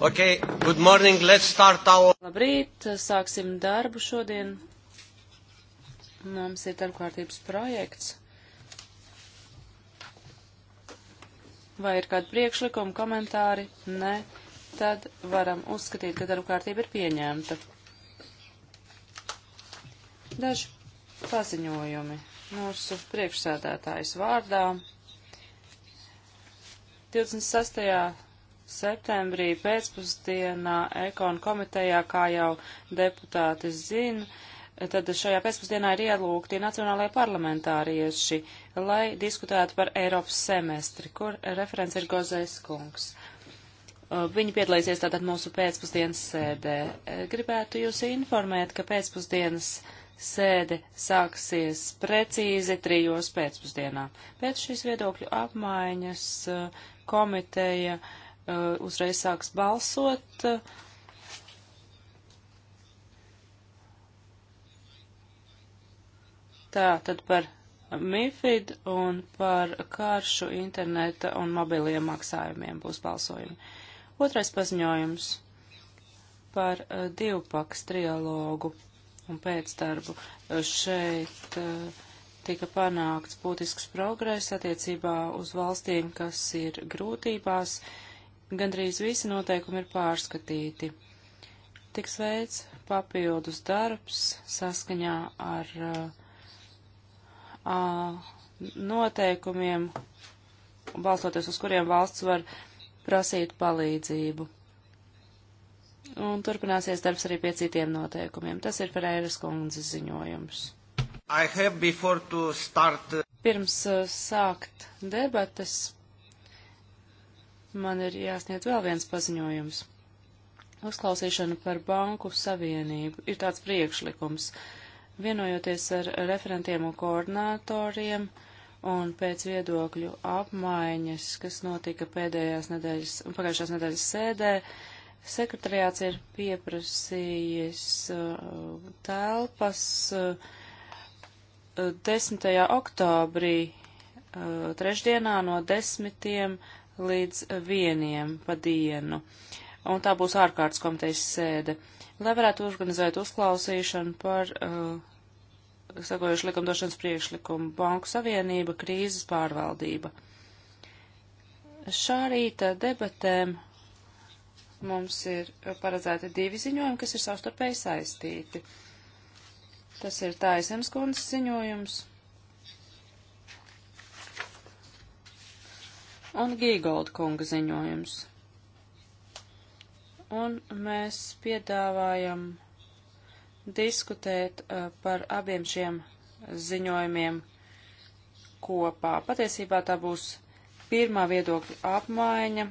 Okay, good morning, let's start our... Labrīt, sāksim darbu šodien. Mums ir darbkārtības projekts. Vai ir kādi priekšlikumi, komentāri? Nē. Tad varam uzskatīt, ka darbkārtība ir pieņemta. Daži paziņojumi mūsu priekšsēdētājas vārdā. 26 septembrī pēcpusdienā Ekonu komitejā, kā jau deputāti zina, tad šajā pēcpusdienā ir ielūgti nacionālajie parlamentārieši, lai diskutētu par Eiropas semestri, kur referents ir Gozais kungs. Uh, viņi piedalīsies tātad mūsu pēcpusdienas sēdē. Uh, gribētu jūs informēt, ka pēcpusdienas sēde sāksies precīzi trijos pēcpusdienā. Pēc šīs viedokļu apmaiņas uh, komiteja uh, Uh, uzreiz sāks balsot. Tā tad par MIFID un par karšu interneta un mobiliem maksājumiem būs balsojumi. Otrais paziņojums par uh, divpaks trialogu un pēcdarbu. Uh, šeit uh, tika panākts būtisks progress attiecībā uz valstīm, kas ir grūtībās. Uh, gandrīz visi noteikumi ir pārskatīti. Tiks veids papildus darbs saskaņā ar uh, noteikumiem, balstoties uz kuriem valsts var prasīt palīdzību. Un turpināsies darbs arī pie citiem noteikumiem. Tas ir Pereiras kundzes ziņojums. Start... Uh, Pirms uh, sākt debatas man ir jāsniedz vēl viens paziņojums. Uzklausīšana par banku savienību ir tāds priekšlikums. Vienojoties ar referentiem un koordinatoriem un pēc viedokļu apmaiņas, kas notika pēdējās nedēļas, pagājušās nedēļas sēdē, sekretariāts ir pieprasījis uh, telpas uh, 10. oktobrī, uh, trešdienā no 10 līdz vieniem pa dienu. Un tā būs ārkārtas komitejas sēde, lai varētu organizēt uzklausīšanu par uh, sagojuši likumdošanas priekšlikumu Banku Savienība krīzes pārvaldība. Šā rīta debatēm mums ir paredzēti divi ziņojumi, kas ir savstarpēji saistīti. Tas ir Taisens kundzes ziņojums un Gīgolda kunga ziņojums. Un mēs piedāvājam diskutēt uh, par abiem šiem ziņojumiem kopā. Patiesībā tā būs pirmā viedokļa apmaiņa.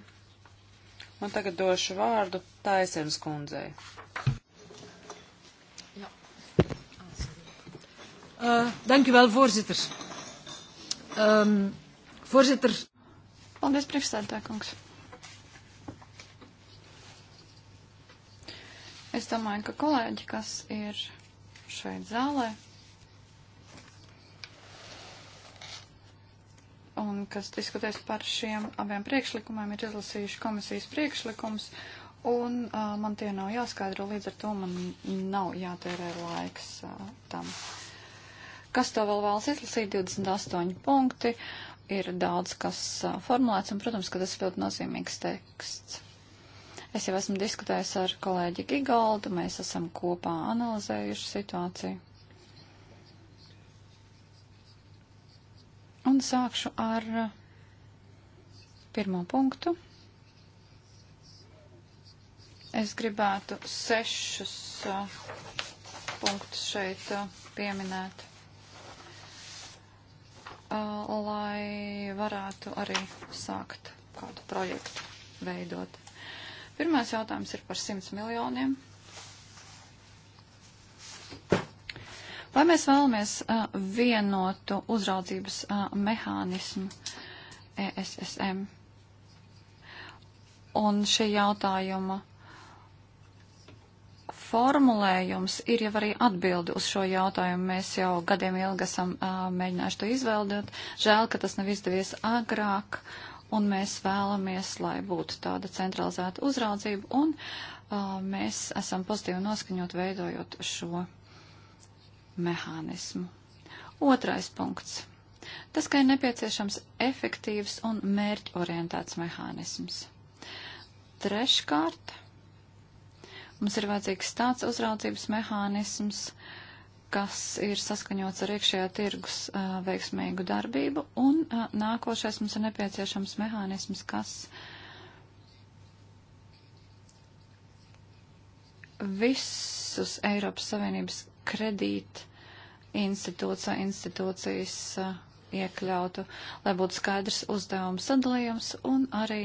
Un tagad došu vārdu Taisens kundzei. Uh, dank u wel, voorzitter. Um, voorzitter. Paldies, priekšstādā kungs. Es domāju, ka kolēģi, kas ir šeit zālē un kas diskutēs par šiem abiem priekšlikumiem, ir izlasījuši komisijas priekšlikums, un uh, man tie nav jāskaidro, līdz ar to man nav jātērē laiks uh, tam. Kas to vēl vēlas izlasīt? 28 punkti. Uh, ir daudz kas formulēts, un, protams, ka tas ir ļoti nozīmīgs teksts. Es jau esmu diskutējis ar kolēģi Gigaldu, mēs esam kopā analizējuši situāciju. Un sākšu ar pirmo punktu. Es gribētu sešus punktus šeit pieminēt. Uh, lai varētu arī sākt kādu projektu veidot. Pirmais jautājums ir par 100 miljoniem. Vai mēs vēlamies uh, vienotu uzraudzības uh, mehānismu ESSM? Un šī jautājuma formulējums ir jau arī atbildi uz šo jautājumu. Mēs jau gadiem ilgi esam uh, mēģinājuši to izveidot. Žēl, ka tas nav izdevies agrāk, un mēs vēlamies, lai būtu tāda centralizēta uzraudzība, un uh, mēs esam pozitīvi noskaņot veidojot šo mehānismu. Otrais punkts. Tas, ka ir nepieciešams efektīvs un mērķorientēts mehānisms. Treškārt Mums ir vajadzīgs tāds uzraudzības mehānisms, kas ir saskaņots ar iekšējā tirgus uh, veiksmīgu darbību, un uh, nākošais mums ir nepieciešams mehānisms, kas visus Eiropas Savienības kredīt institūcija, institūcijas uh, iekļautu, lai būtu skaidrs uzdevums sadalījums un arī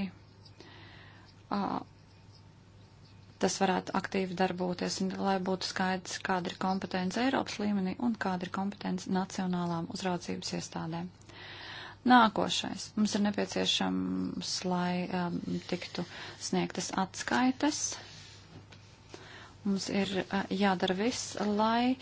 uh, tas varētu aktīvi darboties, un lai būtu skaidrs, kāda ir kompetence Eiropas līmenī un kāda ir kompetence nacionālām uzraudzības iestādēm. Nākošais. Mums ir nepieciešams, lai um, tiktu sniegtas atskaites. Mums ir uh, jādara viss, lai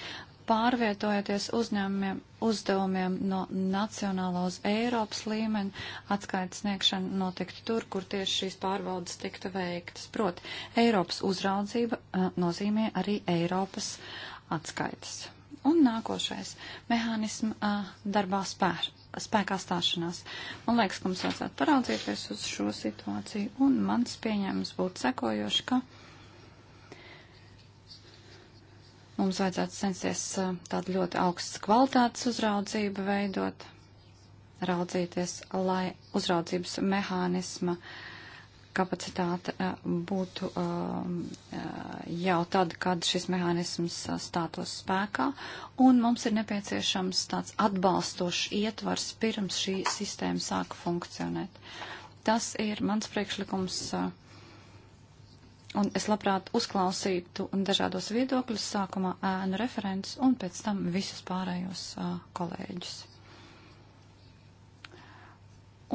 pārvietojoties uzņēmumiem uzdevumiem no nacionālā uz Eiropas līmeni, atskaitas sniegšana notiktu tur, kur tieši šīs pārvaldes tiktu veiktas. Proti, Eiropas uzraudzība eh, nozīmē arī Eiropas atskaitas. Un nākošais - mehānisma eh, darbā spēr, spēkā stāšanās. Man liekas, ka mums vajadzētu paraudzīties uz šo situāciju, un mans pieņēmums būtu sekojoši, ka Mums vajadzētu censties eh, tādu ļoti augstas kvalitātes uzraudzību veidot, raudzīties, lai uzraudzības mehānisma kapacitāte eh, būtu ehm, eh, jau tad, kad šis mehānisms stātos spēkā, un mums ir nepieciešams tāds atbalstošs ietvars pirms šī sistēma sāka funkcionēt. Tas ir mans priekšlikums. Uh, Un es labprāt uzklausītu dažādos viedokļus, sākumā ēnu referents un pēc tam visus pārējos uh, kolēģus.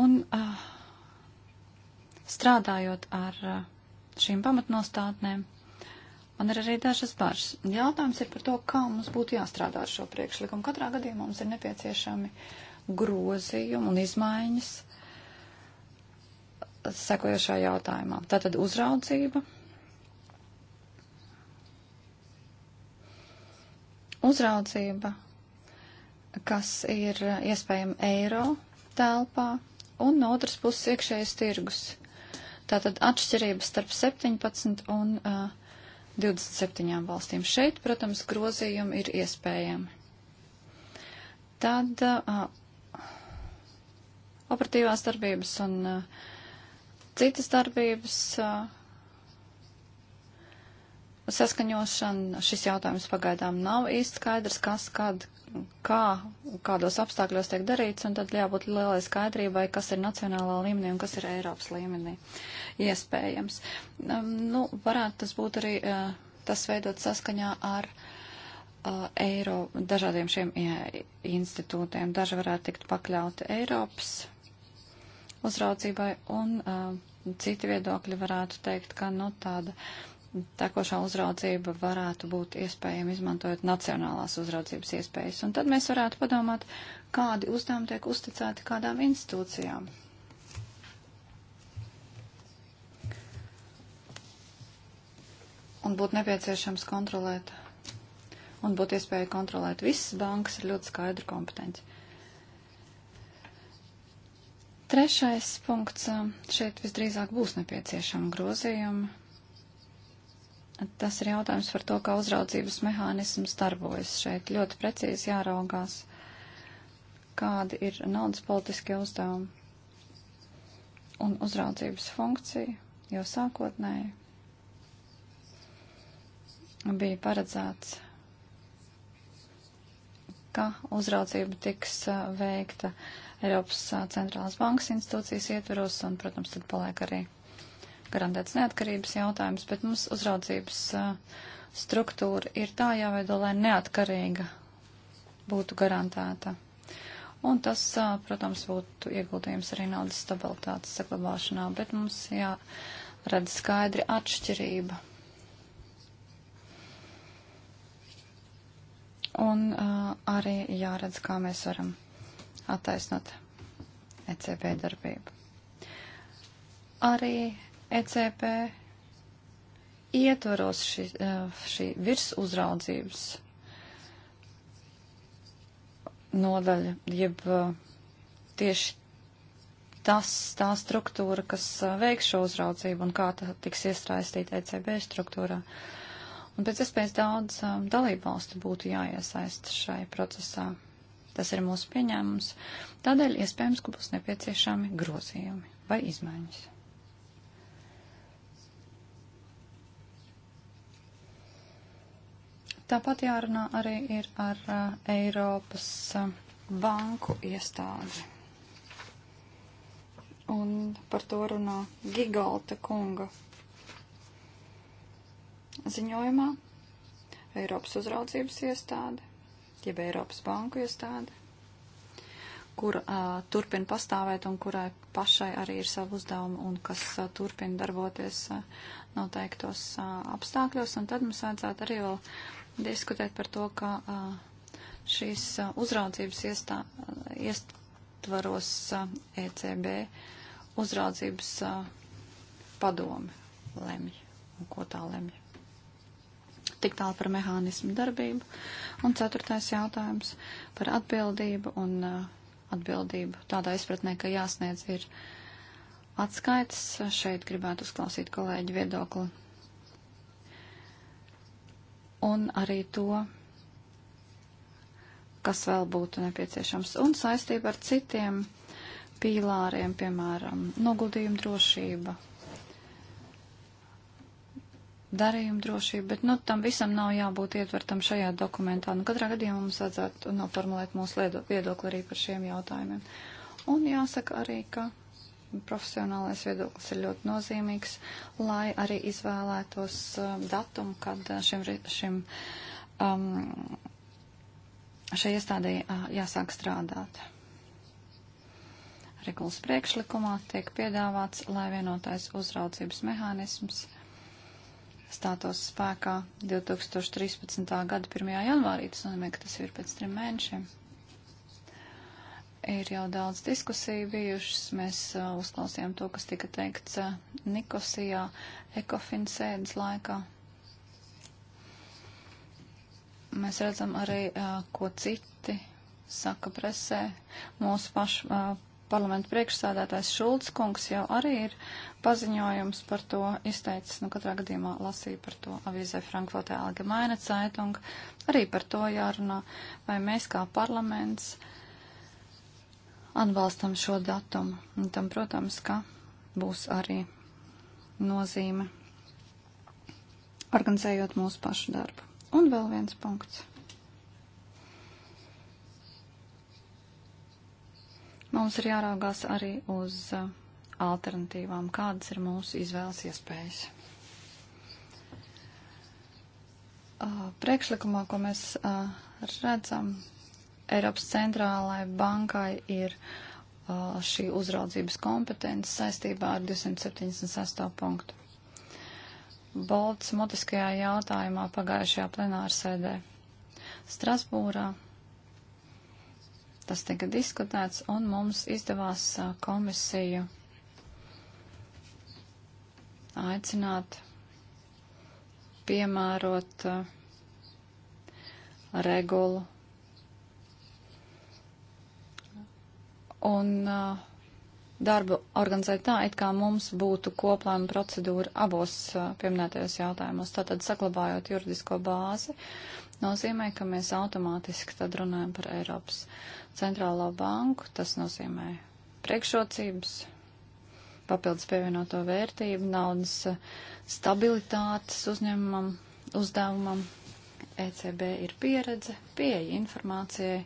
Un uh, strādājot ar uh, šīm pamatnostādnēm, man ir arī dažas bažas. Jautājums ir par to, kā mums būtu jāstrādā ar šo priekšlikumu. Katrā gadījumā mums ir nepieciešami grozījumi un izmaiņas sekojošā jautājumā. Tātad uzraudzība, uzraudzība, kas ir iespējama eiro telpā, un no otras puses iekšējais tirgus. Tātad atšķirības starp 17 un uh, 27 valstīm. Šeit, protams, grozījumi ir iespējami. Tad uh, operatīvās darbības un uh, citas darbības. Uh, saskaņošana. Šis jautājums pagaidām nav īsti skaidrs, kas, kad, kā, kādos apstākļos tiek darīts, un tad jābūt lielai skaidrībai, kas ir nacionālā līmenī un kas ir Eiropas līmenī iespējams. Um, nu, varētu tas būt arī uh, tas veidot saskaņā ar uh, Eiro, dažādiem šiem uh, institūtiem. Daži varētu tikt pakļauti Eiropas uzraudzībai, un uh, citi viedokļi varētu teikt, ka nu, tāda tekošā uzraudzība varētu būt iespējama izmantojot nacionālās uzraudzības iespējas. Un tad mēs varētu padomāt, kādi uzdevumi tiek uzticēti kādām institūcijām. Un būtu nepieciešams kontrolēt, un būtu iespēja kontrolēt visas bankas ar ļoti skaidru kompetenci. Trešais punkts. Šeit visdrīzāk būs nepieciešama grozījuma Tas ir jautājums par to, kā uzraudzības mehānisms darbojas šeit. Ļoti precīzi jāraugās, kādi ir naudas politiskie uzdevumi un uzraudzības funkcija, jo sākotnēji bija paredzēts, ka uzraudzība tiks veikta Eiropas centrālās bankas institūcijas ietveros, un, protams, tad paliek arī garantēts neatkarības jautājums, bet mums uzraudzības struktūra ir tā jāveido, lai neatkarīga būtu garantēta. Un tas, protams, būtu ieguldījums arī naudas stabilitātes saglabāšanā, bet mums jāredz skaidri atšķirība. Un uh, arī jāredz, kā mēs varam attaisnot ECB darbību. Arī ECP ietvaros šī, šī virsuzraudzības nodaļa, jeb tieši tas, tā struktūra, kas veiks šo uzraudzību un kā tā tiks iestrāstīta ECB struktūrā. Un pēc iespējas daudz dalībvalstu būtu jāiesaist šai procesā. Tas ir mūsu pieņēmums. Tādēļ iespējams, ka būs nepieciešami grozījumi vai izmaiņas. Tāpat jārunā arī ir ar uh, Eiropas uh, banku iestādi. Un par to runā Gigalta kunga ziņojumā Eiropas uzraudzības iestāde, jeb Eiropas banku iestāde, kur uh, turpina pastāvēt un kurai pašai arī ir savu uzdevumu un kas uh, turpina darboties uh, noteiktos uh, apstākļos. Un tad mums vajadzētu arī vēl diskutēt par to, ka šīs uzraudzības iestā, iestvaros ECB uzraudzības padomi lemj un ko tā lemj. Tik tālu par mehānismu darbību. Un ceturtais jautājums par atbildību un atbildību tādā izpratnē, ka jāsniedz ir atskaitas. Šeit gribētu uzklausīt kolēģi viedokli un arī to, kas vēl būtu nepieciešams, un saistība ar citiem pīlāriem, piemēram, noguldījuma drošība, darījuma drošība, bet, nu, tam visam nav jābūt ietvertam šajā dokumentā. Nu, katrā gadījumā mums vajadzētu noformulēt mūsu viedokli arī par šiem jautājumiem. Un jāsaka arī, ka profesionālais viedoklis ir ļoti nozīmīgs, lai arī izvēlētos um, datumu, kad uh, šim, šim, um, šai iestādē uh, jāsāk strādāt. Regulas priekšlikumā tiek piedāvāts, lai vienotais uzraudzības mehānisms stātos spēkā 2013. gada 1. janvārī, tas nozīmē, ka tas ir pēc trim mēnešiem. Ir jau daudz diskusiju bijušas. Mēs uh, uzklausījām to, kas tika teikts uh, Nikosijā, Ekofin sēdes laikā. Mēs redzam arī, uh, ko citi saka presē. Mūsu pašu uh, parlamentu priekšsādātājs Šulc kungs jau arī ir paziņojums par to izteicis, nu katrā gadījumā lasīja par to avīzē Frankfurtē Algemaina Zeitung, arī par to jārunā, vai mēs kā parlaments uh, atbalstam šo datumu. Un tam, protams, ka būs arī nozīme organizējot mūsu pašu darbu. Un vēl viens punkts. Mums ir jāraugās arī uz uh, alternatīvām, kādas ir mūsu izvēles iespējas. Uh, priekšlikumā, ko mēs uh, redzam, Eiropas centrālai bankai ir uh, šī uzraudzības kompetence saistībā ar 278. punktu. Bolts mutiskajā jautājumā pagājušajā plenārsēdē Strasbūrā tas tika diskutēts un mums izdevās uh, komisiju aicināt piemērot uh, regulu un uh, darbu organizēt tā, it kā mums būtu koplēma procedūra abos uh, pieminētajos jautājumos. Tātad saglabājot juridisko bāzi, nozīmē, ka mēs automātiski tad runājam par Eiropas centrālo banku. Tas nozīmē priekšrocības, papildus pievienoto vērtību, naudas uh, stabilitātes uzņēmumam, uzdevumam. ECB ir pieredze, pieeja informācijai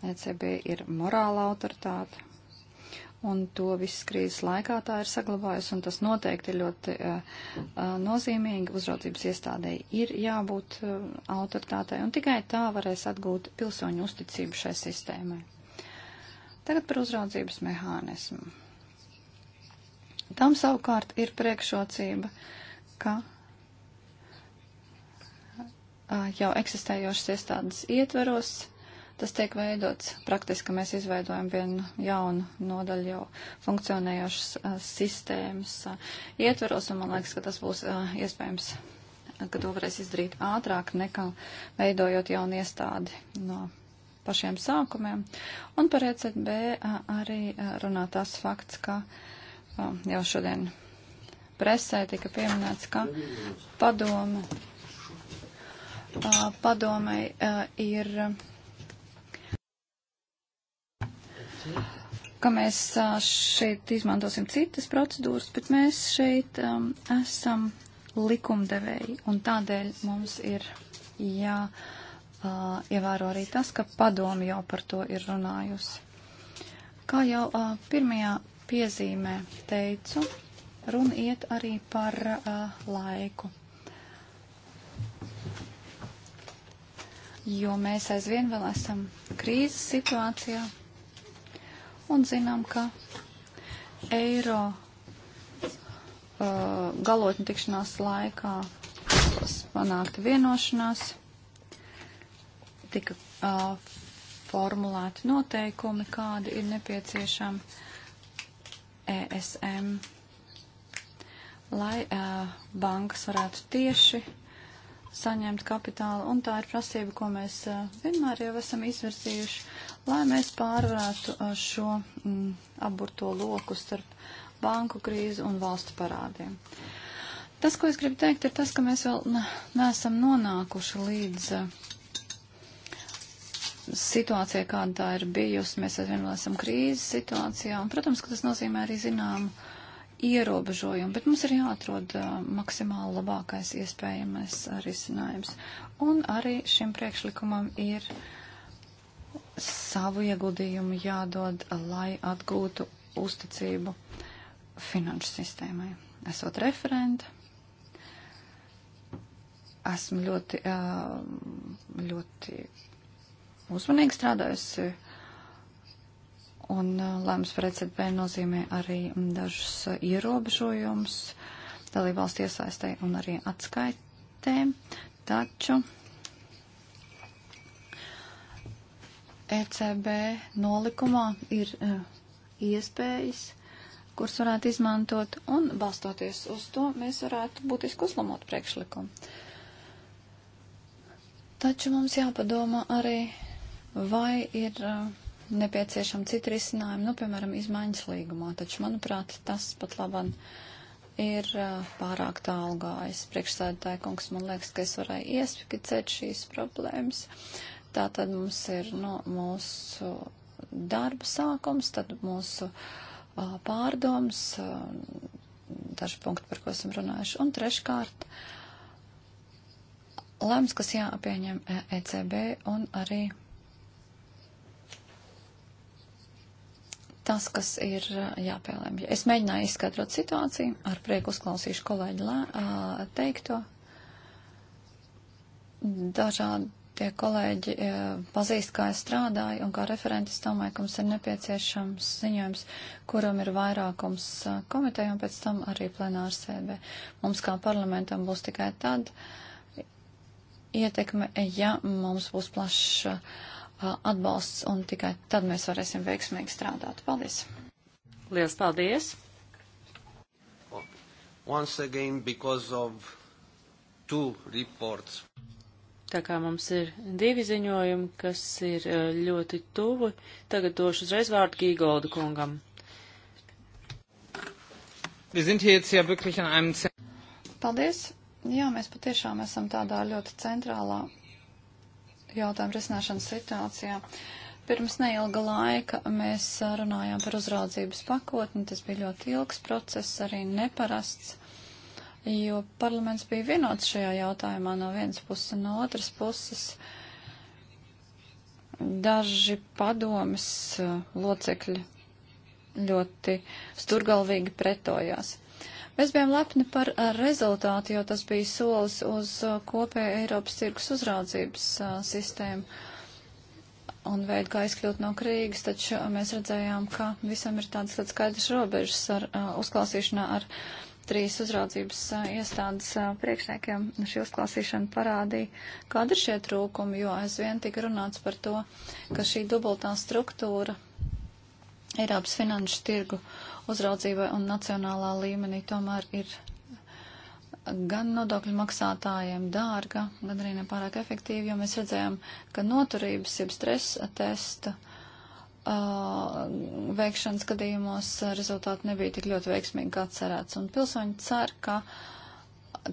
ECB ir morāla autoritāte, un to viss krīzes laikā tā ir saglabājusi, un tas noteikti ir ļoti uh, nozīmīgi. Uzraudzības iestādēji ir jābūt uh, autoritātei, un tikai tā varēs atgūt pilsoņu uzticību šai sistēmai. Tagad par uzraudzības mehānismu. Tam savukārt ir priekšrocība, ka uh, jau eksistējošas iestādes ietveros, Tas tiek veidots. Praktiski mēs izveidojam vienu jaunu nodaļu jau funkcionējošas a, sistēmas a, ietveros, un man liekas, ka tas būs a, iespējams, ka to varēs izdarīt ātrāk nekā veidojot jaunu iestādi no pašiem sākumiem. Un par ECB arī runā tas fakts, ka jau šodien presē tika pieminēts, ka padome, padomei ir ka mēs šeit izmantosim citas procedūras, bet mēs šeit um, esam likumdevēji, un tādēļ mums ir jā. Uh, ievēro arī tas, ka padomi jau par to ir runājusi. Kā jau uh, pirmajā piezīmē teicu, runa iet arī par uh, laiku. Jo mēs aizvien vēl esam krīzes situācijā, un zinām, ka eiro uh, galotņu tikšanās laikā panākta vienošanās, tika uh, formulēti noteikumi, kādi ir nepieciešami ESM, lai uh, bankas varētu tieši uh, saņemt kapitālu, un tā ir prasība, ko mēs vienmēr jau esam izvirzījuši, lai mēs pārvarētu šo m, mm, aburto loku starp banku krīzi un valstu parādiem. Tas, ko es gribu teikt, ir tas, ka mēs vēl neesam nonākuši līdz situācijai, kāda tā ir bijusi. Mēs aizvien vēl esam krīzes situācijā, un, protams, ka tas nozīmē arī zināmu ierobežojumi, bet mums ir jāatrod uh, maksimāli labākais iespējamais risinājums. Un arī šim priekšlikumam ir savu ieguldījumu jādod, lai atgūtu uzticību finanšu sistēmai. Esot referenta, esmu ļoti, ļoti uzmanīgi strādājusi un uh, lēmums par ECB nozīmē arī dažus uh, ierobežojumus dalībvalstu iesaistē un arī atskaitēm, taču ECB nolikumā ir uh, iespējas, kuras varētu izmantot, un balstoties uz to, mēs varētu būtiski uzlamot priekšlikumu. Taču mums jāpadomā arī, vai ir uh, nepieciešama cita risinājuma, nu, piemēram, izmaiņas līgumā. Taču, manuprāt, tas pat laban ir pārāk tālu gājis. Priekšsēdētāji kungs, man liekas, ka es varēju ieskicēt šīs problēmas. Tā tad mums ir nu, mūsu darba sākums, tad mūsu uh, pārdoms, uh, daži punkti, par ko esam runājuši. Un treškārt, lēmums, kas jāpieņem ECB un arī tas, kas ir jāpielēmj. Es mēģināju izskaidrot situāciju, ar prieku uzklausīšu kolēģi lē, teikto. Dažādi kolēģi pazīst, kā es strādāju, un kā referentis domāju, ka mums ir nepieciešams ziņojums, kuram ir vairākums komiteja, un pēc tam arī plenārsēdē. Mums kā parlamentam būs tikai tad ietekme, ja mums būs plašs atbalsts, un tikai tad mēs varēsim veiksmīgi strādāt. Paldies! Lielas paldies! Once again, because of two reports. Tā kā mums ir divi ziņojumi, kas ir eh, ļoti tuvu, tagad došu uzreiz vārdu Gīgoldu kungam. Paldies! Jā, mēs patiešām esam tādā ļoti centrālā jautājumu risināšanas situācijā. Pirms neilga laika mēs runājām par uzraudzības pakotni, tas bija ļoti ilgs process, arī neparasts, jo parlaments bija vienots šajā jautājumā no vienas puses un no otras puses. Daži padomas uh, locekļi ļoti sturgalvīgi pretojās. Mēs bijām lepni par rezultātu, jo tas bija solis uz uh, kopēju Eiropas tirgus uzraudzības uh, sistēmu un veidu, kā izkļūt no krīgas, taču mēs redzējām, ka visam ir tādas ļoti skaidrs robežas ar uh, uzklausīšanā ar trīs uzraudzības iestādes priekšniekiem. Šī uzklausīšana parādīja, kāda ir šie trūkumi, jo aizvien tika runāts par to, ka šī dubultā struktūra Eiropas finanšu tirgu uzraudzībai un nacionālā līmenī tomēr ir gan nodokļu maksātājiem dārga, gan arī nepārāk efektīva, jo mēs redzējām, ka noturības, jeb stresa testa uh, veikšanas gadījumos rezultāti nebija tik ļoti veiksmīgi kā cerēts. Un pilsoņi cer, ka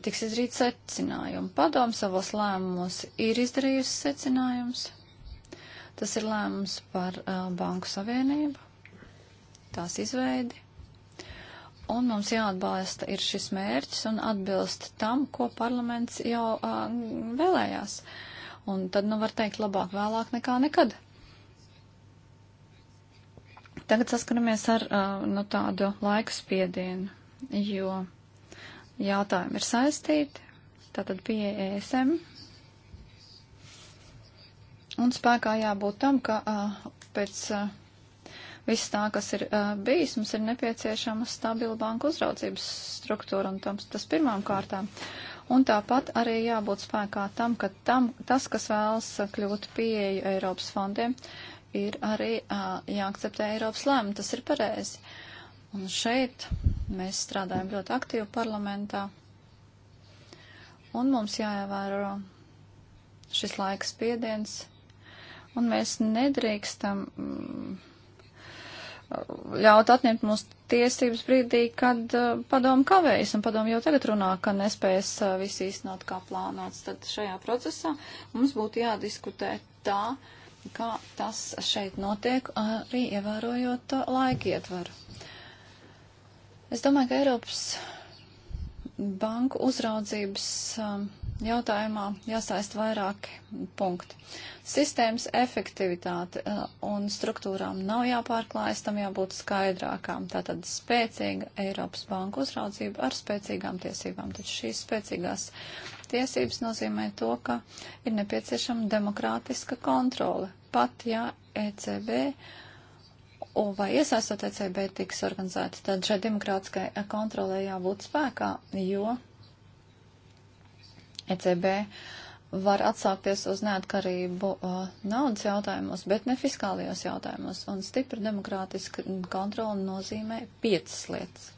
tiks izrīt secinājumi. Padomu savos lēmumos ir izdarījusi secinājums. Tas ir lēmums par uh, Banku Savienību tās izveidi. Un mums jāatbalsta ir šis mērķis un atbilst tam, ko parlaments jau uh, vēlējās. Un tad, nu, var teikt, labāk vēlāk nekā nekad. Tagad saskaramies ar uh, nu, tādu laika spiedienu, jo jautājumi ir saistīti, tātad pieeja ESM. Un spēkā jābūt tam, ka uh, pēc uh, viss tā, kas ir uh, bijis, mums ir nepieciešama stabila banka uzraudzības struktūra un tams, tas pirmām kārtām. Un tāpat arī jābūt spēkā tam, ka tam, tas, kas vēlas kļūt pieeju Eiropas fondiem, ir arī uh, jāakceptē Eiropas lēmumu. Tas ir pareizi. Un šeit mēs strādājam ļoti aktīvi parlamentā. Un mums jāievēro šis laika spiediens. Un mēs nedrīkstam. Mm, ļaut atņemt mums tiesības brīdī, kad uh, padomu kavējas, un padomu jau tagad runā, ka nespējas uh, visu īstenot kā plānots. Tad šajā procesā mums būtu jādiskutē tā, kā tas šeit notiek, arī ievērojot uh, laika ietvaru. Es domāju, ka Eiropas banku uzraudzības. Um, jautājumā jāsaist vairāki punkti. Sistēmas efektivitāte uh, un struktūrām nav jāpārklājas, tam jābūt skaidrākām. Tātad spēcīga Eiropas banka uzraudzība ar spēcīgām tiesībām. Taču šīs spēcīgās tiesības nozīmē to, ka ir nepieciešama demokrātiska kontrole. Pat ja ECB un vai iesaistot ECB tiks organizēta, tad šai demokrātiskai kontrolē jābūt spēkā, jo ECB var atsākties uz neatkarību uh, naudas jautājumos, bet ne fiskālajos jautājumos. Un stipra demokrātiska kontrola nozīmē piecas lietas.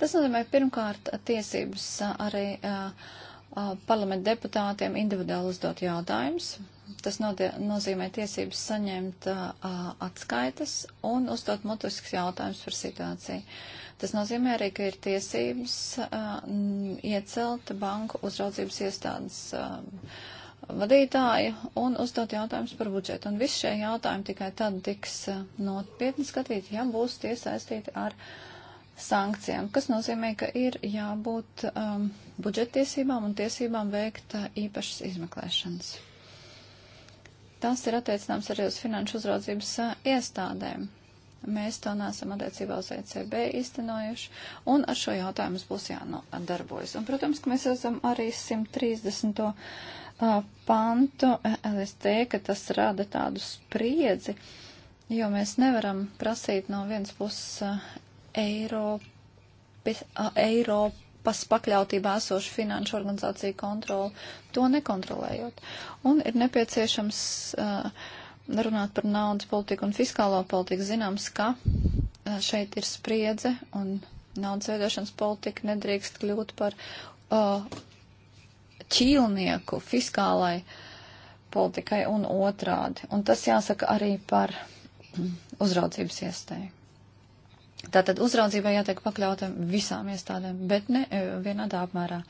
Tas nozīmē pirmkārt tiesības uh, arī uh, uh, parlamenta deputātiem individuāli uzdot jautājumus. Tas nozīmē tiesības saņemt uh, uh, atskaites un uzdot mutisks jautājums par situāciju. Tas nozīmē arī, ka ir tiesības uh, iecelt banku uzraudzības iestādes uh, vadītāju un uzdot jautājumus par budžetu. Un visi šie jautājumi tikai tad tiks uh, nopietni skatīti, ja būs tie saistīti ar sankcijām, kas nozīmē, ka ir jābūt um, budžettiesībām un tiesībām veikt uh, īpašas izmeklēšanas. Tas ir attiecināms arī uz finanšu uzraudzības uh, iestādēm Mēs to nesam attiecībā uz ECB iztenojuši, un ar šo jautājumu mums būs jānodarbojas. Un, protams, ka mēs esam arī 130. pantu LST, ka tas rada tādu spriedzi, jo mēs nevaram prasīt no vienas puses Eiropas, Eiropas pas pakļautībā esošu finanšu organizāciju kontroli, to nekontrolējot. Un ir nepieciešams uh, runāt par naudas politiku un fiskālo politiku, zināms, ka eh, šeit ir spriedze un naudas veidošanas politika nedrīkst kļūt par uh, ķīlnieku fiskālai politikai un otrādi. Un tas jāsaka arī par mm, uzraudzības iestēju. Tātad uzraudzībai jātiek pakļautam visām iestādēm, bet ne eh, vienādā apmērā.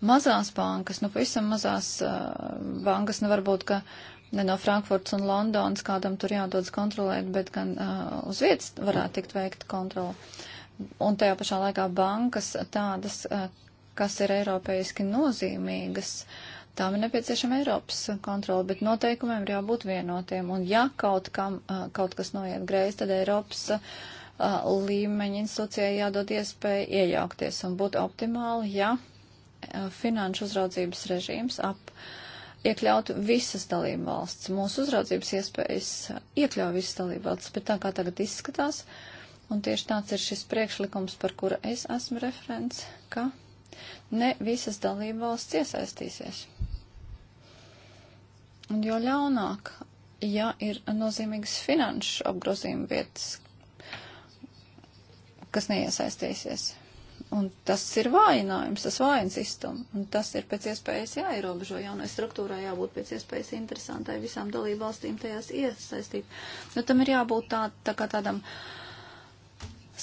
Mazās bankas, nu pavisam mazās uh, bankas, nu varbūt, ka uh, ne no Frankfurts un Londonas kādam tur jādodas kontrolēt, bet gan uh, uz vietas varētu tikt veikta kontrola. Un tajā pašā laikā bankas tādas, uh, kas ir eiropeiski nozīmīgas, tām ir nepieciešama Eiropas kontrola, bet noteikumiem ir jābūt vienotiem. Un ja kaut, kam, uh, kaut kas noiet greizi, tad Eiropas uh, līmeņa institūcijai jādod iespēja iejaukties un būt optimāli, ja uh, finanšu uzraudzības režīms ap. Uh, iekļautu visas dalību valsts. Mūsu uzraudzības iespējas iekļauj visas dalību valsts, bet tā kā tagad izskatās, un tieši tāds ir šis priekšlikums, par kura es esmu referents, ka ne visas dalību valsts iesaistīsies. Un jo ļaunāk, ja ir nozīmīgas finanšu apgrozījuma vietas, kas neiesaistīsies. Un tas ir vājinājums, tas vājins istum. Un tas ir pēc iespējas jāierobežo. Jaunai struktūrai jābūt pēc iespējas interesantai visām dalību valstīm tajās iesaistīt. Nu, tam ir jābūt tā, tā kā tādam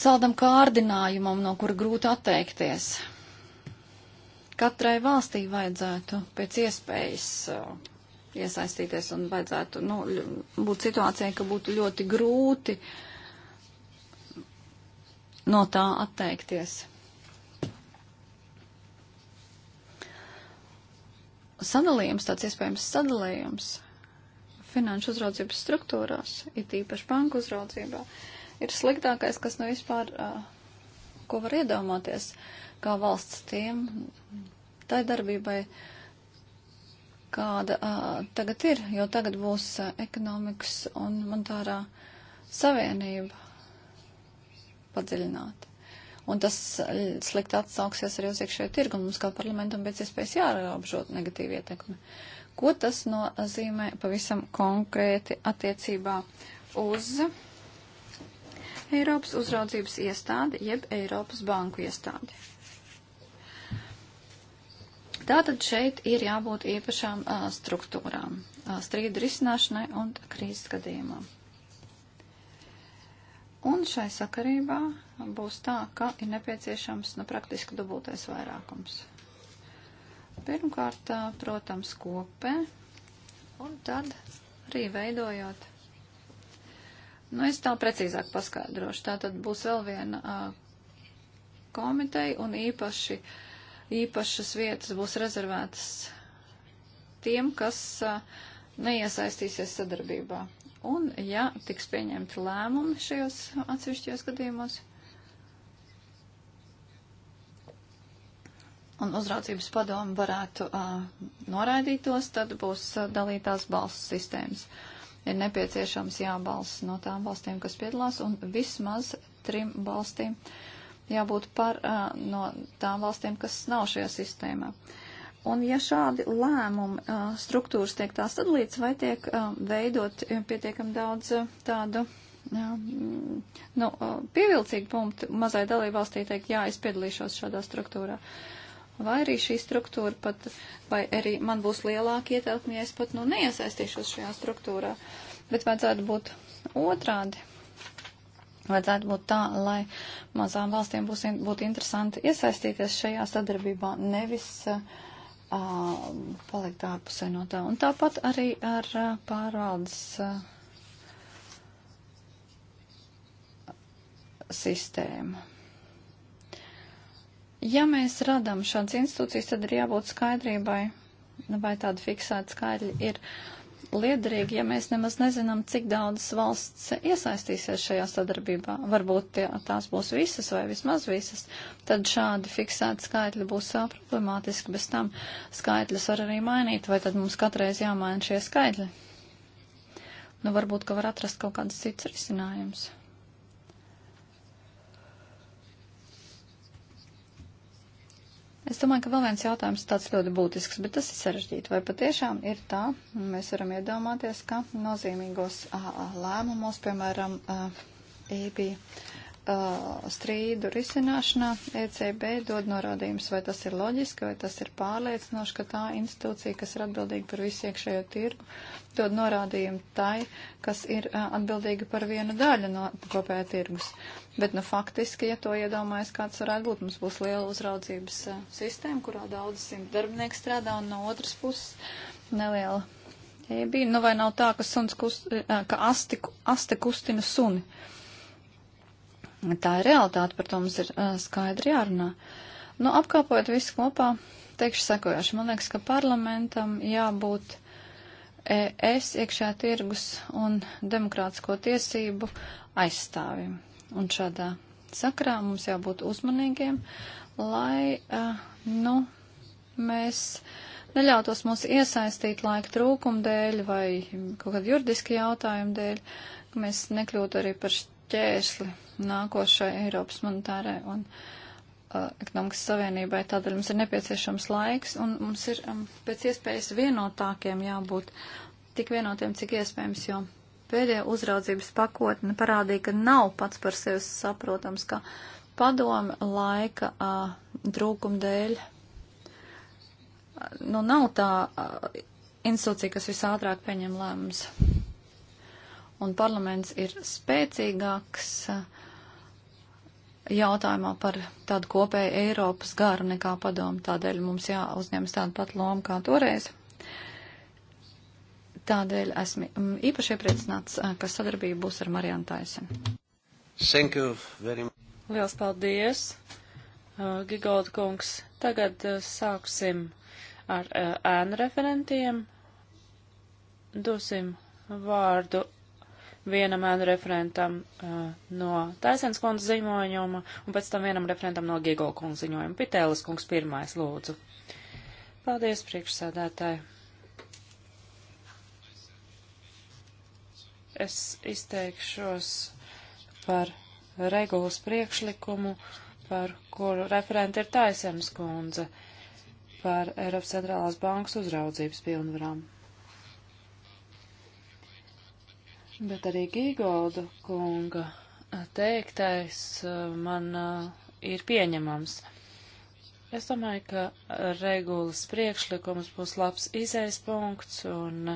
saldam kārdinājumam, no kura grūti atteikties. Katrai valstī vajadzētu pēc iespējas uh, iesaistīties un vajadzētu nu, būt situācijai, ka būtu ļoti grūti no tā atteikties. sadalījums, tāds iespējams sadalījums finanšu uzraudzības struktūrās, it īpaši banku uzraudzībā, ir sliktākais, kas nu vispār, ko var iedomāties, kā valsts tiem, tai darbībai, kāda tagad ir, jo tagad būs ekonomikas un monetārā savienība padziļināta. Un tas eh, slikti atsauksies arī uz iekšējo tirgu, un mums kā parlamentam pēc iespējas jāapžot negatīvu ietekmi. Ko tas nozīmē pavisam konkrēti attiecībā uz Eiropas uzraudzības iestādi, jeb Eiropas banku iestādi? Tātad šeit ir jābūt īpašām a, eh, struktūrām a, eh, strīdu risināšanai un krīzes gadījumam. Un šai sakarībā būs tā, ka ir nepieciešams nu, praktiski dubultais vairākums. Pirmkārt, protams, kopē, un tad arī veidojot. Nu, es tā precīzāk paskaidrošu. Tā tad būs vēl viena uh, komiteja, un īpaši, īpašas vietas būs rezervētas tiem, kas uh, neiesaistīsies sadarbībā. Un, ja tiks pieņemti lēmumi šajos atsevišķajos gadījumos, un uzraudzības padomu varētu uh, noraidīt tos, tad būs uh, dalītās balsu sistēmas. Ir nepieciešams jābalsts no tām valstīm, kas piedalās, un vismaz trim valstīm jābūt par uh, no tām valstīm, kas nav šajā sistēmā. Uh, Un ja šādi lēmumi struktūras tiek tās sadalīts, vai tiek veidot pietiekam daudz tādu mm, nu, pievilcīgi punkti mazai dalībvalstī teikt, jā, es piedalīšos šādā struktūrā. Vai arī šī struktūra pat, vai arī man būs lielāka ietelkme, ja es pat nu neiesaistīšos šajā struktūrā. Bet vajadzētu būt otrādi. Vajadzētu būt tā, lai mazām valstīm būs, būtu interesanti iesaistīties šajā sadarbībā, nevis uh, Um, palikt ārpusē no tā. Un tāpat arī ar uh, pārvaldes uh, sistēmu. Ja mēs radām šādas institūcijas, tad ir jābūt skaidrībai, vai tāda fiksēta skaidri ir. Uh, liederīgi, ja mēs nemaz nezinām, cik daudz valsts iesaistīsies šajā sadarbībā. Varbūt jā, tās būs visas vai vismaz visas. Tad šādi fiksēti skaitļi būs problemātiski, bez tam skaitļus var arī mainīt, vai tad mums katreiz jāmaina šie skaitļi. Nu, varbūt, ka var atrast kaut kādas citas risinājumus. Es domāju, ka vēl viens jautājums tāds ļoti būtisks, bet tas ir sarežģīti. Vai patiešām ir tā, mēs varam iedomāties, ka nozīmīgos lēmumos, piemēram, EBI uh, strīdu risināšanā ECB dod norādījumus, vai tas ir loģiski, vai tas ir pārliecinoši, ka tā institūcija, kas ir atbildīga par visu iekšējo tirgu, dod norādījumu tai, kas ir uh, atbildīga par vienu daļu no kopējā tirgus. Bet, nu, faktiski, ja to iedomājas, kāds varētu būt, mums būs liela uzraudzības uh, sistēma, kurā daudz simt darbinieki strādā, un no otras puses neliela ēbīna. E nu, vai nav tā, ka, suns kust, uh, ka asti, asti kustina suni? Uh, Tā ir realitāte, par to mums ir uh, skaidri jārunā. Nu, apkāpojot visu kopā, teikšu sekojoši. Man liekas, ka parlamentam jābūt ES iekšā tirgus un demokrātisko tiesību aizstāvim. Un šādā sakrā mums jābūt uzmanīgiem, lai, uh, nu, mēs neļautos mūs iesaistīt laika trūkuma dēļ vai kaut kādu juridisku jautājumu dēļ, ka mēs nekļūtu arī par šķi šķērsli nākošai Eiropas monetārai un uh, ekonomikas savienībai. Tādēļ mums ir nepieciešams laiks un mums ir um, pēc iespējas vienotākiem jābūt, tik vienotiem, cik iespējams, jo pēdējā uzraudzības pakotne parādīja, ka nav pats par sevi saprotams, ka padomi laika uh, trūkuma dēļ uh, nu, nav tā uh, institūcija, kas visātrāk pieņem lēmumus un parlaments ir spēcīgāks eh, jautājumā par tādu kopēju Eiropas garu nekā padomu. Tādēļ mums jāuzņemas tāda pat loma kā toreiz. Tādēļ esmu mm, īpaši iepriecināts, eh, ka sadarbība būs ar Marianu Taisenu. Thank you very much. Liels paldies, uh, eh, Gigolda kungs. Tagad uh, sāksim ar uh, ēnu referentiem. Dosim vārdu vienam ēnu referentam uh, no Taisens kundzes ziņojuma un pēc tam vienam referentam no Gigola kundzes ziņojuma. Pitēlis kungs pirmais, lūdzu. Paldies, priekšsēdētāji. Es izteikšos par regulas priekšlikumu, par kuru referenti ir Taisens kundze, par Eiropas centrālās bankas uzraudzības pilnvarām. bet arī Gīgolda kunga teiktais man ir pieņemams. Es domāju, ka regulas priekšlikums būs labs izējas punkts, un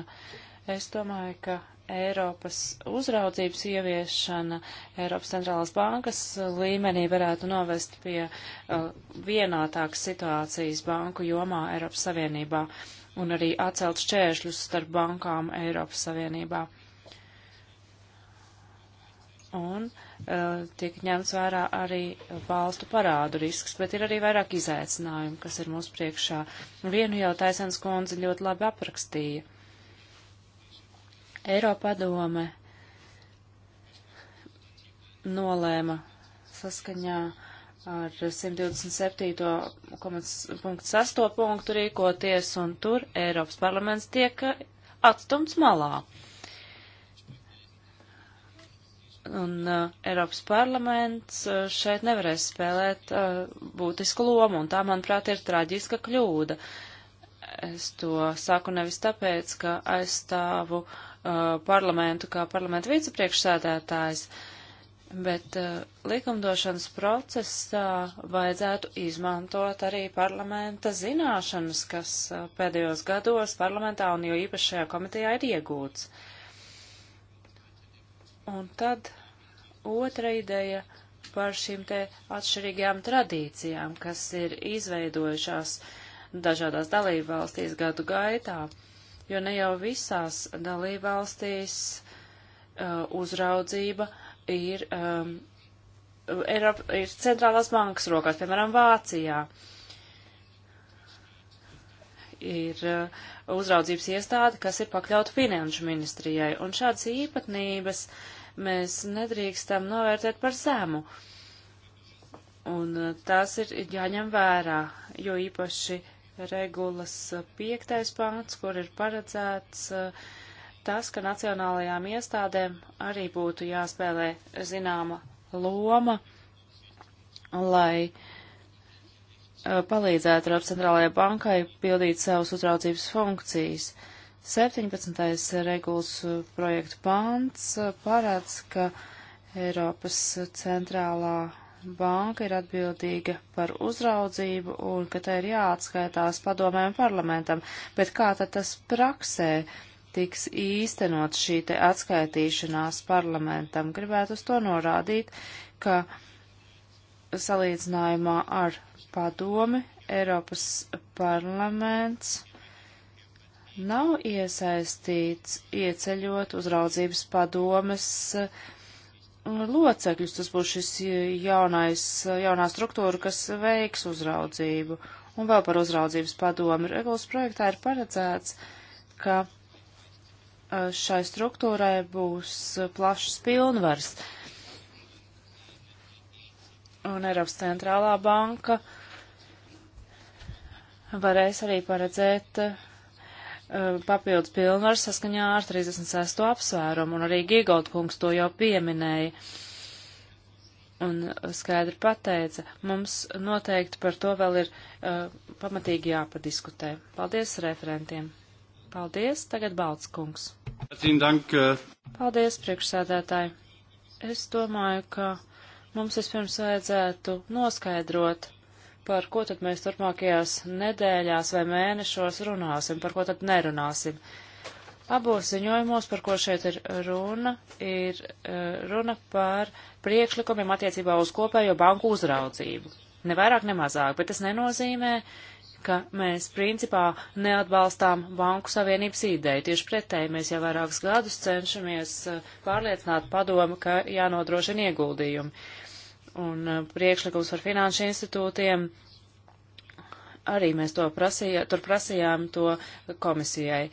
es domāju, ka Eiropas uzraudzības ieviešana Eiropas centrālās bankas līmenī varētu novest pie uh, vienātākas situācijas banku jomā Eiropas Savienībā un arī atcelt šķēršļus starp bankām Eiropas Savienībā. Uh, un uh, tiek ņemts vērā arī valstu parādu risks, bet ir arī vairāk izaicinājumu, kas ir mūsu priekšā. Vienu jau Taisens kundze ļoti labi aprakstīja. Eiropadome nolēma saskaņā ar 127.6 punktu rīkoties, un tur Eiropas parlaments tiek eh, atstumts malā. Uh, Un uh, Eiropas parlaments uh, šeit nevarēs spēlēt uh, būtisku lomu, un tā, manuprāt, ir traģiska kļūda. Es to saku nevis tāpēc, ka aizstāvu uh, parlamentu kā parlamentu vicepriekšsēdētājs, bet uh, likumdošanas procesā vajadzētu izmantot arī parlamenta zināšanas, kas uh, pēdējos gados parlamentā un jo īpašajā komitejā ir iegūts. Uh, Un tad otra ideja par šīm te atšķirīgajām tradīcijām, kas ir izveidojušās dažādās dalībvalstīs gadu gaitā, jo ne jau visās dalībvalstīs uh, uzraudzība ir, um, Eiropa, ir centrālās bankas rokās, piemēram, Vācijā. Ir uh, uzraudzības iestāde, kas ir pakļauta finanšu ministrijai, un šādas īpatnības uh, mēs nedrīkstam novērtēt par zemu. Un eh, tās ir jāņem vērā, jo īpaši regulas piektais pants, kur ir paredzēts eh, tas, ka nacionālajām iestādēm arī būtu jāspēlē zināma loma, lai eh, palīdzētu Eiropas centrālajai bankai pildīt savus uzraudzības funkcijas. Uh, 17. regulas uh, projektu pants uh, parāds, ka Eiropas centrālā banka ir atbildīga par uzraudzību un ka tai ir jāatskaitās padomēm parlamentam, bet kā tad tas praksē tiks īstenot šī te atskaitīšanās parlamentam? Gribētu uz to norādīt, ka salīdzinājumā ar padomi Eiropas parlaments nav iesaistīts ieceļot uzraudzības padomes eh, locekļus. Tas būs šis jaunais, jaunā struktūra, kas veiks uzraudzību. Un vēl par uzraudzības padomi. Regulas projektā ir paredzēts, ka eh, šai struktūrai būs plašas pilnvars. Un Eiropas centrālā banka varēs arī paredzēt eh, Eh, papildus pilnvaru saskaņā ar 36. apsvērumu, un arī Gigold kungs to jau pieminēja un skaidri pateica, mums noteikti par to vēl ir uh, pamatīgi jāpadiskutē. Paldies referentiem. Paldies, tagad Balts kungs. Eh. Paldies, priekšsēdētāji. Es domāju, ka mums vispirms vajadzētu noskaidrot, par ko tad mēs turpmākajās nedēļās vai mēnešos runāsim, par ko tad nerunāsim. Abos ziņojumos, par ko šeit ir runa, ir e, runa par priekšlikumiem attiecībā uz kopējo banku uzraudzību. Ne vairāk, ne mazāk, bet tas nenozīmē, ka mēs principā neatbalstām Banku Savienības ideju. Tieši pretēji mēs jau vairākus gadus cenšamies e, pārliecināt padomu, ka jānodrošina ieguldījumi un eh, priekšlikums par finanšu institūtiem. Arī mēs to prasījā, tur prasījām to komisijai.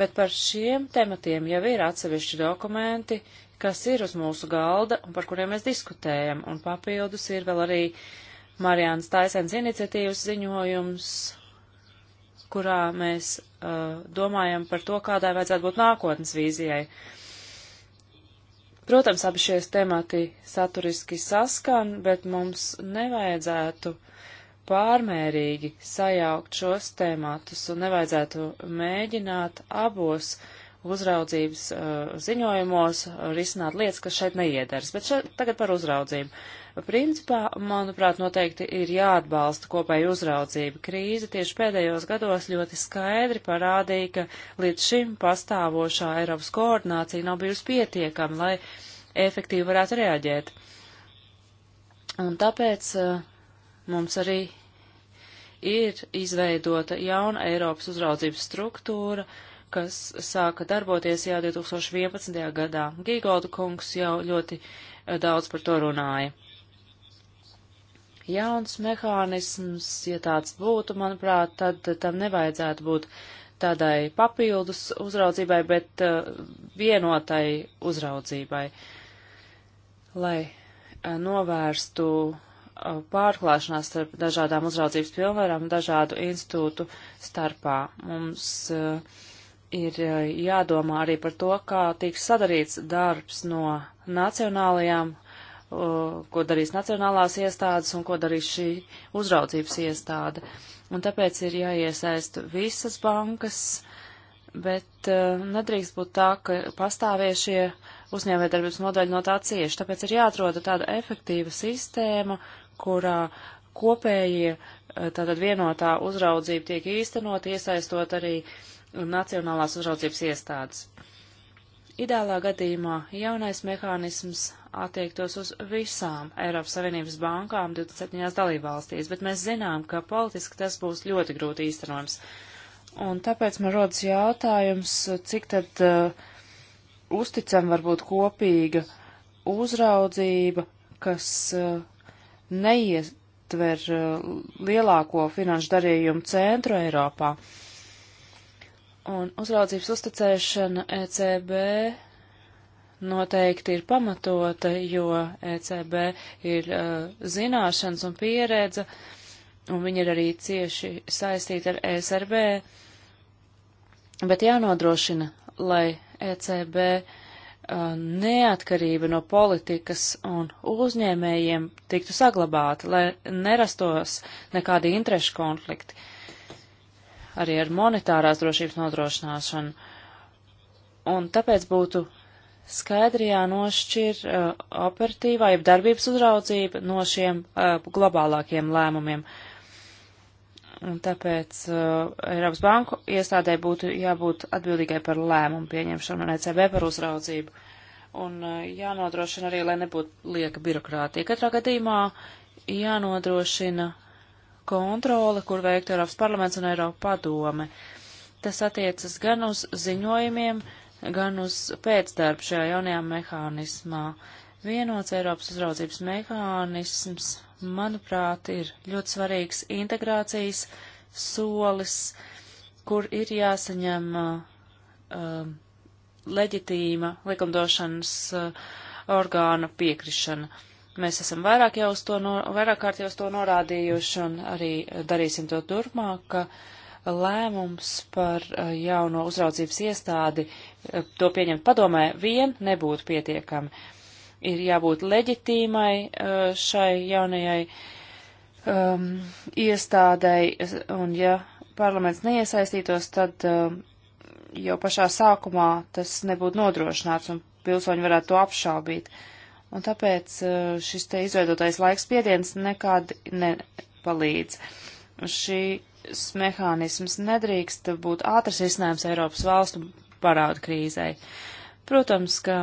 Bet par šiem tematiem jau ir atsevišķi dokumenti, kas ir uz mūsu galda un par kuriem mēs diskutējam. Un papildus ir vēl arī Marijānas Taisens iniciatīvas ziņojums, kurā mēs uh, domājam par to, kādai vajadzētu būt nākotnes vīzijai. Uh, Protams, abi šie temati saturiski saskan, bet mums nevajadzētu pārmērīgi sajaukt šos tēmatus un nevajadzētu mēģināt abos uzraudzības uh, ziņojumos risināt lietas, kas šeit neiedaras. Bet šeit, tagad par uzraudzību. Principā, manuprāt, noteikti ir jāatbalsta kopēja uzraudzība. Krīze tieši pēdējos gados ļoti skaidri parādīja, ka līdz šim pastāvošā Eiropas koordinācija nav bijusi pietiekama, lai efektīvi varētu reaģēt. Un tāpēc eh, mums arī ir izveidota jauna Eiropas uzraudzības struktūra, kas sāka darboties jau 2011. gadā. Gīgolda kungs jau ļoti eh, daudz par to runāja jauns mehānisms, ja tāds būtu, manuprāt, tad tam nevajadzētu būt tādai papildus uzraudzībai, bet uh, vienotai uzraudzībai, lai uh, novērstu uh, pārklāšanās starp dažādām uzraudzības pilnvarām dažādu institūtu starpā. Mums uh, ir uh, jādomā arī par to, kā tiks sadarīts darbs no nacionālajām uh, Uh, ko darīs nacionālās iestādes un ko darīs šī uzraudzības iestāde. Un tāpēc ir jāiesaist visas bankas, bet uh, nedrīkst būt tā, ka pastāviešie uzņēmējdarbības nodaļi no tā cieši. Tāpēc ir jāatroda tāda efektīva sistēma, kurā kopējie uh, tātad vienotā uzraudzība tiek īstenot, iesaistot arī nacionālās uzraudzības iestādes. Ideālā gadījumā jaunais mehānisms attiektos uz visām Eiropas Savienības bankām 27. dalībvalstīs, bet mēs zinām, ka politiski tas būs ļoti grūti īstenojams. Un tāpēc man rodas jautājums, cik tad uh, uzticam varbūt kopīga uzraudzība, kas uh, neietver uh, lielāko finanšu darījumu centru Eiropā. Un uzraudzības uzticēšana ECB noteikti ir pamatota, jo ECB ir uh, zināšanas un pieredze, un viņi ir arī cieši saistīti ar ESRB. Bet jānodrošina, lai ECB uh, neatkarība no politikas un uzņēmējiem tiktu saglabāta, lai nerastos nekādi interešu konflikti arī ar monetārās drošības nodrošināšanu. Un tāpēc būtu skaidri jānošķir uh, operatīvā, jeb darbības uzraudzība no šiem uh, globālākiem lēmumiem. Un tāpēc uh, Eiropas banku iestādē būtu jābūt atbildīgai par lēmumu pieņemšanu un ECB par uzraudzību. Un uh, jānodrošina arī, lai nebūtu lieka birokrātija. Katrā gadījumā jānodrošina kontrole, kur veikt Eiropas parlaments un Eiropa padome. Tas attiecas gan uz ziņojumiem, uh, gan uz pēcdarbu šajā jaunajā mehānismā. Vienots Eiropas uzraudzības mehānisms, manuprāt, ir ļoti svarīgs integrācijas solis, kur ir jāsaņem uh, um, leģitīma likumdošanas uh, orgāna piekrišana. Mēs esam vairāk, jau to no, vairāk kārt jau uz to norādījuši un arī darīsim to turpmāk, ka lēmums par uh, jauno uzraudzības iestādi to pieņemt padomē, vien nebūtu pietiekami. Ir jābūt leģitīmai eh, šai jaunajai um, iestādēji, un ja parlaments neiesaistītos, tad um, jau pašā sākumā tas nebūtu nodrošināts, un pilsoņi varētu to apšaubīt. Un tāpēc uh, šis te izveidotais laiks spiediens nekādi nepalīdz. Šī mehānisms nedrīkst būt ātrs risinājums Eiropas valstu parādu krīzei. Protams, ka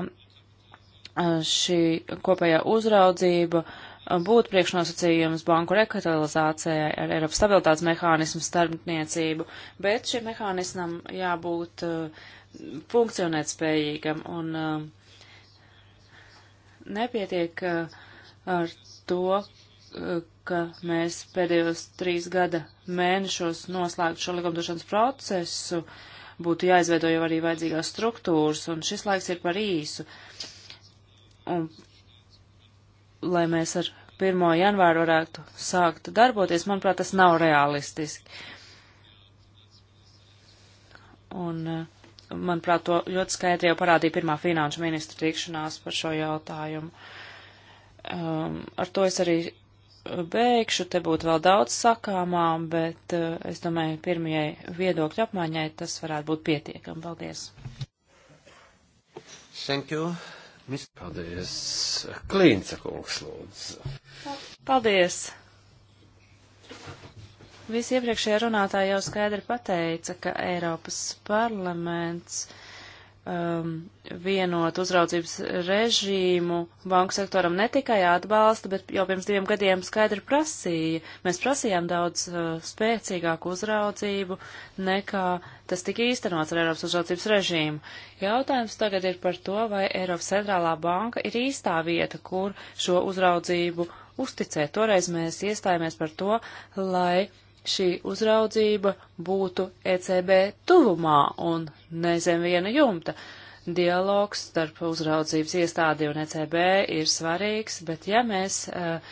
šī kopējā uzraudzība būtu priekšnosacījums banku rekatalizācijai ar Eiropas stabilitātes mehānismu starpniecību, bet šim mehānismam jābūt uh, funkcionēt spējīgam un uh, nepietiek uh, ar to, ka mēs pēdējos trīs gada mēnešos noslēgtu šo likumdošanas procesu, uh, būtu jāizveido jau arī vajadzīgās struktūras, un šis laiks ir par īsu. Un, lai mēs ar 1. janvāru varētu sākt darboties, manuprāt, tas nav realistiski. Un, eh, manuprāt, to ļoti skaidri jau parādīja pirmā finanšu ministra tikšanās par šo jautājumu. Um, ar to es arī beigšu, te būtu vēl daudz sakāmām, bet eh, es domāju, pirmajai viedokļu apmaiņai tas varētu būt pietiekami. Paldies! Thank you. Mis... Paldies! Klīnca kungs lūdzu. Paldies! Visi iepriekšējā runātāji jau skaidri pateica, ka Eiropas parlaments uh, um, vienot uzraudzības režīmu banku sektoram ne tikai atbalsta, bet jau pirms diviem gadiem skaidri prasīja. Mēs prasījām daudz uh, spēcīgāku uzraudzību nekā tas tika īstenots ar Eiropas uzraudzības režīmu. Jautājums tagad ir par to, vai Eiropas centrālā banka ir īstā vieta, kur šo uzraudzību uzticēt. Toreiz mēs iestājāmies par to, lai šī uzraudzība būtu ECB tuvumā un nezem viena jumta. Dialogs starp uzraudzības iestādi un ECB ir svarīgs, bet ja mēs eh,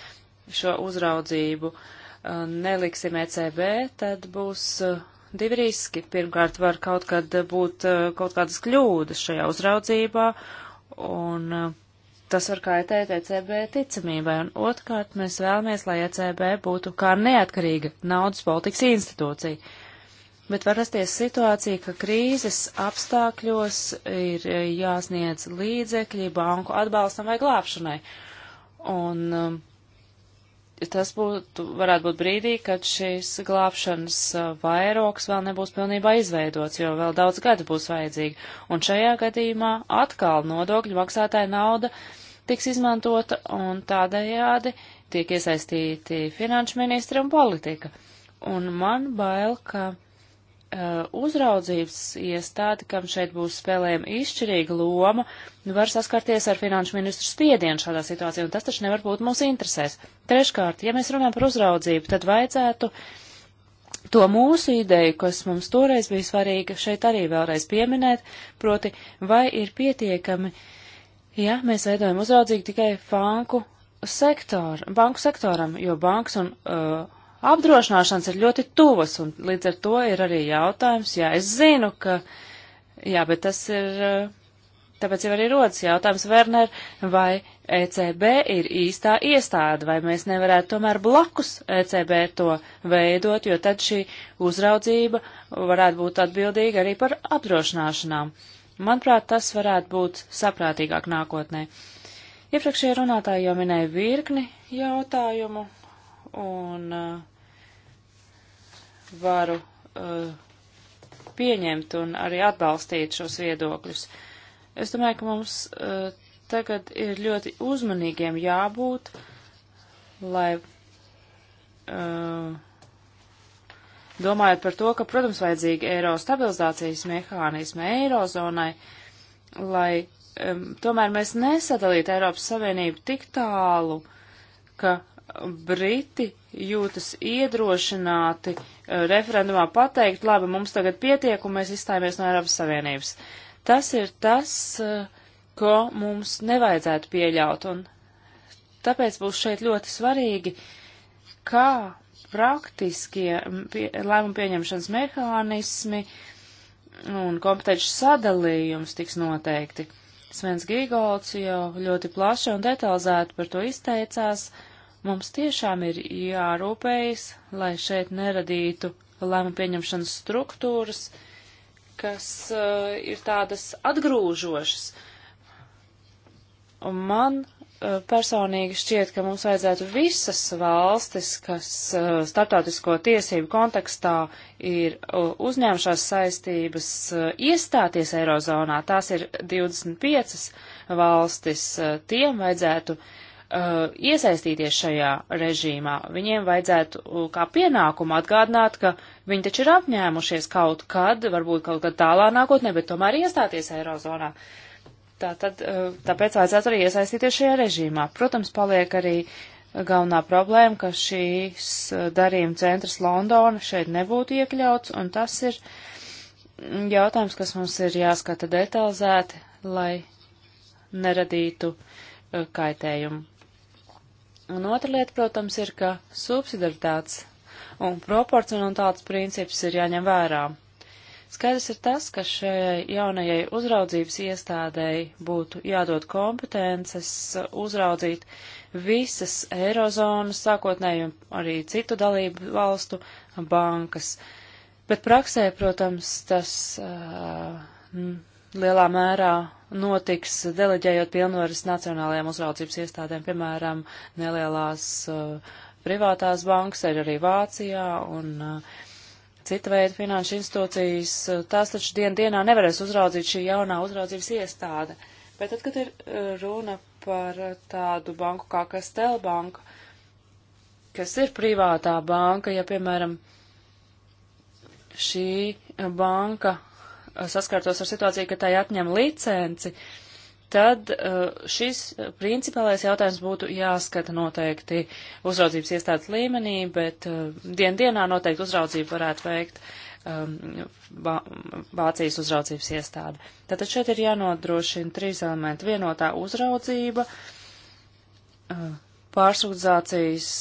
šo uzraudzību eh, neliksim ECB, tad būs eh, divi riski. Pirmkārt, var kaut kad būt kaut kādas kļūdas šajā uzraudzībā, un uh, tas var kaitēt ECB ticamībai, un otrkārt mēs vēlamies, lai ECB būtu kā neatkarīga naudas politikas institūcija. Bet var rasties situācija, ka krīzes apstākļos ir e, jāsniedz līdzekļi banku atbalstam vai glābšanai. Un um, tas būtu, varētu būt brīdī, kad šīs glābšanas vairoks vēl nebūs pilnībā izveidots, jo vēl daudz gadi būs vajadzīgi. Un šajā gadījumā atkal nodokļu maksātāja nauda tiks izmantota un tādējādi tiek iesaistīti finanšu ministri un politika. Un man bail, ka Uh, uzraudzības iestādi, kam šeit būs spēlējama izšķirīga loma, nu, var saskarties ar finanšu ministru spiedienu šādā situācijā, un tas taču nevar būt mūsu interesēs. Treškārt, ja mēs runājam par uzraudzību, tad vajadzētu to mūsu ideju, kas mums toreiz bija svarīga, šeit arī vēlreiz pieminēt, proti, vai ir pietiekami, ja mēs veidojam uzraudzību tikai banku sektoru, banku sektoram, jo banks un uh, apdrošināšanas ir ļoti tuvas, un līdz ar to ir arī jautājums, jā, es zinu, ka, jā, bet tas ir, eh, tāpēc jau arī rodas jautājums, Werner, vai ECB ir īstā iestāde, vai mēs nevarētu tomēr blakus ECB to veidot, jo tad šī uzraudzība varētu būt atbildīga arī par apdrošināšanām. Manuprāt, tas varētu būt saprātīgāk nākotnē. Iepriekšējie runātāji jau minēja virkni jautājumu, un uh, varu uh, pieņemt un arī atbalstīt šos viedokļus. Es domāju, ka mums uh, tagad ir ļoti uzmanīgiem jābūt, lai uh, domājot par to, ka, protams, vajadzīgi eiro stabilizācijas mehānismi eirozonai, lai um, tomēr mēs nesadalītu Eiropas Savienību tik tālu, ka Briti jūtas iedrošināti eh, referendumā pateikt, labi, mums tagad pietiek un mēs izstājamies no Eiropas Savienības. Tas ir tas, eh, ko mums nevajadzētu pieļaut, un tāpēc būs šeit ļoti svarīgi, kā praktiskie pie, lēmumu pieņemšanas mehānismi un kompetenci sadalījums tiks noteikti. Svens Gīgolds jau ļoti plaši un detalizēti par to izteicās. Uh, Mums tiešām ir jārūpējas, lai šeit neradītu lēmu pieņemšanas struktūras, kas uh, ir tādas atgrūžošas. Un man uh, personīgi šķiet, ka mums vajadzētu visas valstis, kas uh, starptautisko tiesību kontekstā ir uh, uzņēmušās saistības uh, iestāties Eirozonā, tās ir 25 valstis, uh, tiem vajadzētu uh, Uh, iesaistīties šajā režīmā. Viņiem vajadzētu uh, kā pienākumu atgādināt, ka viņi taču ir apņēmušies kaut kad, varbūt kaut kad tālā nākotnē, bet tomēr iestāties Eirozonā. Tātad, uh, tāpēc vajadzētu arī iesaistīties šajā režīmā. Protams, paliek arī galvenā problēma, ka šīs darījuma centrs Londona šeit nebūtu iekļauts, un tas ir jautājums, kas mums ir jāskata detalizēti, lai neradītu kaitējumu. Un otra lieta, protams, ir, ka subsidaritātes un proporcionalitātes princips ir jāņem vērā. Skaidrs ir tas, ka šai jaunajai uzraudzības iestādēji būtu jādod kompetences uzraudzīt visas Eirozonas sākotnēji un arī citu dalību valstu bankas. Bet praksē, protams, tas uh, lielā mērā notiks deleģējot pilnvaras nacionālajām uzraudzības iestādēm, piemēram, nelielās uh, privātās bankas, ir arī Vācijā un uh, cita veida finanšu institūcijas. Uh, tās taču dien dienā nevarēs uzraudzīt šī jaunā uzraudzības iestāde. Bet tad, kad ir uh, runa par uh, tādu banku kā Kastel banka, kas ir privātā banka, ja, piemēram, šī banka saskārtos ar situāciju, ka tai atņem licenci, tad uh, šis principālais jautājums būtu jāskata noteikti uzraudzības iestādes līmenī, bet uh, dien dienā noteikti uzraudzību varētu veikt um, Vācijas uzraudzības iestāde. Tātad šeit ir jānodrošina trīs elementi - vienotā uzraudzība, uh, pārstrukturizācijas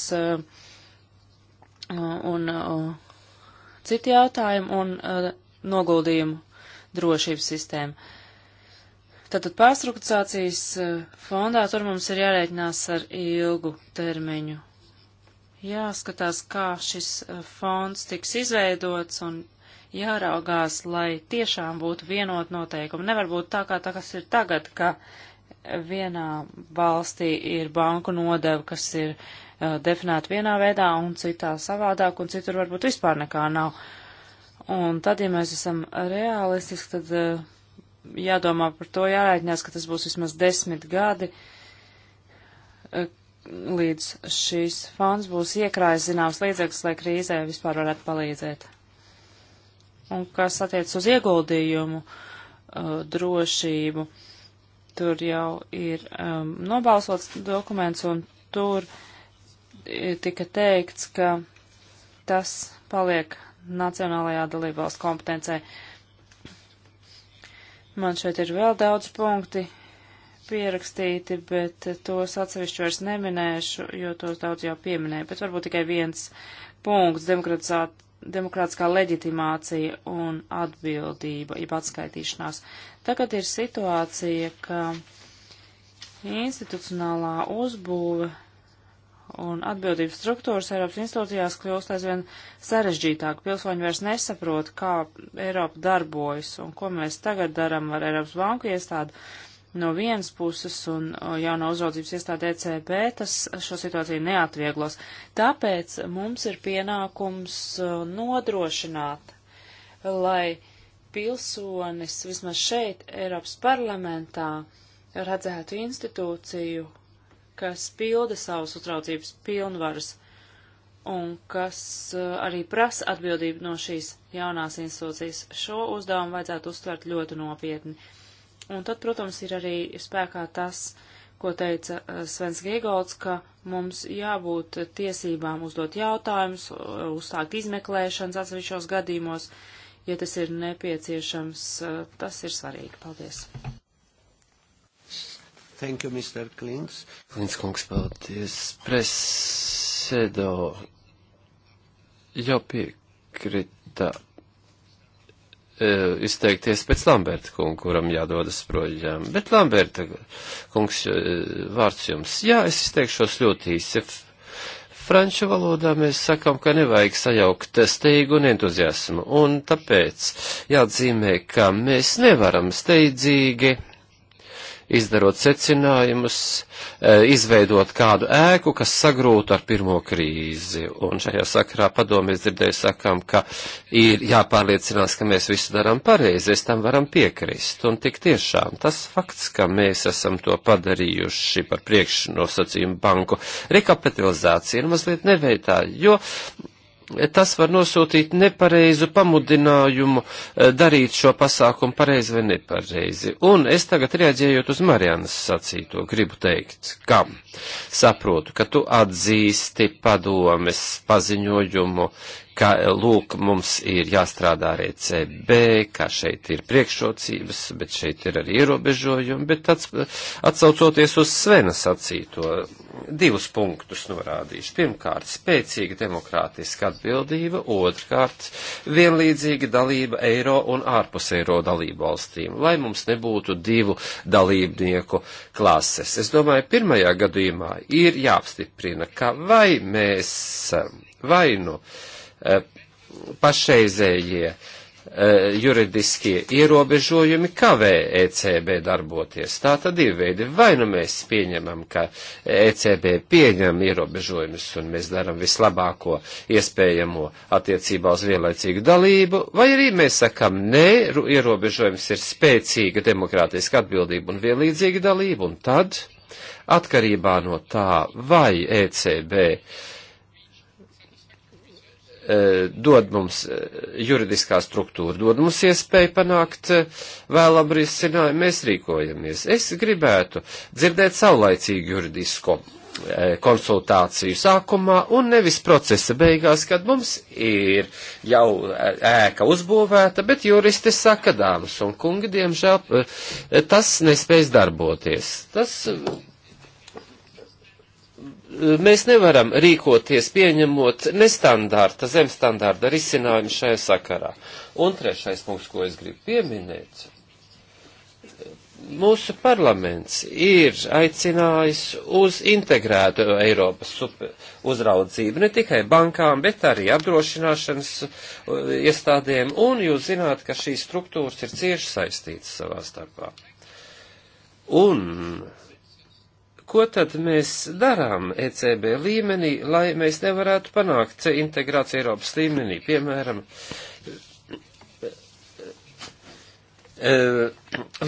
un citi jautājumi un noguldījumu drošības sistēmu. Tātad pārstrukturizācijas eh, fondā tur mums ir jārēķinās ar ilgu termiņu. Jāskatās, kā šis eh, fonds tiks izveidots un jāraugās, lai tiešām būtu vienot noteikumi. Nevar būt tā, kā tā, kas ir tagad, ka vienā valstī ir banku nodeva, kas ir uh, definēta vienā veidā un citā savādāk, un citur varbūt vispār nekā nav. Uh, Un tad, ja mēs esam realistiski, tad eh, jādomā par to, jārēķinās, ka tas būs vismaz desmit gadi, eh, līdz šīs fonds būs iekrājis zināms līdzeklis, lai krīzē vispār varētu palīdzēt. Un kas attiec uz ieguldījumu, eh, drošību, tur jau ir um, nobalsots dokuments un tur tika teikts, ka tas paliek nacionālajā dalībvalsts kompetencē. Man šeit ir vēl daudz punkti pierakstīti, bet tos atsevišķi vairs neminēšu, jo tos daudz jau pieminēju, bet varbūt tikai viens punkts - demokrātiskā leģitimācija un atbildība, jeb atskaitīšanās. Tagad ir situācija, ka institucionālā uzbūve un atbildības struktūras Eiropas institūcijās kļūst aizvien sarežģītāk. Pilsoņi vairs nesaprot, kā Eiropa darbojas un ko mēs tagad darām ar Eiropas banku iestādi no vienas puses un jauno uzraudzības iestāde ECB, tas šo situāciju neatvieglos. Tāpēc mums ir pienākums nodrošināt, lai pilsonis vismaz šeit, Eiropas parlamentā, redzētu institūciju, kas pilda savus uztraucības pilnvaras un kas eh, arī prasa atbildību no šīs jaunās institūcijas. Šo uzdevumu vajadzētu uztvert ļoti nopietni. Un tad, protams, ir arī spēkā tas, ko teica eh, Svens Giegolds, ka mums jābūt tiesībām uzdot jautājumus, eh, uzsākt izmeklēšanas atsevišķos gadījumos, ja tas ir nepieciešams, tas ir svarīgi. Paldies! Thank you, Mr. Klins. Klins kungs, paldies. Presēdo jau piekrita e, izteikties pēc Lamberta kunga, kuram jādodas projām. Bet Lamberta kungs, e, vārds jums. Jā, es izteikšos ļoti īsi. Franču valodā mēs sakam, ka nevajag sajaukt steigu un entuziasmu, un tāpēc jāatzīmē, ka mēs nevaram steidzīgi izdarot secinājumus, e, izveidot kādu ēku, kas sagrūtu ar pirmo krīzi. Un šajā sakarā padomēs dzirdēju sakām, ka ir jāpārliecinās, ka mēs visu darām pareizi, es tam varam piekrist. Un tik tiešām tas fakts, ka mēs esam to padarījuši par priekšnosacījumu banku rekapitalizāciju, ir mazliet neveidā, jo tas var nosūtīt nepareizu pamudinājumu eh, darīt šo pasākumu pareizi vai nepareizi. Un es tagad reaģējot uz Marianas sacīto, gribu teikt, ka saprotu, ka tu atzīsti padomes paziņojumu, ka, lūk, mums ir jāstrādā ar ECB, ka šeit ir priekšrocības, bet šeit ir arī ierobežojumi, bet ats, atsaucoties uz Svena sacīto, divus punktus norādīšu. Pirmkārt, spēcīga demokrātiska atbildība, otrkārt, vienlīdzīga dalība eiro un ārpus eiro dalību valstīm, lai mums nebūtu divu dalībnieku klases. Es domāju, pirmajā gadījumā ir jāapstiprina, ka vai mēs vainu. No pašreizējie eh, juridiskie ierobežojumi kavē ECB darboties. Tā tad ir veidi. Vai nu mēs pieņemam, ka ECB pieņem ierobežojumus un mēs darām vislabāko iespējamo attiecībā uz vienlaicīgu dalību, vai arī mēs sakam, nē, ierobežojums ir spēcīga demokrātiska atbildība un vienlīdzīga dalība, un tad atkarībā no tā, vai ECB E, dod mums e, juridiskā struktūra, dod mums iespēju panākt e, vēlam risinājumu, mēs rīkojamies. Es gribētu dzirdēt saulaicīgu juridisko konsultāciju sākumā un nevis procesa beigās, kad mums ir jau ēka uzbūvēta, bet juristi saka, dāmas un kungi, diemžēl tas nespējas darboties. Tas mēs nevaram rīkoties pieņemot nestandarta, zemstandarta risinājumu šajā sakarā. Un trešais punkts, ko es gribu pieminēt, mūsu parlaments ir aicinājis uz integrētu Eiropas uzraudzību ne tikai bankām, bet arī apdrošināšanas uh, iestādēm, un jūs zināt, ka šīs struktūras ir cieši saistītas savā starpā. Un Ko tad mēs darām ECB līmenī, lai mēs nevarētu panākt integrāciju Eiropas līmenī? Piemēram, eh,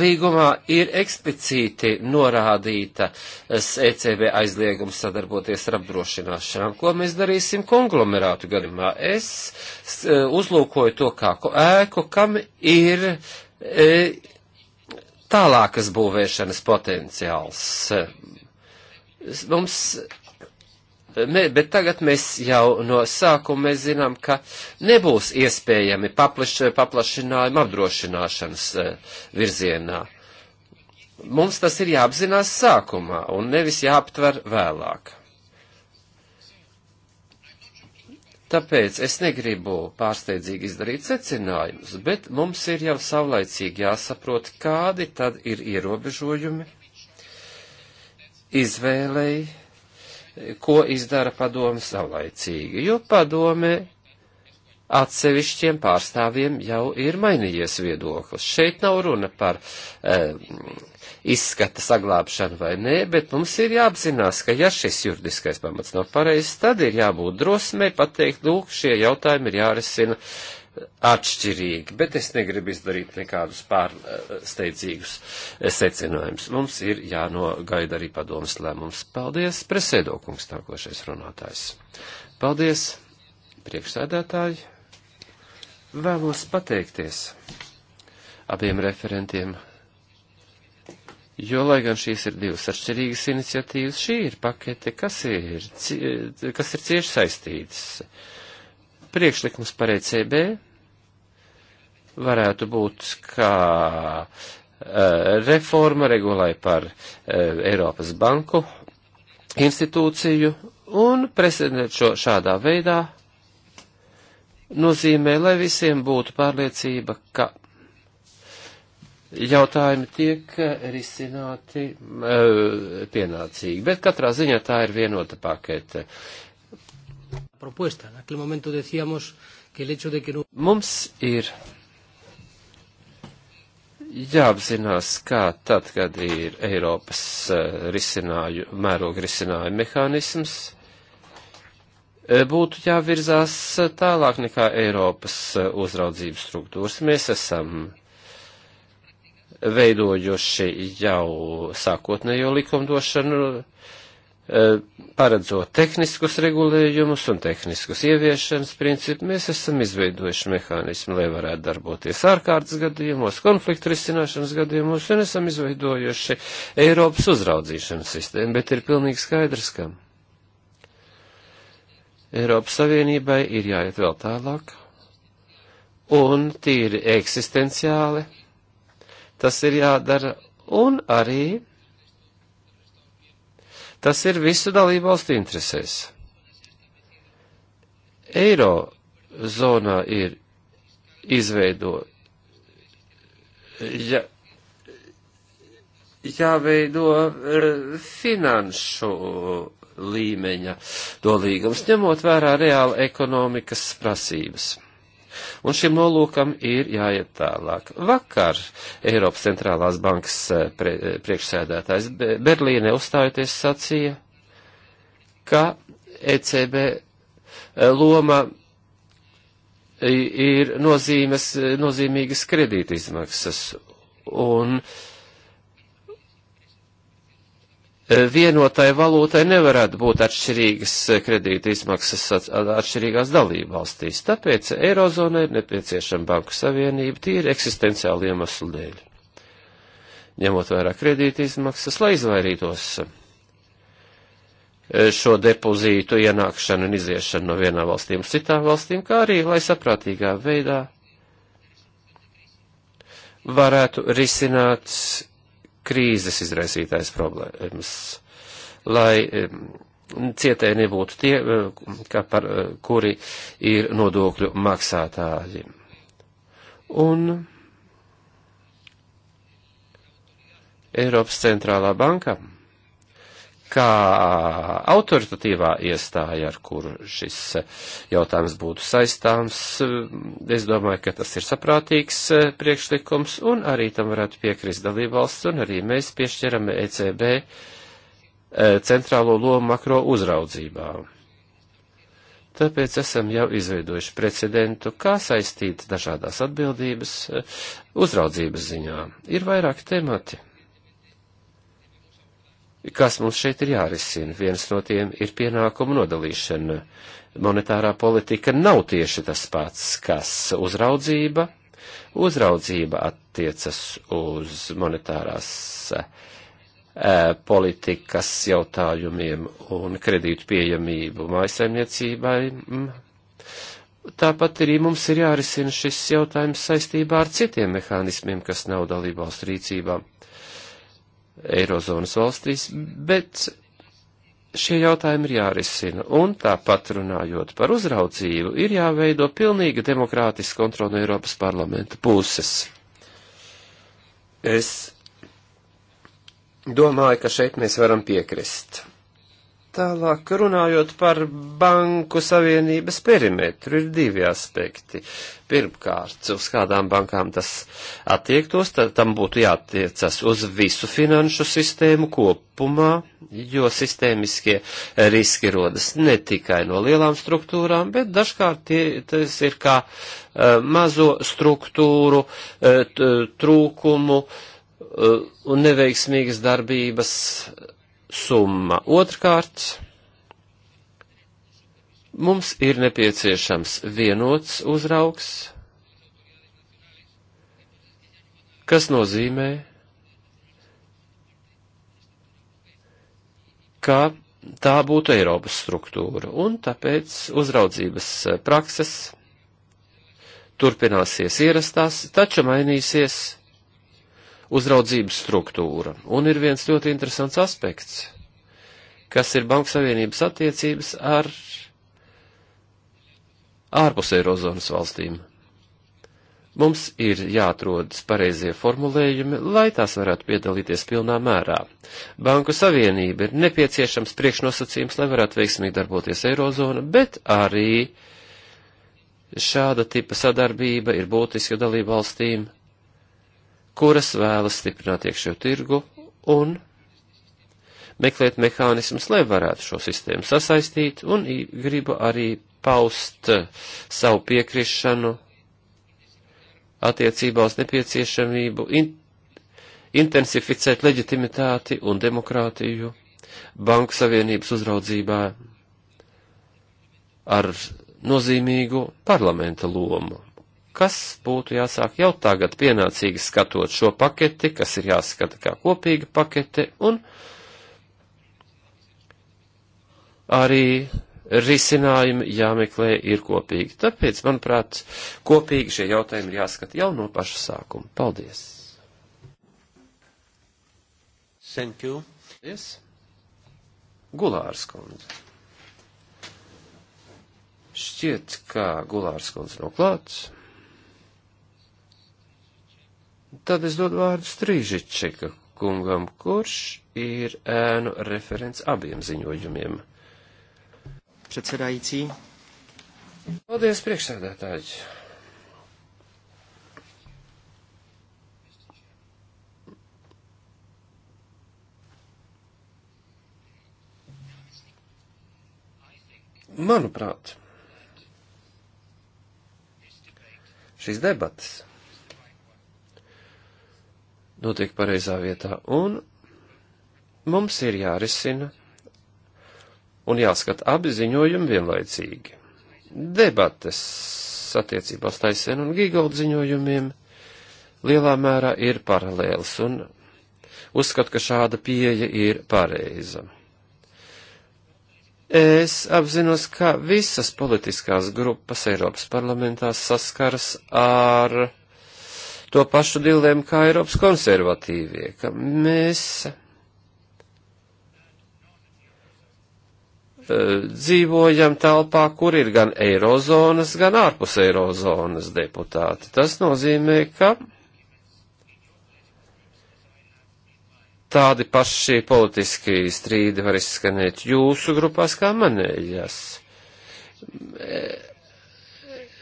līgumā ir eksplicīti norādīta ECB e aizliegums sadarboties ar apdrošināšanām. Ko mēs darīsim konglomerātu gadījumā? Es eh, uzlūkoju to kā ēku, kam ir eh, tālākas būvēšanas potenciāls mums Mē, bet tagad mēs jau no sākuma mēs zinām, ka nebūs iespējami paplaš, paplašinājuma apdrošināšanas e, virzienā. Mums tas ir jāapzinās sākumā un nevis jāaptver vēlāk. Tāpēc es negribu pārsteidzīgi izdarīt secinājumus, bet mums ir jau savlaicīgi jāsaprot, kādi tad ir ierobežojumi izvēlei, ko izdara padome savlaicīgi, jo padome atsevišķiem pārstāvjiem jau ir mainījies viedoklis. Šeit nav runa par e, izskata saglābšanu vai nē, bet mums ir jāapzinās, ka ja šis juridiskais pamats nav pareizs, tad ir jābūt drosmei pateikt, lūk, šie jautājumi ir jārisina atšķirīgi, bet es negribu izdarīt nekādus pārsteidzīgus eh, secinājumus. Mums ir jānogaida arī padomas lēmums. Paldies, presēdokungs, nākošais runātājs. Paldies, priekšsēdētāji. Vēlos pateikties abiem referentiem, jo, lai gan šīs ir divas atšķirīgas iniciatīvas, šī ir pakete, kas ir, kas ir cieši saistītas Priekšlikums par ECB varētu būt kā e, reforma regulai par e, Eiropas banku institūciju un prezidēt šo šādā veidā nozīmē, lai visiem būtu pārliecība, ka jautājumi tiek risināti e, pienācīgi, bet katrā ziņā tā ir vienota pakete. Mums ir jāapzinās, kā tad, kad ir Eiropas eh, risināju, mēroga risinājuma mehānisms, eh, būtu jāvirzās tālāk nekā Eiropas eh, uzraudzības struktūras. Mēs esam veidojuši jau sākotnējo likumdošanu Eh, paredzot tehniskus regulējumus un tehniskus ieviešanas principu, mēs esam izveidojuši mehānismu, lai varētu darboties ārkārtas gadījumos, konfliktu risināšanas gadījumos, un esam izveidojuši Eiropas uzraudzīšanas sistēmu, bet ir pilnīgi skaidrs, ka Eiropas Savienībai ir jāiet vēl tālāk, un tīri eksistenciāli tas ir jādara, un arī Tas ir visu dalību valstu interesēs. Eiro zonā ir izveido, ja, jāveido eh, finanšu līmeņa dolīgums, ņemot vērā reāla ekonomikas prasības. Un šim nolūkam ir jāiet tālāk. Vakar Eiropas centrālās bankas eh, eh, priekšsēdētājs Berlīne uzstājoties sacīja, ka ECB eh, loma ir nozīmes, nozīmīgas kredītizmaksas. Un uh, Eh, vienotai valūtai nevarētu būt atšķirīgas eh, kredīta izmaksas atšķirīgās dalību valstīs. Tāpēc Eirozonai ir nepieciešama banku savienība tīri eksistenciāli iemeslu dēļ. Ņemot vērā kredīta izmaksas, lai izvairītos eh, šo depozītu ienākšanu un iziešanu no vienā valstīm uz citām valstīm, kā arī, lai saprātīgā veidā varētu risināt krīzes izraisītājs problēmas, lai cietēji nebūtu tie, par, kuri ir nodokļu maksātāji. Un Eiropas centrālā banka kā autoritatīvā iestāja, ar kuru šis jautājums būtu saistāms, es domāju, ka tas ir saprātīgs priekšlikums, un arī tam varētu piekrist dalībvalsts, un arī mēs piešķiram ECB eh, centrālo lomu makro uzraudzībā. Tāpēc esam jau izveidojuši precedentu, kā saistīt dažādās atbildības eh, uzraudzības ziņā. Ir vairāki temati kas mums šeit ir jārisina. Viens no tiem ir pienākumu nodalīšana. Monetārā politika nav tieši tas pats, kas uzraudzība. Uzraudzība attiecas uz monetārās eh, politikas jautājumiem un kredītu pieejamību mājasaimniecībai. Mm. Tāpat arī mums ir jārisina šis jautājums saistībā ar citiem mehānismiem, kas nav dalībvalstu rīcībām Eirozonas valstīs, bet šie jautājumi ir jārisina. Un tāpat runājot par uzraudzību, ir jāveido pilnīga demokrātiska kontrola no Eiropas parlamenta puses. Es domāju, ka šeit mēs varam piekrist. Tālāk, runājot par banku savienības perimetru, ir divi aspekti. Pirmkārt, uz kādām bankām tas attiektos, tad tam būtu jātiecas uz visu finanšu sistēmu kopumā, jo sistēmiskie riski rodas ne tikai no lielām struktūrām, bet dažkārt tie, tas ir kā uh, mazo struktūru uh, trūkumu uh, un neveiksmīgas darbības. Uh, summa. Otrkārt, mums ir nepieciešams vienots uzraugs, kas nozīmē, ka tā būtu Eiropas struktūra, un tāpēc uzraudzības prakses turpināsies ierastās, taču mainīsies uzraudzības struktūra. Un ir viens ļoti interesants aspekts, kas ir Banka Savienības attiecības ar ārpus Eirozonas valstīm. Mums ir jāatrod pareizie formulējumi, lai tās varētu piedalīties pilnā mērā. Banku savienība ir nepieciešams priekšnosacījums, lai varētu veiksmīgi darboties Eirozona, bet arī šāda tipa sadarbība ir būtiska dalību valstīm kuras vēlas stiprināt iekšējo tirgu un meklēt mehānismus, lai varētu šo sistēmu sasaistīt, un gribu arī paust eh, savu piekrišanu attiecībā uz nepieciešamību in intensificēt leģitimitāti un demokrātiju Banku Savienības uzraudzībā ar nozīmīgu parlamenta lomu kas būtu jāsāk jau tagad pienācīgi skatot šo paketi, kas ir jāskata kā kopīga pakete, un arī risinājumi jāmeklē ir kopīgi. Tāpēc, manuprāt, kopīgi šie jautājumi ir jāskata jau no paša sākuma. Paldies! Thank you. Yes. Gulārs kundze. Šķiet, ka Gulārs kundze nav klāts. Tad es dodu vārdu Strīžičeka kungam, kurš ir ēnu referents abiem ziņojumiem. Predsedājīcī. Paldies, priekšsēdētāji. Manuprāt, šīs debatas notiek pareizā vietā. Un mums ir jārisina un jāskata abi ziņojumi vienlaicīgi. Debates attiecībā uz taisēnu un gigaldu ziņojumiem lielā mērā ir paralēls un uzskat, ka šāda pieeja ir pareiza. Es apzinos, ka visas politiskās grupas Eiropas parlamentā saskaras ar to pašu dilēmu kā Eiropas konservatīvie, ka mēs eh, dzīvojam telpā, kur ir gan eirozonas, gan ārpus eirozonas deputāti. Tas nozīmē, ka tādi paši politiskie strīdi var izskanēt jūsu grupās kā manējās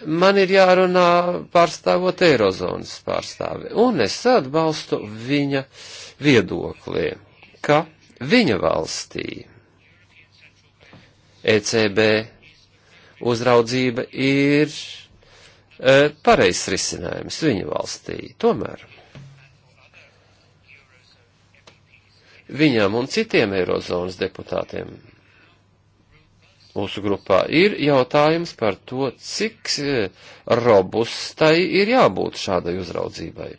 man ir jārunā pārstāvot Eirozonas pārstāvi, un es atbalstu viņa viedoklī, ka viņa valstī ECB uzraudzība ir e, pareizs risinājums viņa valstī. Tomēr viņam un citiem Eirozonas deputātiem mūsu grupā ir jautājums par to, cik e, robustai ir jābūt šādai uzraudzībai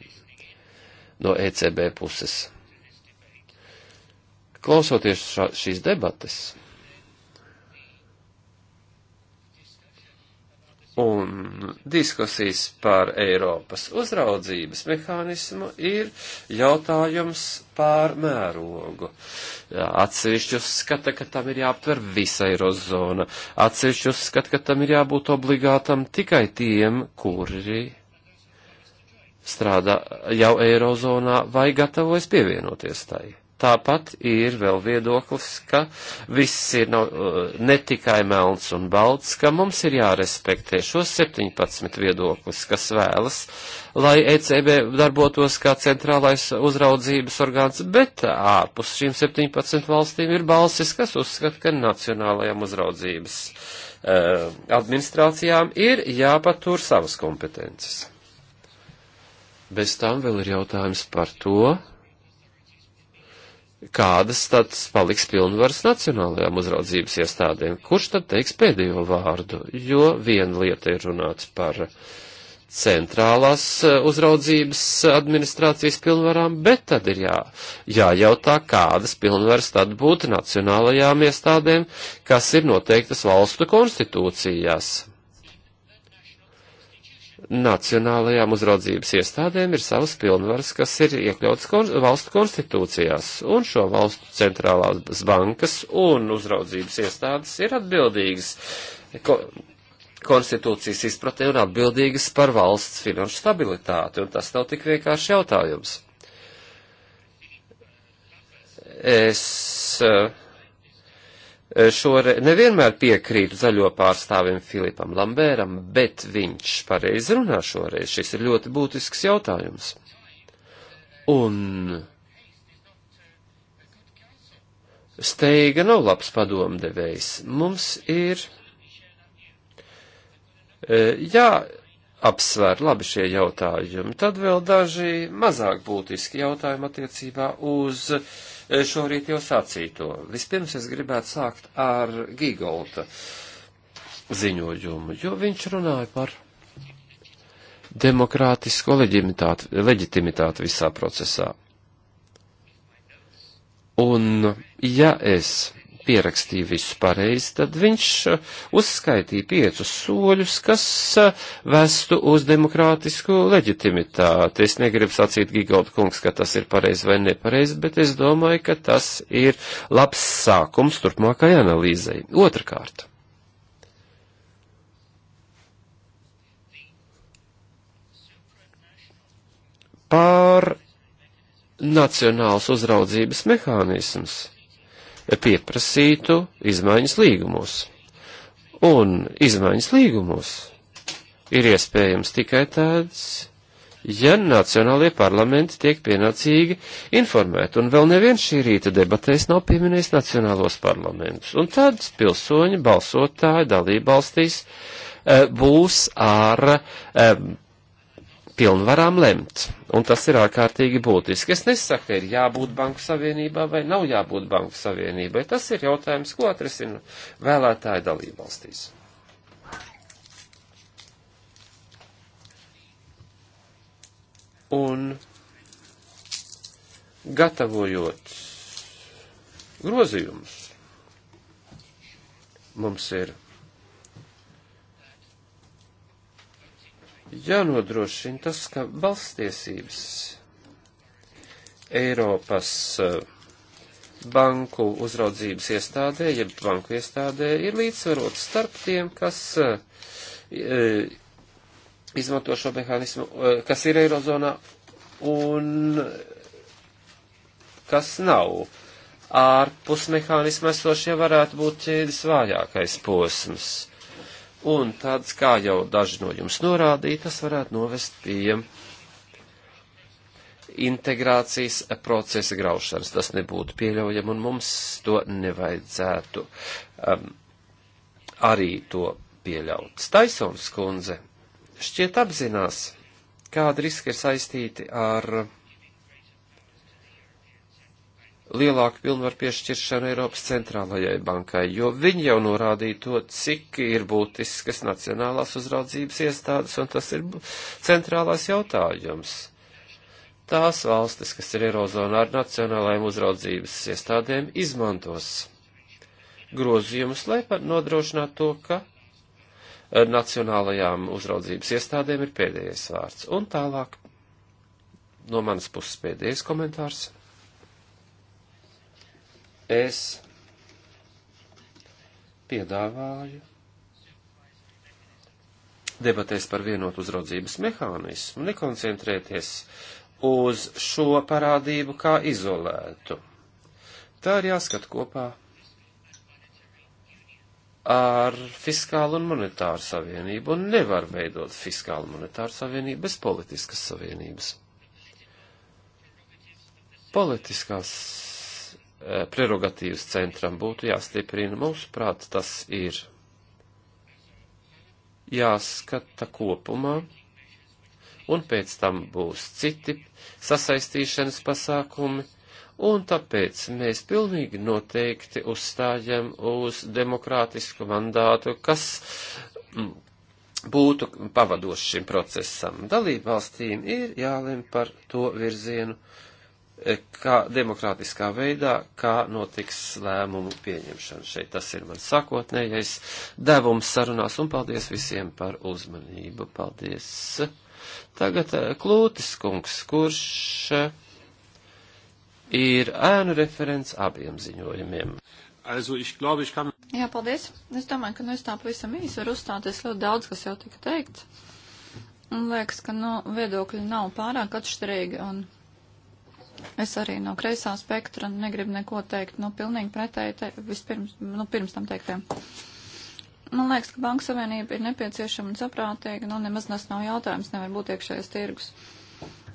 no ECB puses. Klausoties šā, šīs debates, Un diskusijas par Eiropas uzraudzības mehānismu ir jautājums pār mērogu. Atsevišķi uzskata, ka tam ir jāaptver visa eirozona. Atsevišķi uzskata, ka tam ir jābūt obligātam tikai tiem, kuri strādā jau eirozonā vai gatavojas pievienoties tai. Tāpat ir vēl viedoklis, ka viss ir nav, eh, ne tikai melns un balts, ka mums ir jārespektē šos 17 viedoklis, kas vēlas, lai ECB darbotos kā centrālais uzraudzības orgāns, bet ārpus šīm 17 valstīm ir balsis, kas uzskata, ka nacionālajām uzraudzības uh, administrācijām ir jāpatur savas kompetences. Bez tam vēl ir jautājums par to, kādas tad paliks pilnvaras nacionālajām uzraudzības iestādēm? Kurš tad teiks pēdējo vārdu? Jo viena lieta ir runāt par centrālās e, uzraudzības administrācijas pilnvarām, bet tad ir jā, jājautā, kādas pilnvaras tad būtu nacionālajām iestādēm, kas ir noteiktas valstu konstitūcijās nacionālajām uzraudzības iestādēm ir savas pilnvaras, kas ir iekļautas kon valstu konstitūcijās, un šo valstu centrālās bankas un uzraudzības iestādes ir atbildīgas ko konstitūcijas izpratē un atbildīgas par valsts finanšu stabilitāti, un tas nav tik vienkārši jautājums. Es uh, Eh, šore nevienmēr piekrītu zaļo pārstāvim Filipam Lambēram, bet viņš pareizi runā šoreiz. Šis ir ļoti būtisks jautājums. Un steiga nav labs padomdevējs. Mums ir eh, jāapsver labi šie jautājumi. Tad vēl daži mazāk būtiski jautājumi attiecībā uz uh, Eh, šorīt jau sacīto. Vispirms es gribētu sākt ar Gigolta ziņojumu, jo viņš runāja par demokrātisko leģitimitāti visā procesā. Un ja es pierakstīja visu pareizi, tad viņš uh, uzskaitīja piecus soļus, kas uh, vestu uz demokrātisku leģitimitāti. Es negribu sacīt, Gigalda kungs, ka tas ir pareizi vai nepareizi, bet es domāju, ka tas ir labs sākums turpmākai analīzei. Otrakārt. Pār nacionāls uzraudzības mehānisms pieprasītu izmaiņas līgumus. Un izmaiņas līgumus ir iespējams tikai tāds, ja nacionālajie parlamenti tiek pienācīgi informēti, un vēl neviens šī rīta debatēs nav pieminējis nacionālos parlamentus. Un tad pilsoņi, balsotāji, dalībvalstīs eh, būs ar eh, pilnvarām lemt, un tas ir ārkārtīgi būtiski. Es nesaku, ir jābūt banku savienībā vai nav jābūt banku savienībai. Tas ir jautājums, ko atrisina vēlētāji dalībvalstīs. Un gatavojot grozījumus, mums ir jānodrošina tas, ka valstiesības Eiropas eh, banku uzraudzības iestādē, jeb banku iestādē, ir līdzsvarot starp tiem, kas eh, izmanto šo mehānismu, eh, kas ir Eirozonā un kas nav. Ārpus mehānisma esošie varētu būt ķēdes vājākais posms un tāds, kā jau daži no jums norādīja, tas varētu novest pie integrācijas procesa graušanas. Tas nebūtu pieļaujami, un mums to nevajadzētu um, arī to pieļaut. Taisons kundze šķiet apzinās, kāda riska ir saistīti ar lielāku pilnvaru piešķiršanu Eiropas centrālajai bankai, jo viņi jau norādīja to, cik ir būtiskas nacionālās uzraudzības iestādes, un tas ir centrālais jautājums. Tās valstis, kas ir Eirozonā ar nacionālajiem uzraudzības iestādēm, izmantos grozījumus, lai nodrošinātu to, ka eh, nacionālajām uzraudzības iestādēm ir pēdējais vārds. Un tālāk no manas puses pēdējais komentārs es piedāvāju debatēs par vienotu uzraudzības mehānismu, nekoncentrēties uz šo parādību kā izolētu. Tā ir jāskat kopā ar fiskālu un monetāru savienību, un nevar veidot fiskālu monetāru savienību bez politiskas savienības. Politiskās Eh, prerogatīvas centram būtu jāstiprina. Mūsuprāt, tas ir jāskata kopumā, un pēc tam būs citi sasaistīšanas pasākumi, un tāpēc mēs pilnīgi noteikti uzstājam uz demokrātisku mandātu, kas mm, būtu pavadošs šim procesam. Dalībvalstīm ir jālem par to virzienu, uh, kā demokrātiskā veidā, kā notiks lēmumu pieņemšana šeit. Tas ir mans sākotnējais devums sarunās, un paldies visiem par uzmanību. Paldies! Tagad eh, Klūtis kungs, kurš eh, ir ēnu referents abiem ziņojumiem. Also, ich glaube, ich kann... Jā, paldies. Es domāju, ka nu es tā pavisam īsi varu uzstāties ļoti daudz, kas jau tika teikts. Un liekas, ka nu, viedokļi nav pārāk atšķirīgi. Un Es arī no kreisā spektra negribu neko teikt, nu, pilnīgi pretēji te, vispirms, nu, pirms tam teiktiem. Man liekas, ka Banka Savienība ir nepieciešama un saprātīga, nu, nemaz tas nav jautājums, nevar būt iekšējais tirgus.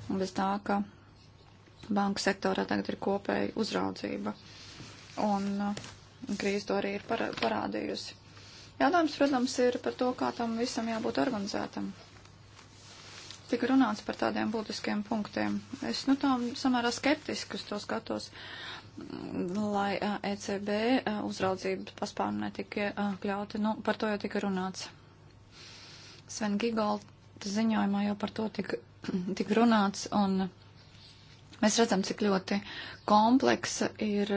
Un bez tā, ka banka sektorā tagad ir kopēja uzraudzība. Un uh, krīze to arī ir parādījusi. Jautājums, protams, ir par to, kā tam visam jābūt organizētam tika runāts par tādiem būtiskiem punktiem. Es nu tā samērā skeptiski uz to skatos, lai ECB uzraudzība paspārnu netika kļauti. Nu, par to jau tika runāts. Sven Gigalta ziņojumā jau par to tika, tika runāts, un mēs redzam, cik ļoti kompleksa ir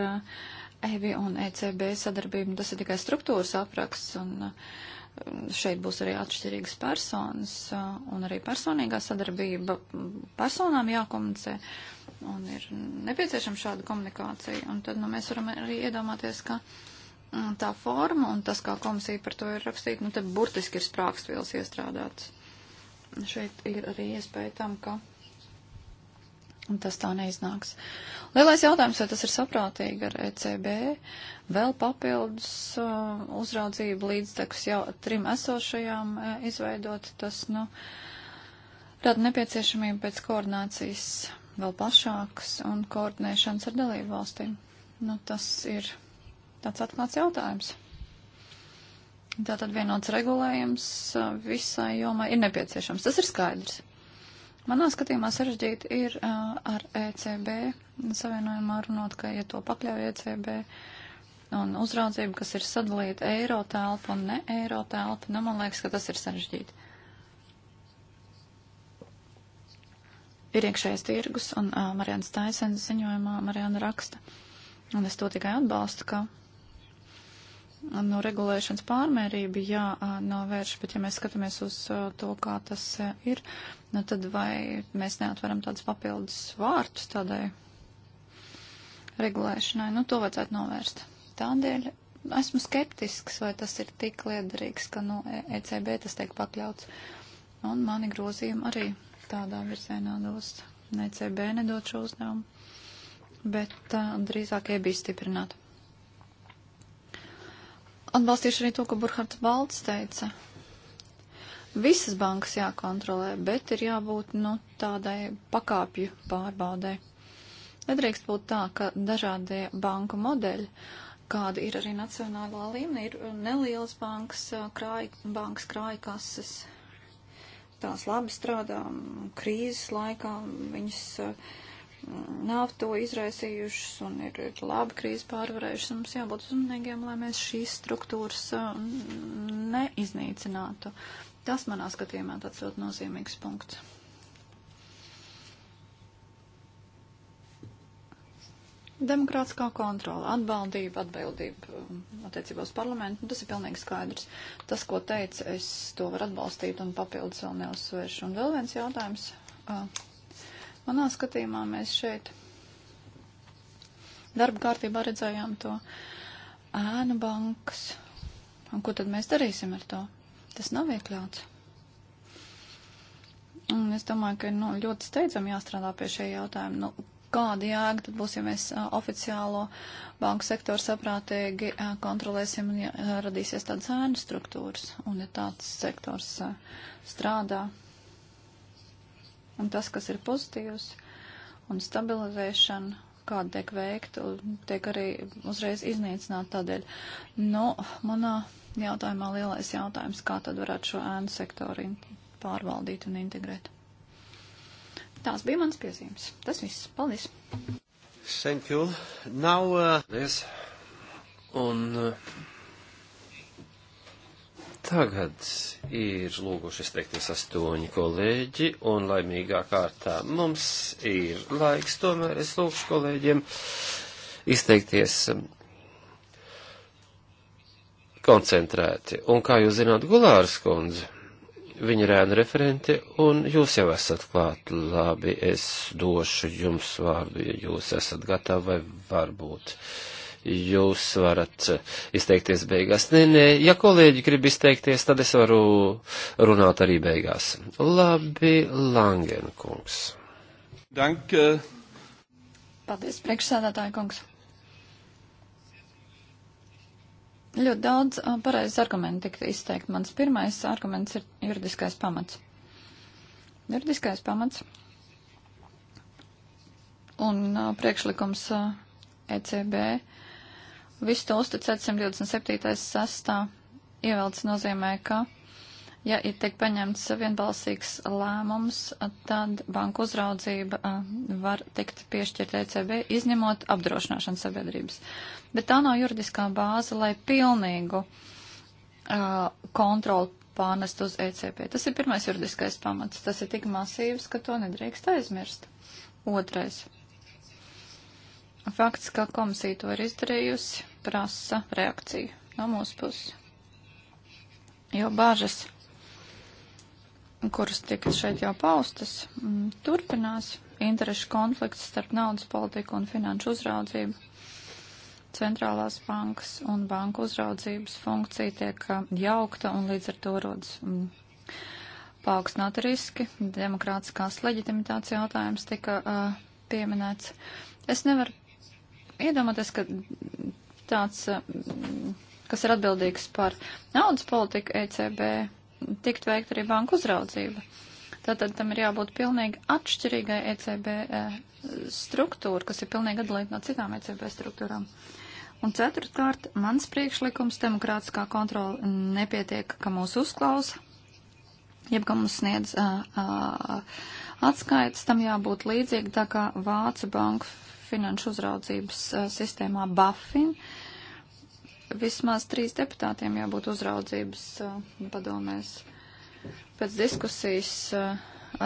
EVI un ECB sadarbība. Tas ir tikai struktūras apraksts. Un, uh, šeit būs arī atšķirīgas personas uh, un arī personīgā sadarbība personām jākomunicē un ir nepieciešama šāda komunikācija. Un tad nu, mēs varam arī iedomāties, ka mm, tā forma un tas, kā komisija par to ir rakstīta, nu te burtiski ir sprākstvielas iestrādāts. Šeit ir arī iespēja tam, ka Un tas tā neiznāks. Lielais jautājums, vai tas ir saprātīgi ar ECB vēl papildus uh, uzraudzību līdztekus jau trim esošajām uh, izveidot, tas, nu, rada nepieciešamību pēc koordinācijas vēl plašākas un koordinēšanas ar dalību valstīm. Nu, tas ir tāds atklāts jautājums. Tātad vienots regulējums uh, visai jomai ir nepieciešams. Tas ir skaidrs. Manā skatījumā sarežģīti ir uh, ar ECB savienojumā runot, ka, ja to pakļauj ECB un uzraudzību, kas ir sadalīta eiro telpa un ne eiro telpa, nu, man liekas, ka tas ir sarežģīti. Ir iekšējais tirgus, un uh, Marians Taisens ziņojumā Mariana raksta, un es to tikai atbalstu, ka no regulēšanas pārmērība jānovērš, bet ja mēs skatāmies uz uh, to, kā tas uh, ir, nu tad vai mēs neatveram tādus papildus vārtus tādai regulēšanai, nu to vajadzētu novērst. Tādēļ esmu skeptisks, vai tas ir tik liederīgs, ka no nu, ECB e tas tiek pakļauts. Un mani grozījumi arī tādā virzienā dos. Ne ECB nedod šo uzdevumu, bet uh, drīzāk EBI stiprināt. Atbalstīšu arī to, ko Burkhards Balts teica. Visas bankas jākontrolē, bet ir jābūt nu, tādai pakāpju pārbaudē. Nedrīkst būt tā, ka dažādie banku modeļi, kāda ir arī nacionālā līmenī, ir nelielas bankas, krāj, bankas krājkases, tās labi strādā krīzes laikā, viņas uh, nav to izraisījušas un ir, ir labi krīzi pārvarējušas. Mums jābūt uzmanīgiem, lai mēs šīs struktūras um, neiznīcinātu. Tas manā skatījumā tāds ļoti nozīmīgs punkts. Demokrātiskā kontrola, atbaldība, atbildība um, attiecībā uz parlamentu, nu, tas ir pilnīgi skaidrs. Tas, ko teica, es to varu atbalstīt un papildus vēl neuzsvēršu. Un vēl viens jautājums. Uh, Manā skatījumā mēs šeit darba kārtībā redzējām to ēnu bankas. Un ko tad mēs darīsim ar to? Tas nav iekļauts. Un es domāju, ka nu, ļoti steidzam jāstrādā pie šie jautājumi. Nu, kāda jēga tad būs, ja mēs a, oficiālo banku sektoru saprātīgi a, kontrolēsim un ja, radīsies tādas ēnu struktūras, un ja tāds sektors a, strādā, Un tas, kas ir pozitīvs un stabilizēšana, kāda tiek veikta, tiek arī uzreiz iznīcināta tādēļ. Nu, manā jautājumā lielais jautājums, kā tad varētu šo ēnu sektoru pārvaldīt un integrēt. Tās bija mans piezīmes. Tas viss. Paldies! Thank you. Now, uh... Yes. Un uh, Tagad ir lūguši izteikties astoņi kolēģi, un laimīgā kārtā mums ir laiks. Tomēr es lūgšu kolēģiem izteikties um, koncentrēti. Un kā jūs zināt, Gulāras kundze, viņa rēna referente, un jūs jau esat klāt. Labi, es došu jums vārdu, ja jūs esat gatavi vai varbūt. Uh, jūs varat eh, izteikties beigās. Nē, nē, ja kolēģi grib izteikties, tad es varu runāt arī beigās. Labi, Langen kungs. Danke. Eh. Paldies, priekšsēdētāji kungs. Ļoti daudz eh, pareizes argumenti tika izteikti. Mans pirmais arguments ir juridiskais pamats. Juridiskais pamats un priekšlikums ECB e Visu to uzticēt 127. sastā ievelts nozīmē, ka, ja ir tiek paņemts vienbalsīgs lēmums, tad banku uzraudzība var tikt piešķirt ECB, izņemot apdrošināšanas sabiedrības. Bet tā nav juridiskā bāze, lai pilnīgu uh, kontroli pārnest uz ECB. Tas ir pirmais juridiskais pamats. Tas ir tik masīvs, ka to nedrīkst aizmirst. Otrais. Fakts, ka komisija to ir izdarījusi, prasa reakciju no mūsu puses. Jo bāžas, kuras tika šeit jau paustas, mm, turpinās interešu konflikts starp naudas politiku un finanšu uzraudzību. Centrālās bankas un banku uzraudzības funkcija tiek uh, jaukta un līdz ar to rodas mm, paaugstināt riski. Demokrātiskās leģitimitātes jautājums tika uh, pieminēts. Es nevaru iedomāties, ka tāds, eh, kas ir atbildīgs par naudas politiku ECB, tikt veikt arī banku uzraudzība. Tātad tam ir jābūt pilnīgi atšķirīgai ECB eh, struktūra, kas ir pilnīgi atdalīta no citām ECB struktūrām. Un ceturtkārt, mans priekšlikums demokrātiskā kontrola nepietiek, ka mūs uzklausa, jeb ka mums sniedz uh, uh, atskaits, tam jābūt līdzīgi tā kā Vācu banku finanšu uzraudzības sistēmā BAFIN. Vismaz trīs deputātiem jābūt uzraudzības padomēs. Pēc diskusijas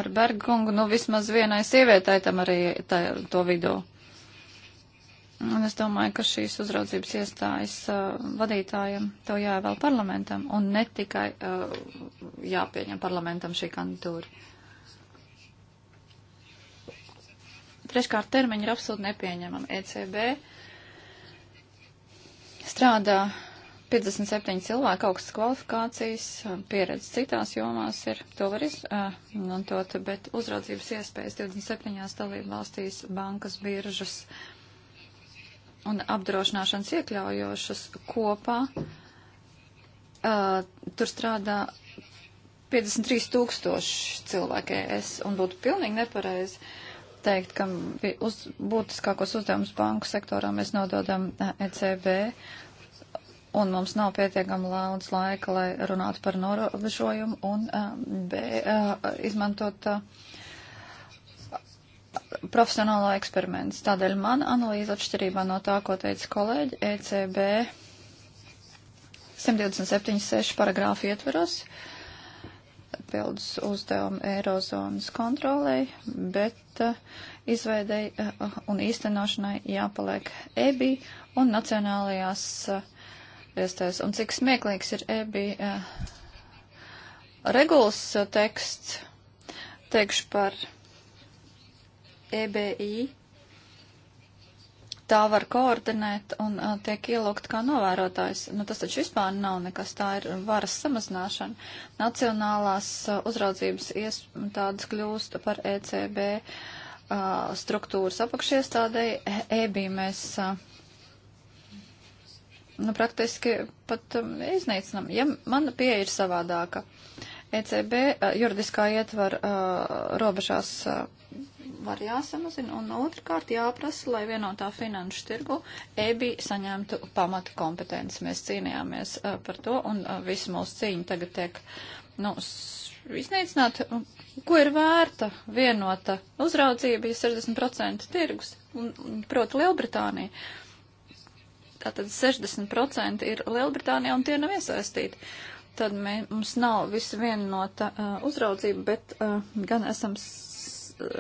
ar Bergungu, nu vismaz vienai sievietai tam arī tā, to vidū. Un es domāju, ka šīs uzraudzības iestājas uh, vadītājiem to jāvēl parlamentam un ne tikai uh, jāpieņem parlamentam šī kandidūra. Treškārt, termiņi ir absolūti nepieņemami. ECB strādā 57 cilvēki augstas kvalifikācijas, pieredze citās jomās ir, to var izmantot, uh, bet uzraudzības iespējas 27 dalību valstīs bankas, biržas un apdrošināšanas iekļaujošas kopā. Uh, tur strādā 53 tūkstoši cilvēki es un būtu pilnīgi nepareizi. Uh, teikt, ka uz, būtiskākos uzdevumus banku sektorā mēs nododam ECB, eh, e un mums nav pietiekami daudz laika, lai runātu par norobežojumu, un eh, B, eh, izmantot profesionālā eksperiments. Tādēļ man analīze atšķirībā no tā, ko teica kolēģi, ECB 127.6 paragrāfu ietveros papildus uzdevumu Eirozonas kontrolei, bet uh, izveidei uh, un īstenošanai jāpaliek EBI un nacionālajās uh, eh, iestēs. Un cik smieklīgs ir EBI uh, regulas uh, teksts, teikšu par EBI tā var koordinēt un uh, tiek ielūgt kā novērotājs. Nu, tas taču vispār nav nekas, tā ir varas samazināšana. Nacionālās uh, uzraudzības iestādes kļūst par ECB uh, struktūras apakšiestādēji. EBI e, e mēs. Uh, Nu, praktiski pat um, iznīcinam. Ja mana pieeja ir savādāka, ECB uh, juridiskā ietvara uh, robežās uh, var jāsamazina, un otrkārt jāprasa, lai vienotā finanšu tirgu EBI saņemtu pamatu kompetenci. Mēs cīnījāmies uh, par to, un uh, visu mūsu cīņu tagad tiek, nu, iznīcināt, ko ir vērta vienota uzraudzība, ja 60% tirgus, un, proti Lielbritānija. Tātad 60% ir Lielbritānija, un tie nav iesaistīti tad mē, mums nav visu vienota uh, uzraudzība, bet uh, gan esam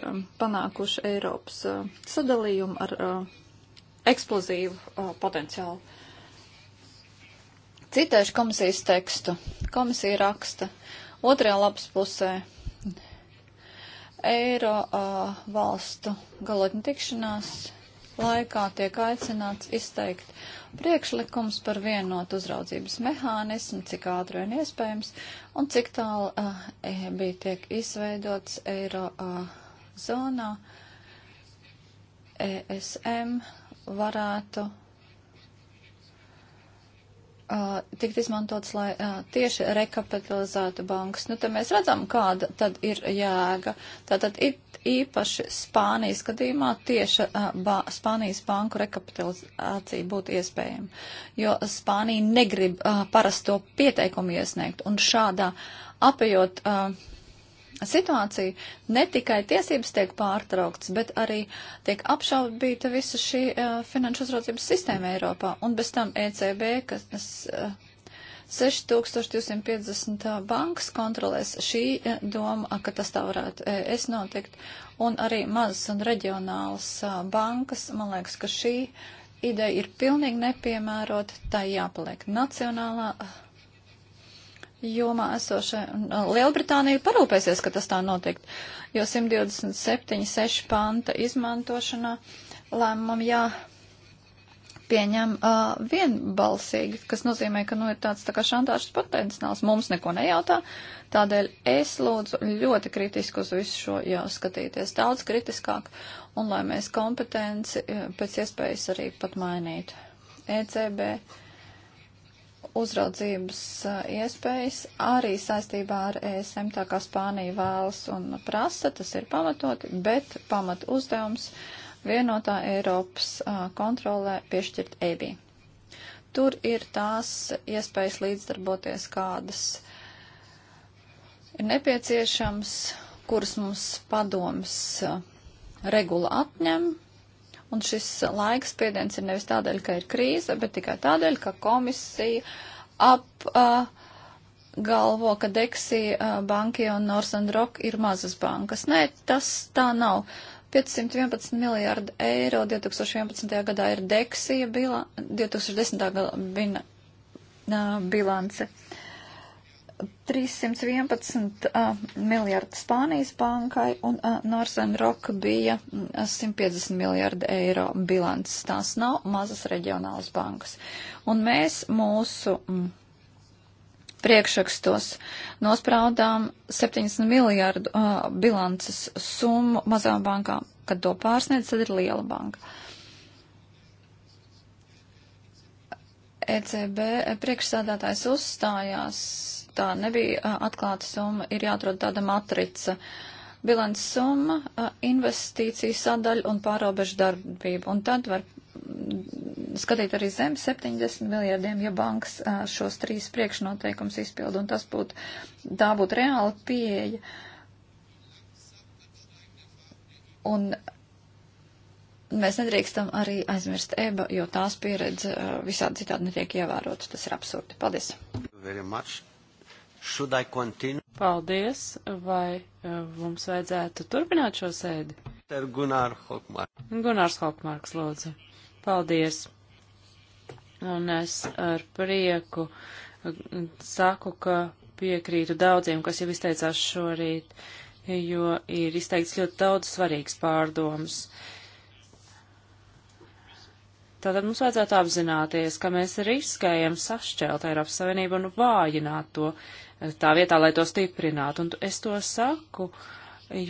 Um, panākuši Eiropas uh, sadalījumu ar uh, eksplozīvu uh, potenciālu. Citēšu komisijas tekstu. Komisija raksta otrajā lapas pusē Eiro uh, valstu galotņu tikšanās laikā tiek aicināts izteikt priekšlikums par vienotu uzraudzības mehānismu, cik ātri vien iespējams, un cik tālu uh, e, bija tiek izveidots eiro uh, zonā ESM varētu uh, tikt izmantots, lai uh, tieši rekapitalizētu bankas. Nu, te mēs redzam, kāda tad ir jēga. Tātad it īpaši Spānijas gadījumā tieši uh, ba Spānijas banku rekapitalizācija būtu iespējama, jo Spānija negrib uh, parasto pieteikumu iesniegt un šādā apējot. Uh, situāciju, ne tikai tiesības tiek pārtrauktas, bet arī tiek apšaubīta visa šī uh, finanšu uzraudzības sistēma Eiropā. Un bez tam ECB, kas uh, eh, 6250 eh, bankas kontrolēs, šī uh, doma, ka tas tā varētu uh, es notikt, un arī mazas un reģionālas uh, bankas, man liekas, ka šī ideja ir pilnīgi nepiemērota, tā jāpaliek nacionālā. Uh, jomā esošai. Uh, Lielbritānija parūpēsies, ka tas tā notikt, jo 127.6 panta izmantošanā lēmumam jā pieņem uh, vienbalsīgi, kas nozīmē, ka, nu, ir tāds tā kā šantāžas potenciāls, mums neko nejautā, tādēļ es lūdzu ļoti kritiski uz visu šo jāskatīties, daudz kritiskāk, un lai mēs kompetenci uh, pēc iespējas arī pat mainītu. ECB uzraudzības iespējas arī saistībā ar ESM, tā kā Spānija vēlas un prasa, tas ir pamatoti, bet pamat uzdevums vienotā Eiropas kontrolē piešķirt EBI. Tur ir tās iespējas līdzdarboties, kādas ir nepieciešams, kuras mums padoms regula atņem, Un šis laiks spiediens ir nevis tādēļ, ka ir krīze, bet tikai tādēļ, ka komisija apgalvo, uh, ka Deksī, uh, Banki un Northern Rock ir mazas bankas. Nē, tas tā nav. 511 miljārdi eiro 2011. gadā ir Deksija bila, 2010. gada bilance. Bila, 311 uh, miljardi Spānijas bankai un uh, Northern Rock bija 150 miljardi eiro bilants. Tās nav mazas reģionālas bankas. Un mēs mūsu mm, priekšrakstos nospraudām 70 miljardu uh, bilances summu mazām bankām. Kad to pārsniedz, tad ir liela banka. ECB e, priekšsādātājs uzstājās tā nebija atklāta summa, ir jāatrod tāda matrica. Bilants summa, investīcija sadaļa un pārobežu darbība. Un tad var skatīt arī zem 70 miljardiem, ja bankas šos trīs priekšnoteikums izpildu. Un tas būtu, tā būtu reāla pieeja. Un mēs nedrīkstam arī aizmirst EBA, jo tās pieredze visādi citādi netiek ievērotas. Tas ir absurdi. Paldies! Paldies, vai eh, mums vajadzētu turpināt šo sēdi? Gunār Hokmārk. Gunārs Hokmārks, lūdzu. Paldies. Un es ar prieku eh, saku, ka piekrītu daudziem, kas jau izteicās šorīt, jo ir izteikts ļoti daudz svarīgs pārdoms. Tātad mums vajadzētu apzināties, ka mēs riskējam sašķelt Eiropas Savienību un vājināt to tā vietā, lai to stiprinātu. Un es to saku,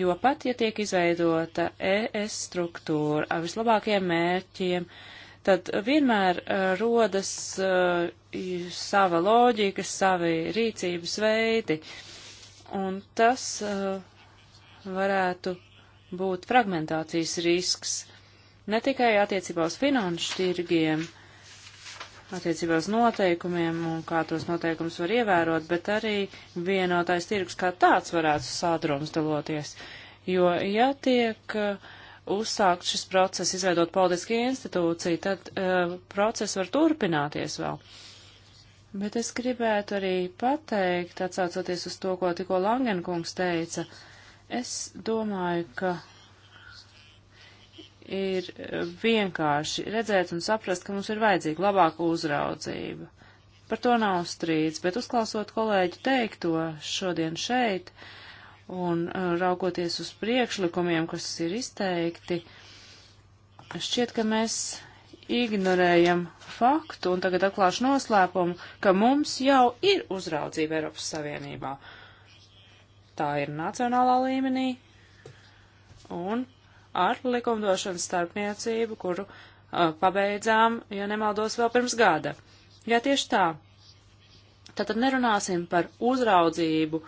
jo pat, ja tiek izveidota ES struktūra ar vislabākiem mērķiem, tad vienmēr uh, rodas uh, sava loģika, savi rīcības veidi, un tas uh, varētu būt fragmentācijas risks ne tikai attiecībā uz finanšu tirgiem, attiecībā uz noteikumiem un kā tos noteikumus var ievērot, bet arī vienotais tirgus kā tāds varētu sādrumstaloties. Jo, ja tiek uh, uzsākt šis process, izveidot politisku institūciju, tad uh, process var turpināties vēl. Bet es gribētu arī pateikt, atsaucoties uz to, ko tikko Langenkungs teica, es domāju, ka ir eh, vienkārši redzēt un saprast, ka mums ir vajadzīga labāka uzraudzība. Par to nav strīds, bet uzklausot kolēģi teikto šodien šeit un eh, raugoties uz priekšlikumiem, kas ir izteikti, šķiet, ka mēs ignorējam faktu un tagad atklāšu noslēpumu, ka mums jau ir uzraudzība Eiropas Savienībā. Tā ir nacionālā līmenī un ar likumdošanas starpniecību, kuru uh, pabeidzām, ja nemaldos, vēl pirms gada. Jā, tieši tā. Tātad nerunāsim par uzraudzību,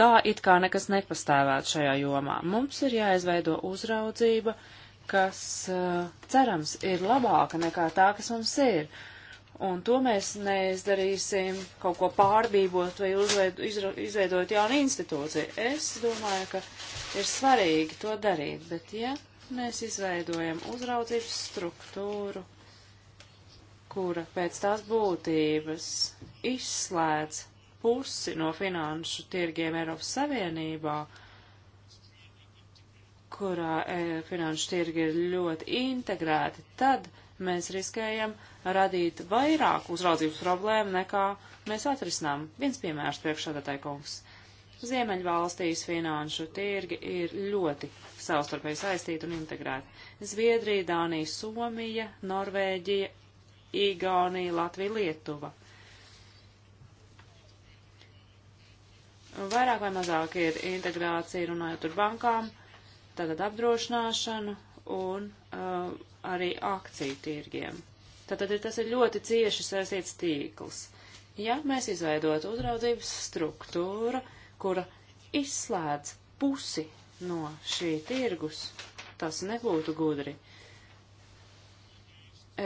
tā it kā nekas nepastāvētu šajā jomā. Mums ir jāizveido uzraudzība, kas, uh, cerams, ir labāka nekā tā, kas mums ir. Un to mēs neizdarīsim kaut ko pārbībot vai uzveidu, izra, izveidot jaunu institūciju. Es domāju, ka ir svarīgi to darīt, bet ja mēs izveidojam uzraudzības struktūru, kura pēc tās būtības izslēdz pusi no finanšu tirgiem Eiropas Savienībā, kurā e, finanšu tirgi ir ļoti integrēti, tad mēs riskējam radīt vairāk uzraudzības problēmu, nekā mēs atrisinām. Viens piemērs priekšādātai kungs. Ziemeļvalstīs finanšu tirgi ir ļoti savstarpēji saistīti un integrēti. Zviedrija, Dānija, Somija, Norvēģija, Igaunija, Latvija, Lietuva. Vairāk vai mazāk ir integrācija runājot ar bankām, tātad apdrošināšanu un uh, arī akciju tirgiem. Tātad ir, tas ir ļoti cieši saistīts tīkls. Ja mēs izveidotu uzraudzības struktūru, kura izslēdz pusi no šī tirgus, tas nebūtu gudri.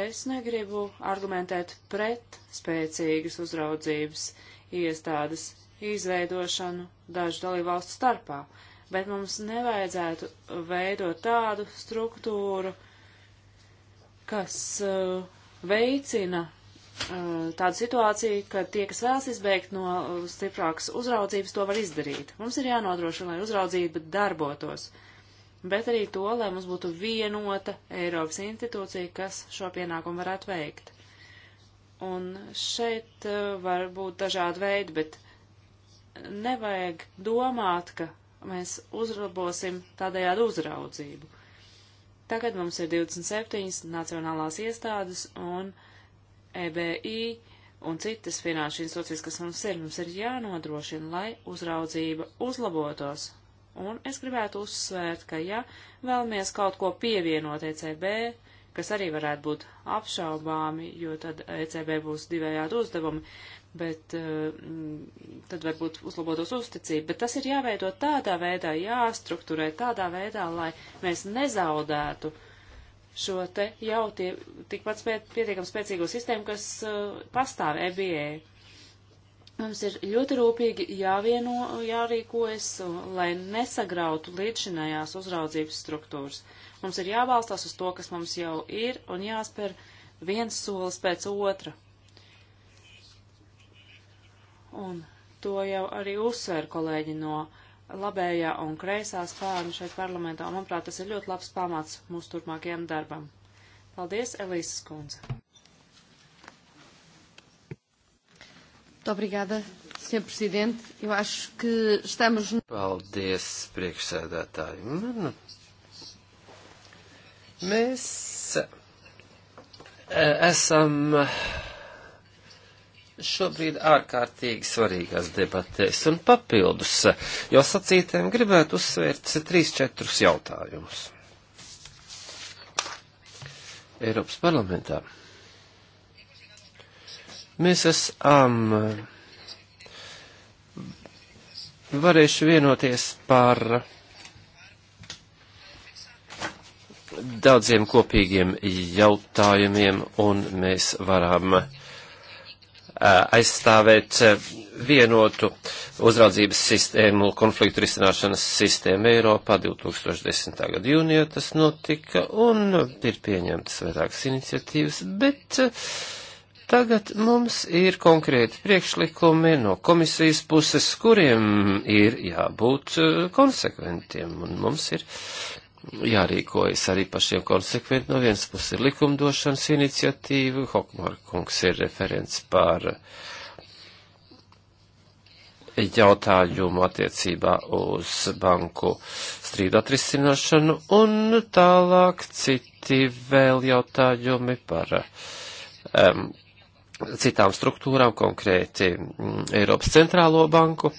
Es negribu argumentēt pret spēcīgas uzraudzības iestādes izveidošanu dažu dalībvalstu starpā, bet mums nevajadzētu veidot tādu struktūru, kas uh, veicina Eh, tādu situāciju, ka tie, kas vēlas izbeigt no eh, stiprākas uzraudzības, to var izdarīt. Mums ir jānodrošina, lai uzraudzība darbotos, bet arī to, lai mums būtu vienota Eiropas institūcija, kas šo pienākumu varētu veikt. Un šeit eh, var būt dažādi veidi, bet nevajag domāt, ka mēs uzlabosim tādējādi uzraudzību. Tagad mums ir 27 nacionālās iestādes un uh, EBI un citas finanšu institūcijas, kas mums ir. Mums ir jānodrošina, lai uzraudzība uzlabotos. Un es gribētu uzsvērt, ka ja vēlamies kaut ko pievienot ECB, kas arī varētu būt apšaubāmi, jo tad ECB būs divējādi uzdevumi, bet mm, tad varbūt uzlabotos uzticība. Bet tas ir jāveido tādā veidā, jāstrukturē tādā veidā, lai mēs nezaudētu uh, šo te jau tie, tikpat spēt, pietiekam spēcīgo sistēmu, kas uh, pastāv EBA. Mums ir ļoti rūpīgi jāvieno, jārīkojas, lai nesagrautu līdzinājās uzraudzības struktūras. Mums ir jābalstās uz to, kas mums jau ir, un jāspēr viens solis pēc otra. Un to jau arī uzsver kolēģi no uh, labējā un kreisā spārna šeit parlamentā, un manuprāt, tas ir ļoti labs pamats mūsu turpmākajam darbam. Paldies, Elīsas kundze. Obrigada, Sr. Presidente. Eu acho que estamos. Paldies, priekšsēdētāji. Man... Nu, nu. Mēs eh, esam. Uh, šobrīd ārkārtīgi svarīgās debatēs un papildus, jo sacītēm gribētu uzsvērt trīs, četrus jautājumus. Eiropas parlamentā mēs esam eh, varējuši vienoties par daudziem kopīgiem jautājumiem, un mēs varam uh, Eh, aizstāvēt eh, vienotu uzraudzības sistēmu, konfliktu risināšanas sistēmu Eiropā 2010. gada jūnijā tas notika un ir pieņemtas vairākas iniciatīvas, bet eh, tagad mums ir konkrēti priekšlikumi no komisijas puses, kuriem ir jābūt konsekventiem un mums ir jārīkojas arī pašiem konsekventi. No vienas puses ir likumdošanas iniciatīva, Hokmārkungs ir referents par jautājumu attiecībā uz banku strīdu atrisināšanu, un tālāk citi vēl jautājumi par um, citām struktūrām, konkrēti um, Eiropas centrālo banku.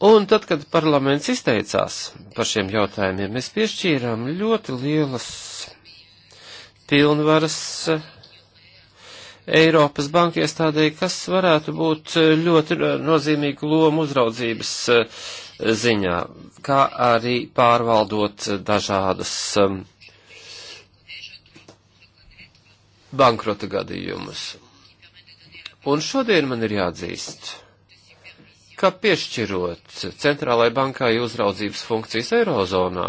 Un tad, kad parlaments izteicās par šiem jautājumiem, mēs piešķīrām ļoti lielas pilnvaras Eiropas banka iestādēji, kas varētu būt ļoti nozīmīga loma uzraudzības eh, ziņā, kā arī pārvaldot dažādas um, bankrota gadījumus. Un šodien man ir jāatzīst ka piešķirot centrālai bankai uzraudzības funkcijas Eirozonā,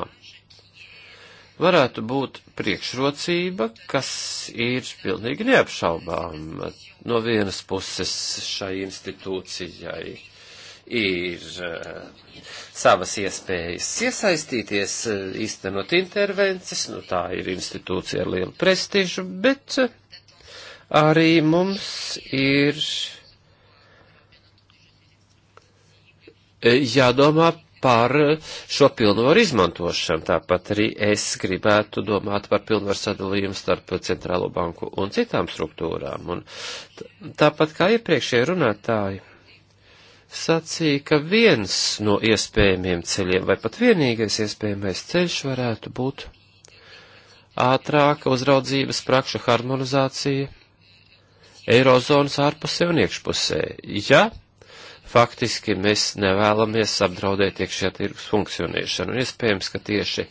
varētu būt priekšrocība, kas ir pilnīgi neapšaubām. No vienas puses šai institūcijai ir eh, savas iespējas iesaistīties, eh, īstenot intervences, nu tā ir institūcija ar lielu prestižu, bet eh, arī mums ir E, jādomā par šo pilnvaru izmantošanu. Tāpat arī es gribētu domāt par pilnvaru sadalījumu starp Centrālo banku un citām struktūrām. Un tāpat kā iepriekšēji runātāji sacīja, ka viens no iespējamiem ceļiem, vai pat vienīgais iespējamais ceļš varētu būt ātrāka uzraudzības prakšu harmonizācija Eirozonas ārpusē un iekšpusē. Ja faktiski mēs nevēlamies apdraudēt iekšējā tirgus funkcionēšanu. Un iespējams, ka tieši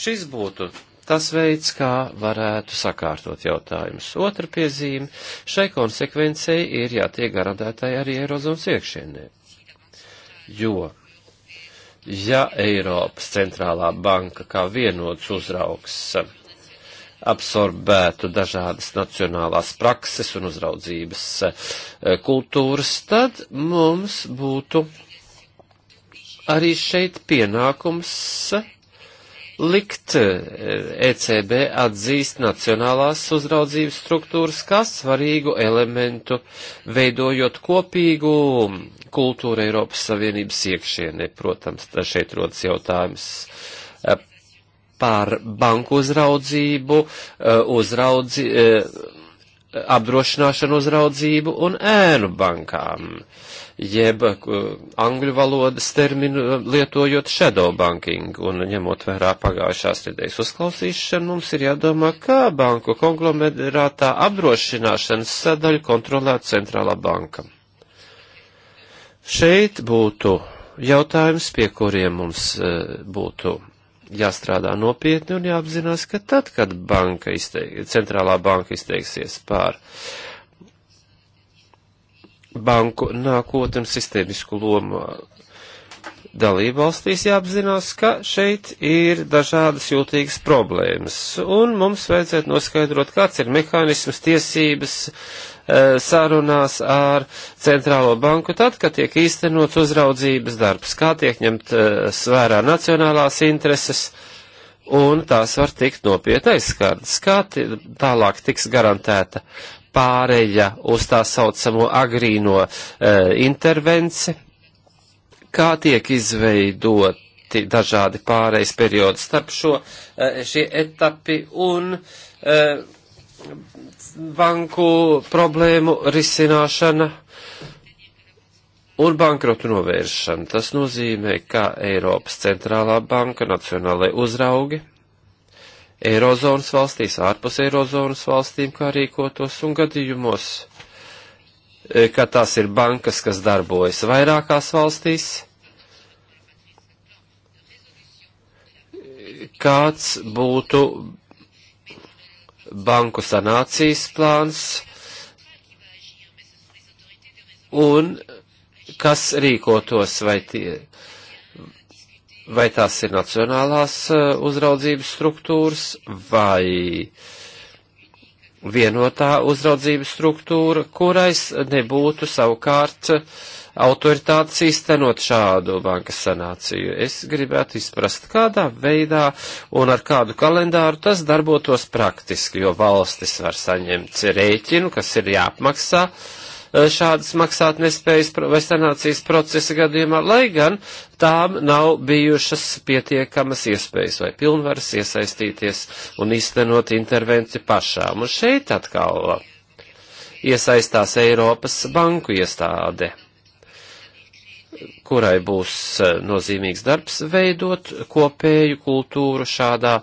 šis būtu tas veids, kā varētu sakārtot jautājumus. Otra piezīme - šai konsekvencei ir jātiek garantētai arī Eirozonas iekšienē. Jo, ja Eiropas centrālā banka kā vienots uzraugs absorbētu dažādas nacionālās prakses un uzraudzības eh, kultūras, tad mums būtu arī šeit pienākums likt ECB eh, e atzīst nacionālās uzraudzības struktūras kā svarīgu elementu, veidojot kopīgu kultūru Eiropas Savienības iekšienē. Protams, šeit rodas jautājums eh, par banku uzraudzību, eh, uzraudzi, eh, apdrošināšanu uzraudzību un ēnu bankām, jeb eh, angļu valodas terminu lietojot shadow banking un ņemot vērā pagājušās nedēļas uzklausīšanu, mums ir jādomā, kā banku konglomerātā apdrošināšanas sadaļu kontrolē centrālā banka. Šeit būtu jautājums, pie kuriem mums būtu jāstrādā nopietni un jāapzinās, ka tad, kad banka izteik, centrālā banka izteiksies pār banku nākotni un sistēmisku lomu dalībvalstīs, jāapzinās, ka šeit ir dažādas jūtīgas problēmas, un mums vajadzētu noskaidrot, kāds ir mehānisms, tiesības, uh, E, sarunās ar centrālo banku tad, kad tiek īstenots uzraudzības darbs, kā tiek ņemt e, svērā nacionālās intereses, un tās var tikt nopietni aizskārtas, kā tālāk tiks garantēta pāreja uz tā saucamo agrīno e, intervenci, kā tiek izveidoti dažādi pārejas periodi starp šo, e, šie etapi un e, banku problēmu risināšana un bankrotu novēršana. Tas nozīmē, ka Eiropas centrālā banka, nacionālai uzraugi, Eirozonas valstīs, ārpus Eirozonas valstīm, kā rīkotos un gadījumos, e, ka tās ir bankas, kas darbojas vairākās valstīs, kāds būtu banku sanācijas plāns un kas rīkotos, vai, tie, vai tās ir nacionālās eh, uzraudzības struktūras vai vienotā uzraudzības struktūra, kurais nebūtu savukārt uh, autoritātes īstenot šādu bankas sanāciju. Es gribētu izprast, kādā veidā un ar kādu kalendāru tas darbotos praktiski, jo valstis var saņemt rēķinu, kas ir jāapmaksā e, šādas maksātnespējas vai sanācijas procesa gadījumā, lai gan tām nav bijušas pietiekamas iespējas vai pilnvaras iesaistīties un iztenot intervenci pašām. Un šeit atkal iesaistās Eiropas banku iestāde kurai būs e, nozīmīgs darbs veidot kopēju kultūru šādā,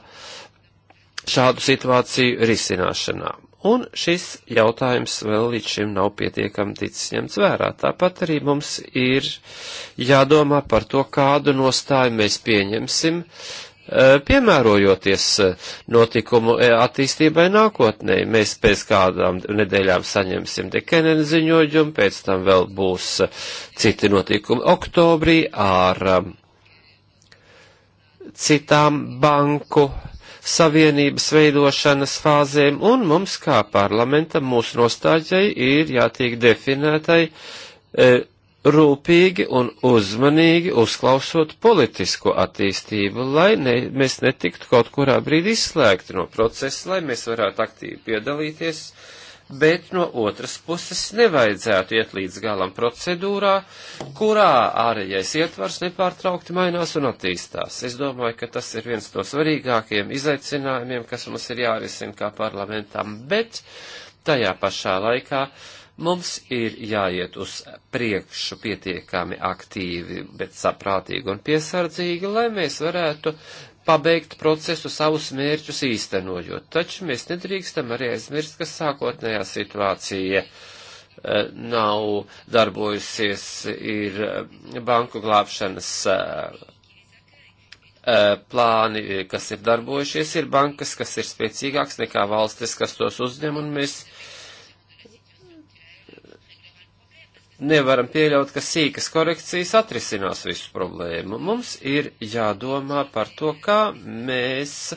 šādu situāciju risināšanā. Un šis jautājums vēl līdz šim nav pietiekami ticis ņemts vērā. Tāpat arī mums ir jādomā par to, kādu nostāju mēs pieņemsim uh, Eh, piemērojoties eh, notikumu eh, attīstībai nākotnē. Mēs pēc kādām nedēļām saņemsim dekenenu ziņojumu, pēc tam vēl būs citi notikumi oktobrī ar citām banku savienības veidošanas fāzēm, un mums kā parlamentam mūsu nostāģai ir jātiek definētai rūpīgi un uzmanīgi uzklausot politisko attīstību, lai ne, mēs netiktu kaut kurā brīdī izslēgti no procesa, lai mēs varētu aktīvi piedalīties, bet no otras puses nevajadzētu iet līdz galam procedūrā, kurā ārējais ietvars nepārtraukti mainās un attīstās. Es domāju, ka tas ir viens no svarīgākajiem izaicinājumiem, kas mums ir jārisina kā parlamentam, bet tajā pašā laikā uh, Mums ir jāiet uz priekšu pietiekami aktīvi, bet saprātīgi un piesardzīgi, lai mēs varētu pabeigt procesu savus mērķus īstenojot. Taču mēs nedrīkstam arī aizmirst, ka sākotnējā situācija eh, nav darbojusies, ir eh, banku glābšanas eh, plāni, kas ir darbojušies, ir bankas, kas ir spēcīgāks nekā valstis, kas tos uzņem, un mēs uh, nevaram pieļaut, ka sīkas korekcijas atrisinās visu problēmu. Mums ir jādomā par to, kā mēs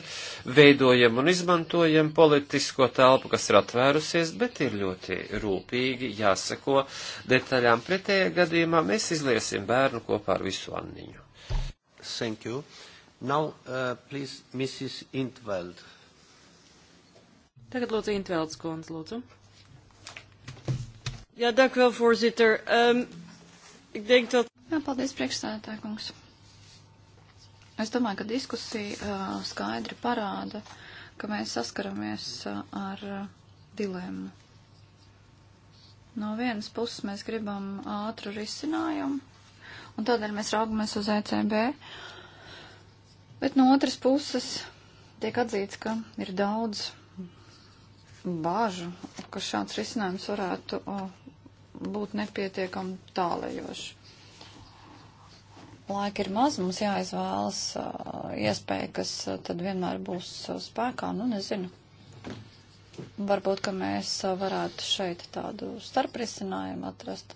veidojam un izmantojam politisko telpu, kas ir atvērusies, bet ir ļoti rūpīgi jāseko detaļām. Pretējā gadījumā mēs izliesim bērnu kopā ar visu anniņu. Thank you. Now, uh, please, Mrs. Intveld. Tagad lūdzu Intvelds kundze, lūdzu. Jā, dank vēl, voorzitter. Um, ik denk dat... Jā, paldies, priekšsēdētāj, kungs. Es domāju, ka diskusija uh, skaidri parāda, ka mēs saskaramies uh, ar uh, dilemmu. No vienas puses mēs gribam ātru risinājumu, un tādēļ mēs raugamies uz ECB, bet no otras puses tiek atzīts, ka ir daudz bāžu, ka šāds risinājums varētu. Uh, būt nepietiekami tālajoši. Laika ir maz, mums jāizvēlas iespēja, kas tad vienmēr būs spēkā, nu nezinu. Varbūt, ka mēs varētu šeit tādu starprisinājumu atrast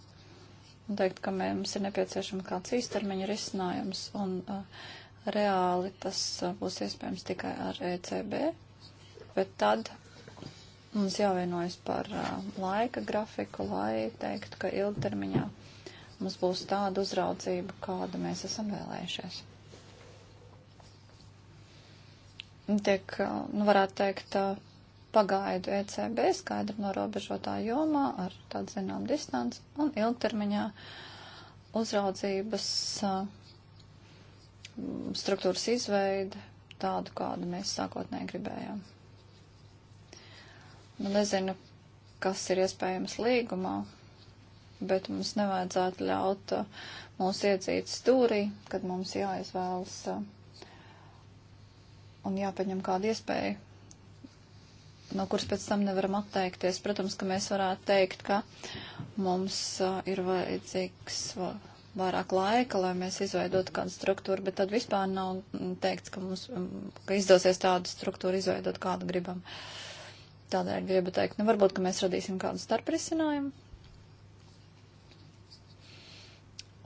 un teikt, ka mums ir nepieciešama kāds īstermiņa risinājums un uh, reāli tas būs iespējams tikai ar ECB, bet tad Mums jāvienojas par uh, laika grafiku, lai teiktu, ka ilgtermiņā mums būs tāda uzraudzība, kādu mēs esam vēlējušies. Tiek, uh, nu varētu teikt, uh, pagaidu ECB skaidri norobežotā jomā ar tādu zinām distanci un ilgtermiņā uzraudzības struktūras izveidi tādu, kādu mēs sākotnēji gribējām. Nu, nezinu, kas ir iespējams līgumā, bet mums nevajadzētu ļaut uh, mūs iedzīt stūrī, kad mums jāizvēlas uh, un jāpaņem kāda iespēja, no kuras pēc tam nevaram atteikties. Protams, ka mēs varētu teikt, ka mums uh, ir vajadzīgs vairāk laika, lai mēs izveidotu kādu struktūru, bet tad vispār nav mm, teikts, ka mums mm, ka izdosies tādu struktūru izveidot, kādu gribam. Uh, Tādēļ gribu teikt, nu varbūt, ka mēs radīsim kādu starprisinājumu.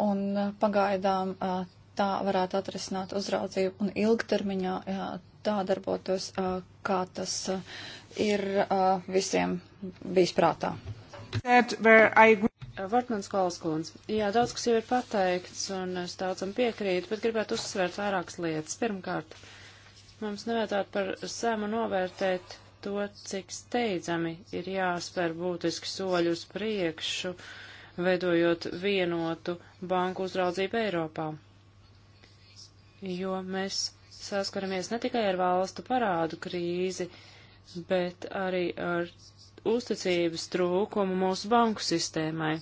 Un uh, pagaidām uh, tā varētu atrisināt uzraudzību un ilgtermiņā uh, tā darbotos, kā tas ir visiem bijis prātā. Vartmans Kolskons. Jā, daudz kas jau ir pateikts, un es daudzam piekrītu, bet gribētu uzsvērt vairākas lietas. Pirmkārt, mums nevajadzētu par zemu novērtēt to, cik steidzami ir jāspēr būtiski soļi uz priekšu, veidojot vienotu banku uzraudzību Eiropā. Jo mēs saskaramies ne tikai ar valstu parādu krīzi, bet arī ar uzticības trūkumu mūsu banku sistēmai.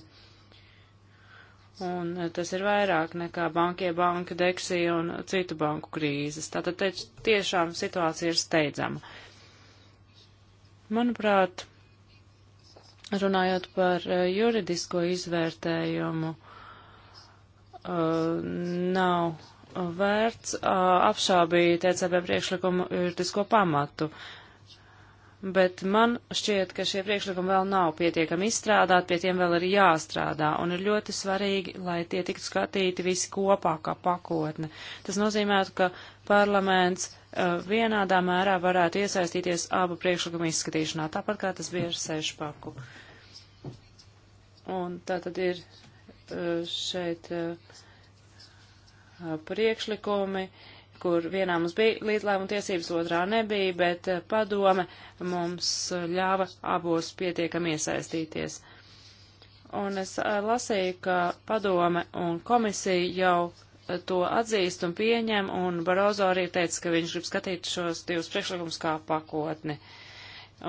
Un eh, tas ir vairāk nekā bankie banka deksija un citu banku krīzes. Tātad te, tiešām situācija ir steidzama. Manuprāt, runājot par eh, juridisko izvērtējumu, eh, nav vērts eh, apšābīt ECB priekšlikumu juridisko pamatu. Bet man šķiet, ka šie priekšlikumi vēl nav pietiekami izstrādāti, pie tiem vēl ir jāstrādā, un ir ļoti svarīgi, lai tie tiktu skatīti visi kopā kā pakotne. Tas nozīmētu, ka parlaments vienādā mērā varētu iesaistīties abu priekšlikumu izskatīšanā, tāpat kā tas bija ar sešpaku. Un tā tad ir šeit priekšlikumi, kur vienā mums bija līdzlēmuma tiesības, otrā nebija, bet padome mums ļāva abos pietiekam iesaistīties. Un es lasīju, ka padome un komisija jau to atzīst un pieņem, un Barozo arī ir teicis, ka viņš grib skatīt šos divus priekšlikumus kā pakotni.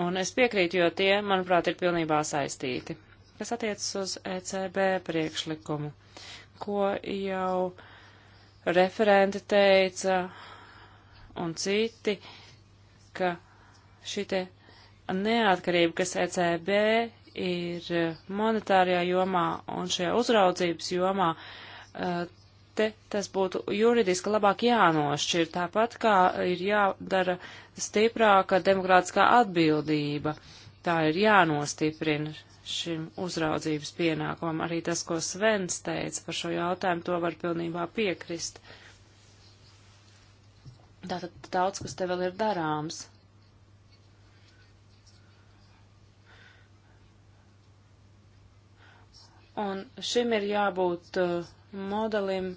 Un es piekrītu, jo tie, manuprāt, ir pilnībā saistīti. Kas attiecas uz ECB priekšlikumu, ko jau referenti teica un citi, ka šitie neatkarība, kas ECB ir monetārajā jomā un šajā uzraudzības jomā, uh, te tas būtu juridiski labāk jānošķir, tāpat kā ir jādara stiprāka demokrātiskā atbildība. Tā ir jānostiprina šim uzraudzības pienākumam. Arī tas, ko Svens teica par šo jautājumu, to var pilnībā piekrist. Tātad daudz, kas te vēl ir darāms. Un šim ir jābūt uh, modelim,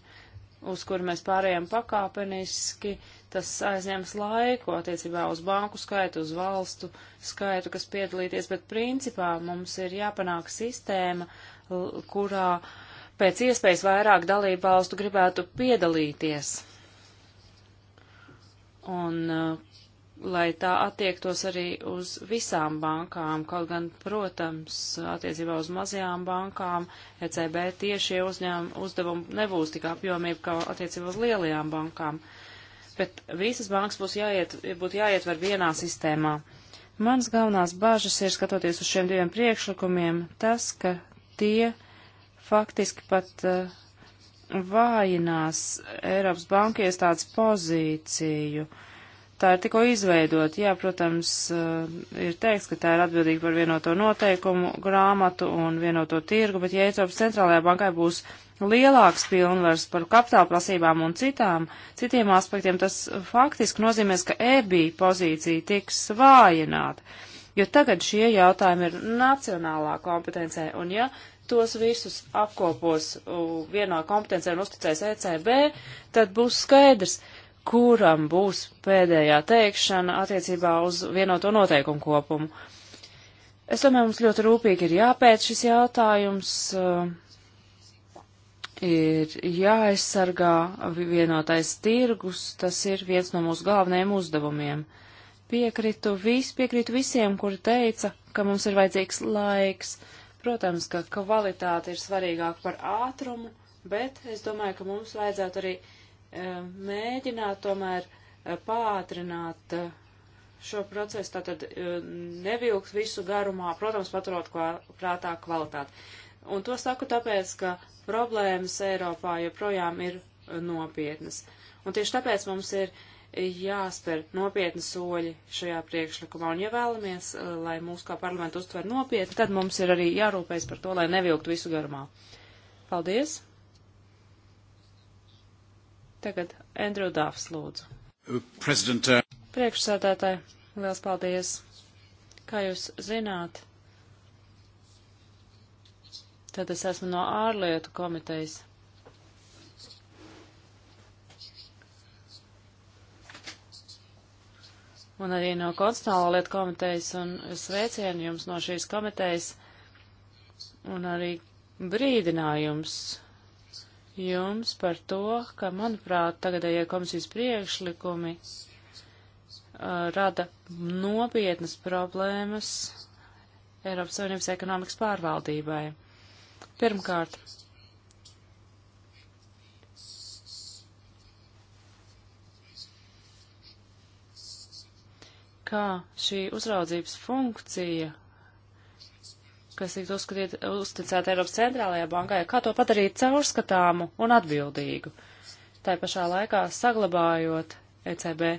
uz kuru mēs pārējām pakāpeniski, tas aizņems laiku attiecībā uz banku skaitu, uz valstu skaitu, kas piedalīties, bet principā mums ir jāpanāk sistēma, kurā pēc iespējas vairāk dalību valstu gribētu piedalīties. Un lai tā attiektos arī uz visām bankām, kaut gan, protams, attiecībā uz mazajām bankām ECB tiešie uzņēm, uzdevumi nebūs tik apjomīgi kā attiecībā uz lielajām bankām, bet visas bankas būs jāiet, būtu jāietver vienā sistēmā. Mans galvenās bāžas ir, skatoties uz šiem diviem priekšlikumiem, tas, ka tie faktiski pat uh, vājinās Eiropas banka iestādes pozīciju. Uh, tā ir tikko izveidota. Jā, protams, eh, ir teiks, ka tā ir atbildīga par vienoto noteikumu grāmatu un vienoto tirgu, bet ja Eiropas centrālajā bankai būs lielāks pilnvars par kapitāla prasībām un citām, citiem aspektiem, tas faktiski nozīmēs, ka EBI pozīcija tiks vājināta, jo tagad šie jautājumi ir nacionālā kompetencē, un ja tos visus apkopos vienā kompetencē un uzticēs ECB, tad būs skaidrs, uh, kuram būs pēdējā teikšana attiecībā uz vienoto noteikumu kopumu. Es domāju, mums ļoti rūpīgi ir jāpēc šis jautājums, eh, ir jāaizsargā vienotais tirgus, tas ir viens no mūsu galvenajiem uzdevumiem. Piekritu, vis, piekritu visiem, kuri teica, ka mums ir vajadzīgs laiks. Protams, ka kvalitāte ir svarīgāka par ātrumu, bet es domāju, ka mums vajadzētu arī uh, mēģināt tomēr eh, pātrināt eh, šo procesu, tātad eh, nevilkt visu garumā, protams, paturot prātā kvalitāti. Un to saku tāpēc, ka problēmas Eiropā joprojām ir nopietnas. Un tieši tāpēc mums ir jāspēr nopietni soļi šajā priekšlikumā. Un ja vēlamies, lai mūs kā parlamentu uztver nopietni, tad mums ir arī jārūpējas par to, lai nevilkt visu garumā. Paldies! Tagad Andrew Dāvs lūdzu. Uh, President. Uh, Priekšsēdētāji, liels paldies. Kā jūs zināt, tad es esmu no ārlietu komitejas. un arī no konstitucionālā lieta komitejas, un sveicienu jums no šīs komitejas, un arī brīdinājums jums par to, ka, manuprāt, tagadējie komisijas priekšlikumi uh, rada nopietnas problēmas Eiropas Savienības ekonomikas pārvaldībai. Pirmkārt, kā šī uzraudzības funkcija kas tiks uzskatīt, uzticēt Eiropas centrālajā bankai, kā to padarīt caurskatāmu un atbildīgu. Tā pašā laikā saglabājot ECB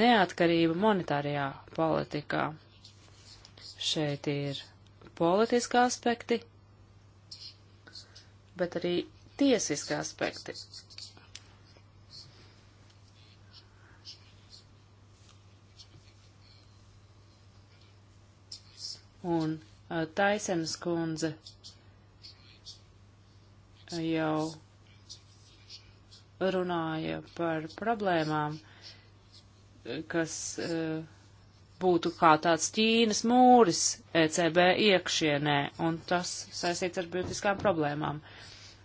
neatkarību monetārajā politikā. Šeit ir politiski aspekti, bet arī tiesiski aspekti. Un Uh, Taisenas kundze jau runāja par problēmām, kas uh, būtu kā tāds Ķīnas mūris ECB iekšienē, un tas saistīts ar būtiskām problēmām,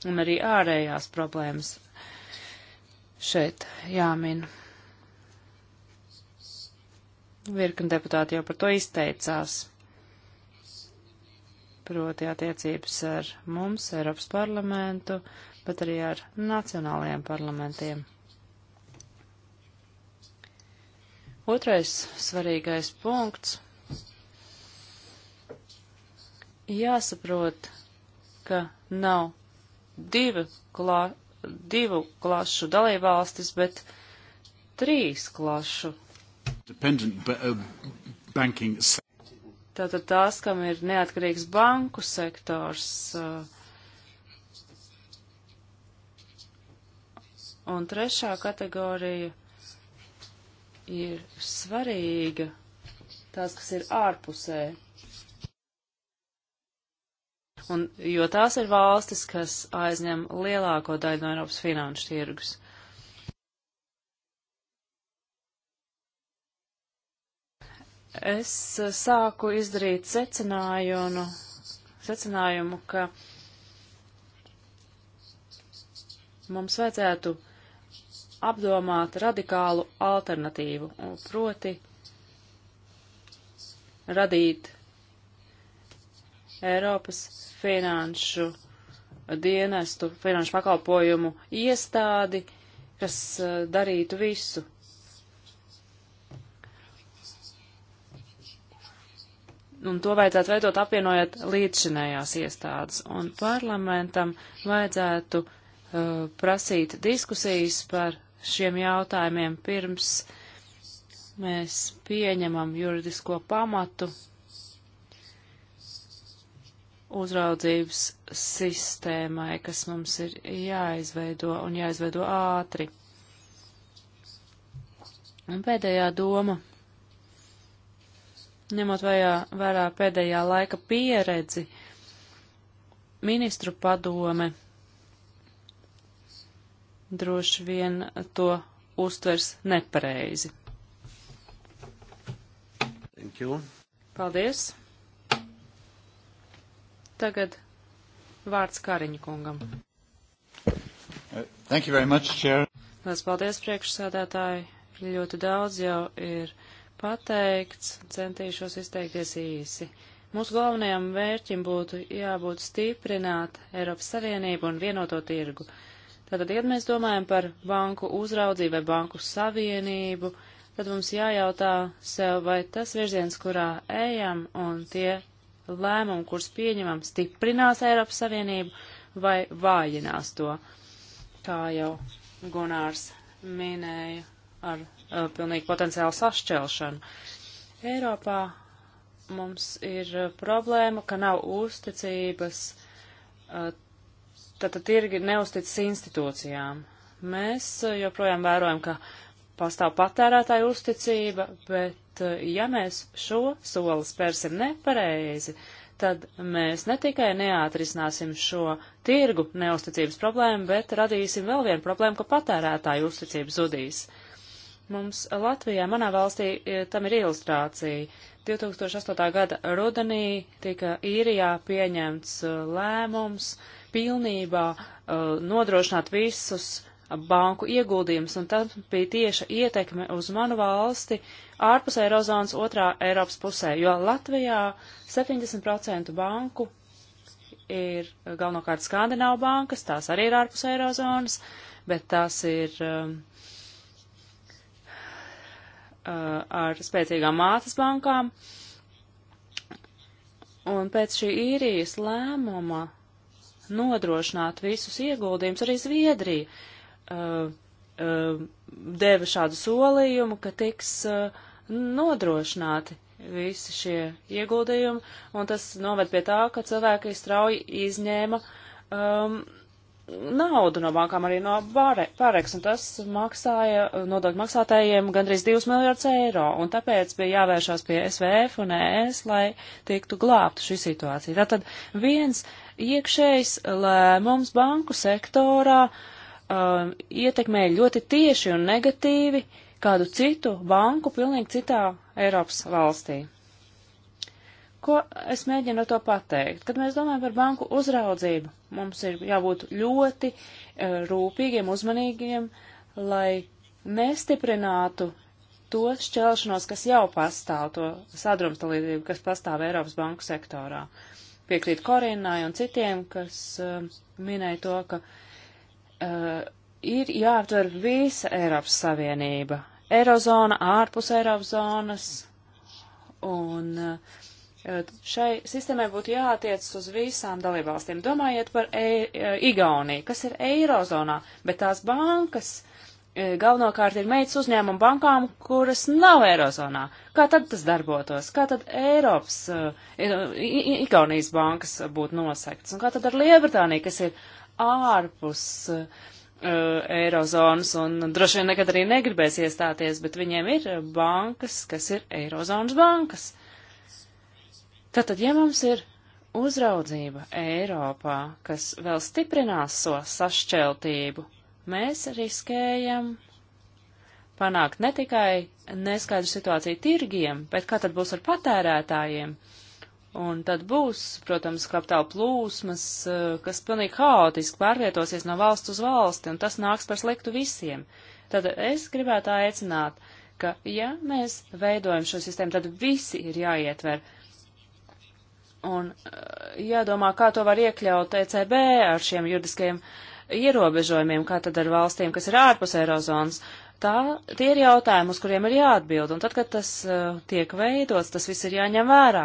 un arī ārējās problēmas šeit jāmin. Virkni deputāti jau par to izteicās proti attiecības ar mums, Eiropas parlamentu, bet arī ar nacionālajiem parlamentiem. Otrais svarīgais punkts. Jāsaprot, ka nav divu, klā, divu klašu dalībvalstis, bet trīs klašu. Dependent, but, uh, banking Tātad tās, kam ir neatkarīgs banku sektors. Uh, un trešā kategorija ir svarīga, tās, kas ir ārpusē. Un, jo tās ir valstis, kas aizņem lielāko daļu no Eiropas finanšu tirgus. es eh, sāku izdarīt secinājumu, secinājumu ka mums vajadzētu apdomāt radikālu alternatīvu, proti radīt Eiropas finanšu dienestu, finanšu pakalpojumu iestādi, kas eh, darītu visu. un to vajadzētu veidot apvienojot līdzšinējās iestādes. Un parlamentam vajadzētu uh, prasīt diskusijas par šiem jautājumiem pirms mēs pieņemam juridisko pamatu uzraudzības sistēmai, kas mums ir jāizveido un jāizveido ātri. Un pēdējā doma Ņemot vajā, vērā pēdējā laika pieredzi, ministru padome droši vien to uztvers nepareizi. Thank you. Paldies. Tagad vārds Kariņa kungam. Thank you very much, Chair. Lielas paldies, priekšsādātāji. Ļoti daudz jau ir pateikts, centīšos izteikties īsi. Mūsu galvenajam mērķim būtu jābūt stiprināt Eiropas Savienību un vienoto tirgu. Tātad, ja mēs domājam par banku uzraudzību vai banku savienību, tad mums jājautā sev, vai tas virziens, kurā ejam un tie lēmumi, kurus pieņemam, stiprinās Eiropas Savienību vai vājinās to, kā jau Gunārs minēja ar Uh, pilnīgi potenciālu sašķelšanu. Eiropā mums ir uh, problēma, ka nav uzticības, uh, tātad tirgi neusticas institūcijām. Mēs joprojām vērojam, ka pastāv patērētāju uzticība, bet ja mēs šo soli spērsim nepareizi, tad mēs ne tikai neatrisināsim šo tirgu neusticības problēmu, bet radīsim vēl vienu problēmu, ka patērētāju uzticība zudīs. Uh, Mums Latvijā, manā valstī, e, tam ir ilustrācija. 2008. gada rudenī tika īrijā pieņemts e, lēmums pilnībā e, nodrošināt visus banku ieguldījumus, un tad bija tieša ietekme uz manu valsti ārpus Eirozonas otrā Eiropas pusē, jo Latvijā 70% banku ir galvenokārt Skandināvu bankas, tās arī ir ārpus Eirozonas, bet tās ir um, Uh, ar spēcīgām mātes bankām. Un pēc šī īrijas lēmuma nodrošināt visus ieguldījumus arī Zviedrija uh, uh, deva šādu solījumu, ka tiks uh, nodrošināti visi šie ieguldījumi, un tas noved pie tā, ka cilvēki strauji izņēma um, naudu no bankām, arī no pāreks, un tas maksāja nodokļu maksātājiem gandrīz 2 miljardus eiro, un tāpēc bija jāvēršās pie SVF un ES, lai tiktu glābtu šī situācija. Tātad viens iekšējs lēmums banku sektorā um, ietekmē ļoti tieši un negatīvi kādu citu banku pilnīgi citā Eiropas valstī. Ko es mēģinu ar to pateikt? Kad mēs domājam par banku uzraudzību, mums ir jābūt ļoti eh, rūpīgiem, uzmanīgiem, lai nestiprinātu to šķelšanos, kas jau pastāv, to sadrumstalību, kas pastāv Eiropas banku sektorā. Piekrīt Korinai un citiem, kas uh, minēja to, ka uh, ir jāaptver visa Eiropas Savienība. Eirozona, ārpus Eiropas zonas un uh, Šai sistēmai būtu jātiec uz visām dalībvalstīm. Domājiet par e Igauniju, kas ir Eirozonā, bet tās bankas e galvenokārt ir meitas uzņēmumu bankām, kuras nav Eirozonā. Kā tad tas darbotos? Kā tad Eiropas, e Igaunijas bankas būtu nosektas? Un kā tad ar Liebritāniju, kas ir ārpus Eirozonas un droši vien nekad arī negribēs iestāties, bet viņiem ir bankas, kas ir Eirozonas bankas. Tātad, ja mums ir uzraudzība Eiropā, kas vēl stiprinās so sašķeltību, mēs riskējam panākt ne tikai neskaidru situāciju tirgiem, bet kā tad būs ar patērētājiem? Un tad būs, protams, kapitāla plūsmas, eh, kas pilnīgi haotiski pārvietosies no valsts uz valsti, un tas nāks par sliktu visiem. Tad es gribētu aicināt, ka, ja mēs veidojam šo sistēmu, tad visi ir jāietver Un eh, jādomā, kā to var iekļaut ECB ar šiem juridiskajiem ierobežojumiem, kā tad ar valstīm, kas ir ārpus Eirozonas. Tā, tie ir jautājumi, uz kuriem ir jāatbild, un tad, kad tas uh, tiek veidots, tas viss ir jāņem vērā.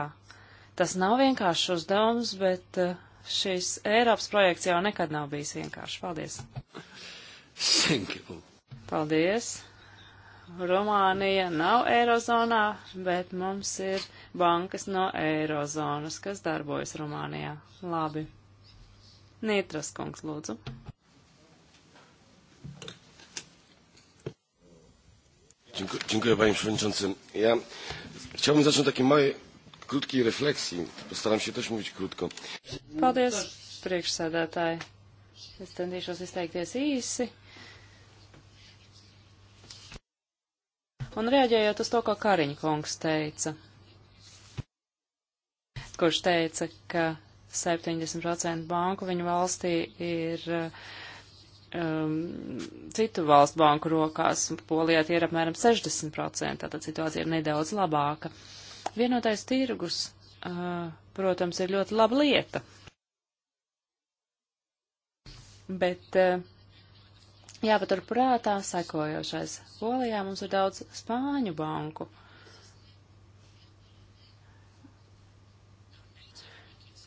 Tas nav vienkāršs uzdevums, bet uh, šis Eiropas projekts jau nekad nav bijis vienkāršs. Paldies! Thank you. Paldies! Rumānija nav Eirozonā, bet mums ir bankas no Eirozonas, kas darbojas Rumānijā. Labi. Nitras kungs, lūdzu. Dziękuję, dziękuję panie przewodniczący. Ja chciałbym zacząć takiej małej, krótkiej refleksji. Postaram się też mówić krótko. Paldies, priekšsēdētāji. Es centīšos izteikties īsi. Un reaģējot uz to, ko Kariņa kungs teica, kurš teica, ka 70% banku viņu valstī ir um, citu valstu banku rokās, un Polijā tie ir apmēram 60%, tātad situācija ir nedaudz labāka. Vienotais tirgus, uh, protams, ir ļoti laba lieta, bet uh, jāpatur prātā sekojošais. Polijā mums ir daudz spāņu banku.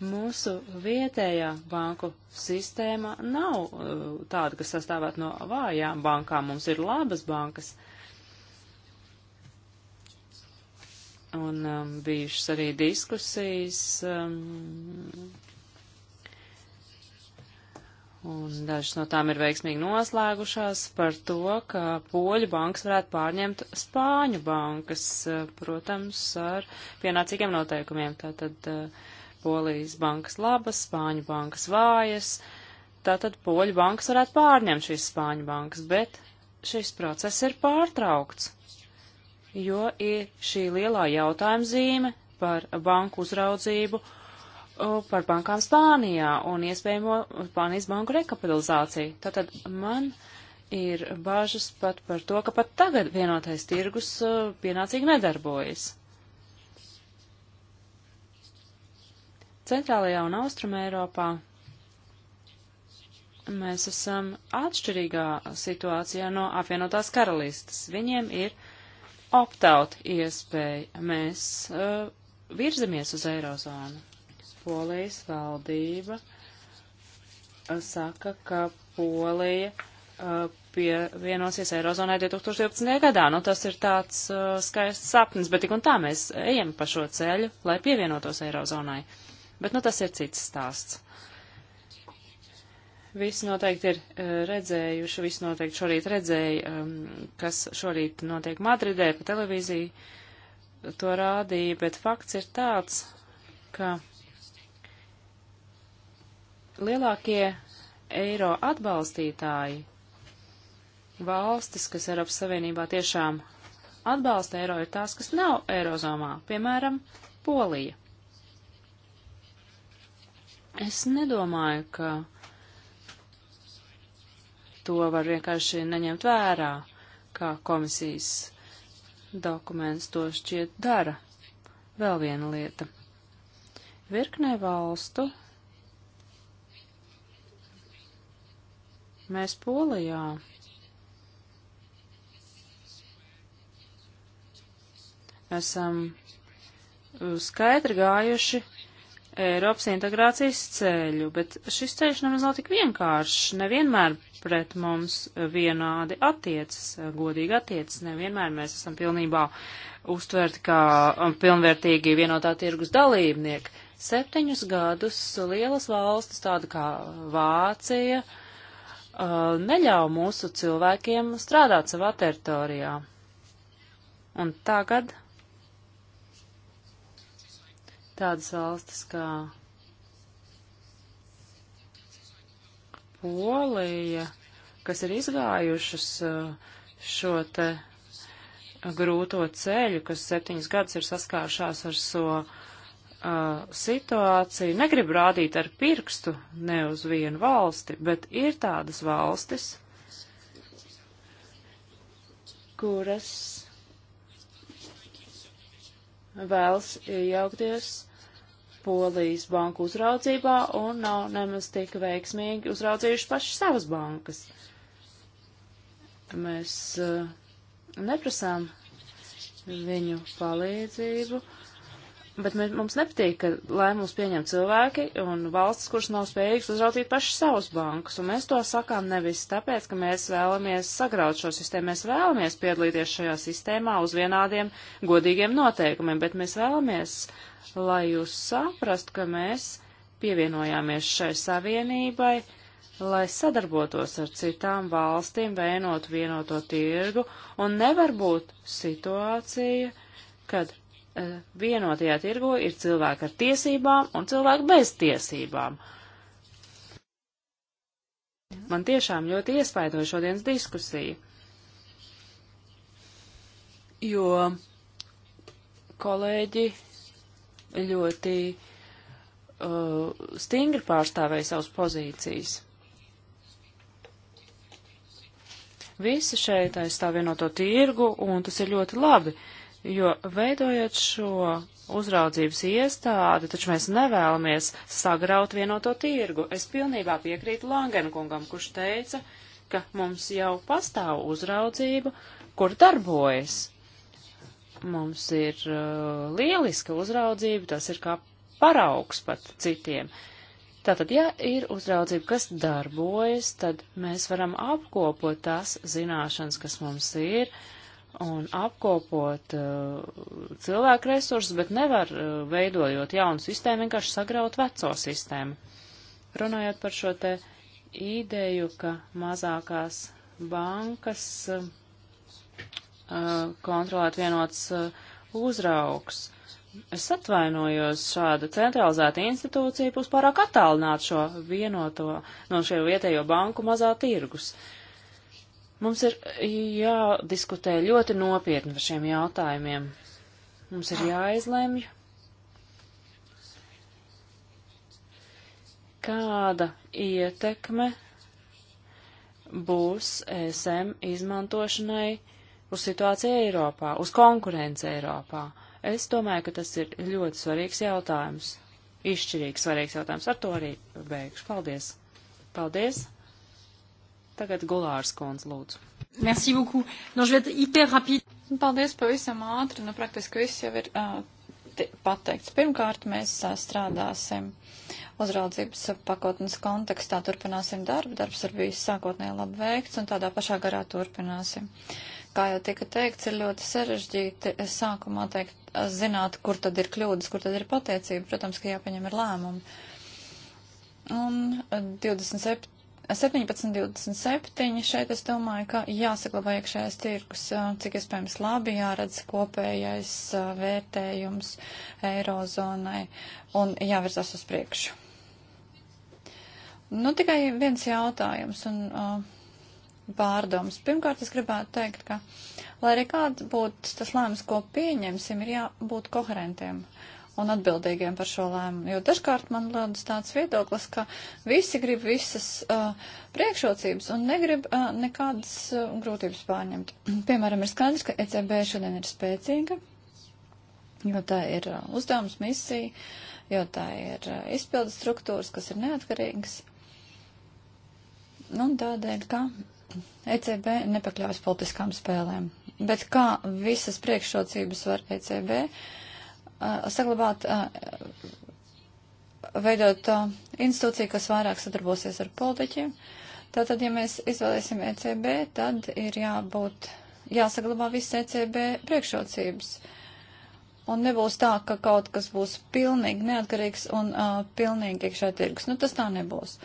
Mūsu vietējā banku sistēma nav uh, tāda, kas sastāvētu no vājām bankām. Mums ir labas bankas. Un um, bijušas arī diskusijas um, Un dažas no tām ir veiksmīgi noslēgušās par to, ka poļu bankas varētu pārņemt spāņu bankas, eh, protams, ar pienācīgiem noteikumiem. Tātad eh, polijas bankas labas, spāņu bankas vājas, tātad poļu bankas varētu pārņemt šīs spāņu bankas, bet šis process ir pārtraukts, jo ir šī lielā jautājuma zīme par banku uzraudzību par bankām Spānijā un iespējamo Spānijas banku rekapitalizāciju. Tātad man ir bāžas pat par to, ka pat tagad vienotais tirgus pienācīgi nedarbojas. Centrālajā un Austrumē Eiropā mēs esam atšķirīgā situācijā no apvienotās karalistas. Viņiem ir optaut iespēja. Mēs uh, virzamies uz Eirozonu. Polijas valdība saka, ka Polija pievienosies Eirozonai 2012. gadā. Nu, tas ir tāds uh, skaists sapnis, bet tik un tā mēs ejam pa šo ceļu, lai pievienotos Eirozonai. Bet, nu, tas ir cits stāsts. Visi noteikti ir uh, redzējuši, visi noteikti šorīt redzēja, um, kas šorīt notiek Madridē, pa televīziju to rādīja, bet fakts ir tāds, ka lielākie eiro atbalstītāji, valstis, kas Eiropas Savienībā tiešām atbalsta eiro, ir tās, kas nav eirozomā, piemēram, Polija. Es nedomāju, ka to var vienkārši neņemt vērā, kā komisijas dokuments to šķiet dara. Vēl viena lieta. Virknē valstu Mēs Polijā esam skaidri gājuši Eiropas integrācijas ceļu, bet šis ceļš nemaz nav tik vienkāršs. Nevienmēr pret mums vienādi attiecas, godīgi attiecas. Nevienmēr mēs esam pilnībā uztverti kā pilnvērtīgi vienotā tirgus dalībnieki. Septiņus gadus lielas valstis, tāda kā Vācija, uh, uh, neļauj mūsu cilvēkiem strādāt savā teritorijā. Un tagad tādas valstis kā Polija, kas ir izgājušas uh, šo te grūto ceļu, kas septiņas gadus ir saskāršās ar šo so uh, situāciju. Negribu rādīt ar pirkstu ne uz vienu valsti, bet ir tādas valstis, kuras vēlas iejaukties Polijas banku uzraudzībā un nav nemaz tik veiksmīgi uzraudzījuši paši savas bankas. Mēs uh, neprasām viņu palīdzību. Uh, Bet mēs, mums nepatīk, ka lēmumus pieņem cilvēki un valstis, kuras nav spējīgas uzraudzīt paši savus bankus. Un mēs to sakām nevis tāpēc, ka mēs vēlamies sagraut šo sistēmu. Mēs vēlamies piedalīties šajā sistēmā uz vienādiem godīgiem noteikumiem, bet mēs vēlamies, lai jūs saprastu, ka mēs pievienojāmies šai savienībai, lai sadarbotos ar citām valstīm, veinotu vienoto tirgu, un nevar būt situācija, kad vienotajā tirgu ir cilvēki ar tiesībām un cilvēki bez tiesībām. Man tiešām ļoti iespaidoja šodienas diskusija, jo kolēģi ļoti uh, stingri pārstāvēja savas pozīcijas. Visi šeit aizstāv vienoto tirgu, un tas ir ļoti labi. Uh, jo veidojot šo uzraudzības iestādi, taču mēs nevēlamies sagraut vienoto tirgu. Es pilnībā piekrītu Langenkungam, kurš teica, ka mums jau pastāv uzraudzība, kur darbojas. Mums ir uh, lieliska uzraudzība, tas ir kā paraugs pat citiem. Tātad, ja ir uzraudzība, kas darbojas, tad mēs varam apkopot tās zināšanas, kas mums ir, uh, un apkopot uh, cilvēku resursus, bet nevar uh, veidojot jaunu sistēmu vienkārši sagraut veco sistēmu. Runājot par šo te ideju, ka mazākās bankas uh, kontrolēt vienots uh, uzraugs. Es atvainojos, šāda centralizēta institūcija būs pārāk attālināta šo vienoto no šie vietējo banku mazā tirgus. Uh, Mums ir jādiskutē ļoti nopietni par šiem jautājumiem. Mums ir jāizlemj, kāda ietekme būs ESM izmantošanai uz situāciju Eiropā, uz konkurenci Eiropā. Es domāju, ka tas ir ļoti svarīgs jautājums. Izšķirīgs svarīgs jautājums. Ar to arī beigšu. Paldies! Paldies! Tagad Gulārs Kons lūdzu. Merci beaucoup. No, je vais être hyper rapide. Paldies pavisam ātri. Nu, praktiski viss jau ir uh, pateikts. Pirmkārt, mēs uh, strādāsim uzraudzības pakotnes kontekstā. Turpināsim darbu. Darbs ir bijis sākotnēji labi veikts un tādā pašā garā turpināsim. Kā jau tika teikts, ir ļoti sarežģīti sākumā teikt, zināt, kur tad ir kļūdas, kur tad ir pateicība. Protams, ka jāpieņem ir lēmumi. Un 27 17.27. Šeit es domāju, ka jāsaglabā iekšējais tirkus, uh, cik iespējams labi jāredz kopējais uh, vērtējums eirozonai un jāvirzās uz priekšu. Nu, tikai viens jautājums un uh, pārdoms. Pirmkārt, es gribētu teikt, ka, lai arī kāds būtu tas lēmums, ko pieņemsim, ir jābūt koherentiem. Uh, un atbildīgiem par šo lēmumu. Jo dažkārt man liekas tāds viedoklis, ka visi grib visas uh, priekšrocības un negrib uh, nekādas uh, grūtības pārņemt. Piemēram, ir skaidrs, ka ECB šodien ir spēcīga, jo tā ir uh, uzdevums, misija, jo tā ir uh, izpildes struktūras, kas ir neatkarīgas. Un nu, tādēļ, ka ECB nepakļaujas politiskām spēlēm. Bet kā visas priekšrocības var ECB Uh, saglabāt, uh, veidot uh, institūciju, kas vairāk sadarbosies ar politiķiem. Tātad, ja mēs izvēlēsim ECB, tad ir jābūt, jāsaglabā viss ECB priekšrocības. Un nebūs tā, ka kaut kas būs pilnīgi neatkarīgs un uh, pilnīgi iekšā tirgus. Nu, tas tā nebūs.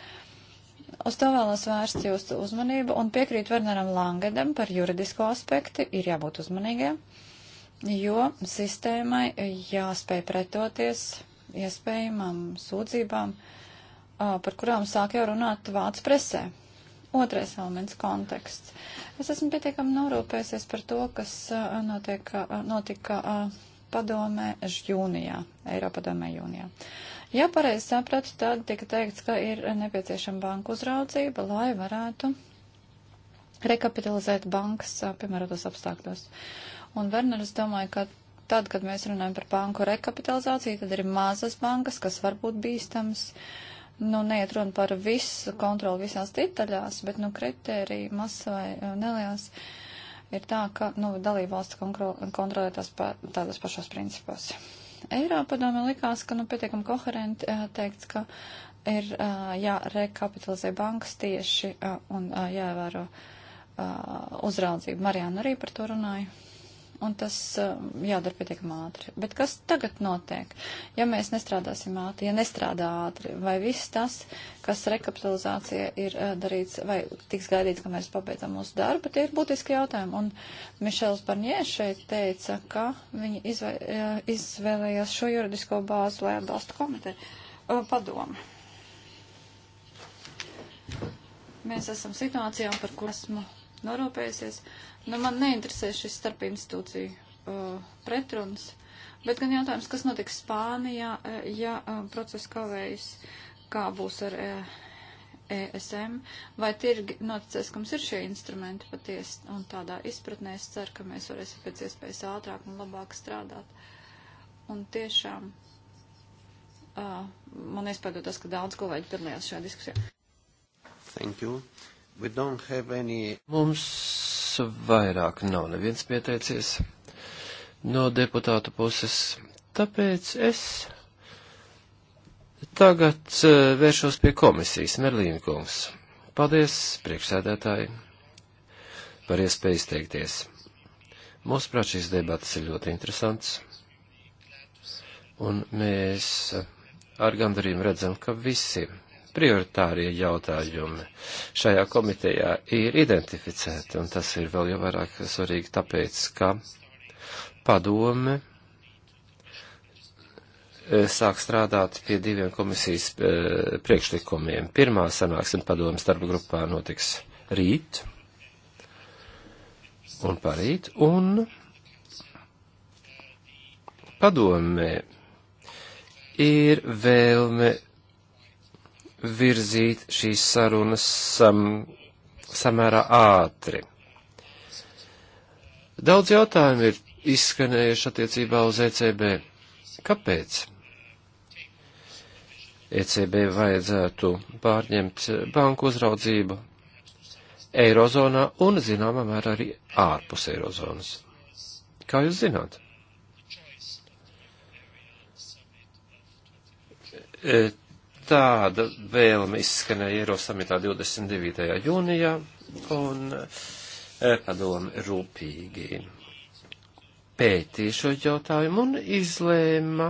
Uz to vēlos vērst jūsu uzmanību un piekrīt Werneram Langedam par juridisko aspektu. Ir jābūt uzmanīgiem. Ja? jo sistēmai jāspēj pretoties iespējamām sūdzībām, par kurām sāk jau runāt vācu presē. Otrais elements - konteksts. Es esmu pietiekami norūpējies par to, kas notiek, notika padomē jūnijā, Eiropadomē jūnijā. Ja pareizi sapratu, tad tika teikts, ka ir nepieciešama banku uzraudzība, lai varētu rekapitalizēt bankas piemērotos apstākļos. Uh, Un Werneris domāja, ka tad, kad mēs runājam par banku rekapitalizāciju, tad ir mazas bankas, kas var būt bīstamas. Nu, neiet runa par visu kontroli visās detaļās, bet, nu, kritērija masa vai eh, nelielas ir tā, ka, nu, dalībvalsts kontrolē tās pa, tādos pašos principos. Eiropa, domāju, likās, ka, nu, pietiekam koherenti eh, teikts, ka ir eh, jārekapitalizē bankas tieši un jāievēro uzraudzību. Marijāna arī par to runāja un tas uh, jādara pietiekam ātri. Bet kas tagad notiek? Ja mēs nestrādāsim ātri, ja nestrādā ātri, vai viss tas, kas rekapitalizācija ir uh, darīts, vai tiks gaidīts, ka mēs pabeidzam mūsu darbu, tie ir būtiski jautājumi. Un Mišels Barņē šeit teica, ka viņi izvē, uh, eh, izvēlējās šo juridisko bāzi, lai atbalstu komiteju uh, padomu. Mēs esam situācijām, par kur esmu norūpējusies. Uh, Nu, man neinteresē šis starp institūciju uh, pretruns, bet gan jautājums, kas notiks Spānijā, uh, ja uh, process kavējas, kā būs ar uh, ESM, vai tirgi noticēs, ka mums ir šie instrumenti patiesi, un tādā izpratnē es ceru, ka mēs varēsim pēc iespējas ātrāk un labāk strādāt. Un tiešām uh, man iespēja tas, ka daudz kolēģi piedalījās šajā diskusijā. Thank you. We don't have any... Mums vairāk nav neviens pieteicies no deputātu puses, tāpēc es tagad eh, vēršos pie komisijas, Merlīna kungs. Paldies, priekšsēdētāji, par iespēju izteikties. Mūsuprāt, šīs debatas ir ļoti interesants, un mēs ar gandarījumu redzam, ka visi prioritārie jautājumi šajā komitejā ir identificēti, un tas ir vēl jau vairāk svarīgi tāpēc, ka padome eh, sāk strādāt pie diviem komisijas eh, priekšlikumiem. Pirmā sanāksme padomas darba grupā notiks rīt un parīt, un padomē ir vēlme virzīt šīs sarunas um, samērā ātri. Daudz jautājumu ir izskanējuši attiecībā uz ECB. Kāpēc? ECB vajadzētu pārņemt banku uzraudzību Eirozonā un, zināmā mērā, arī ārpus Eirozonas. Kā jūs zināt? Et tāda vēlme izskanēja Eirosamitā 29. jūnijā, un e, padomi rūpīgi pētīja šo jautājumu un izlēma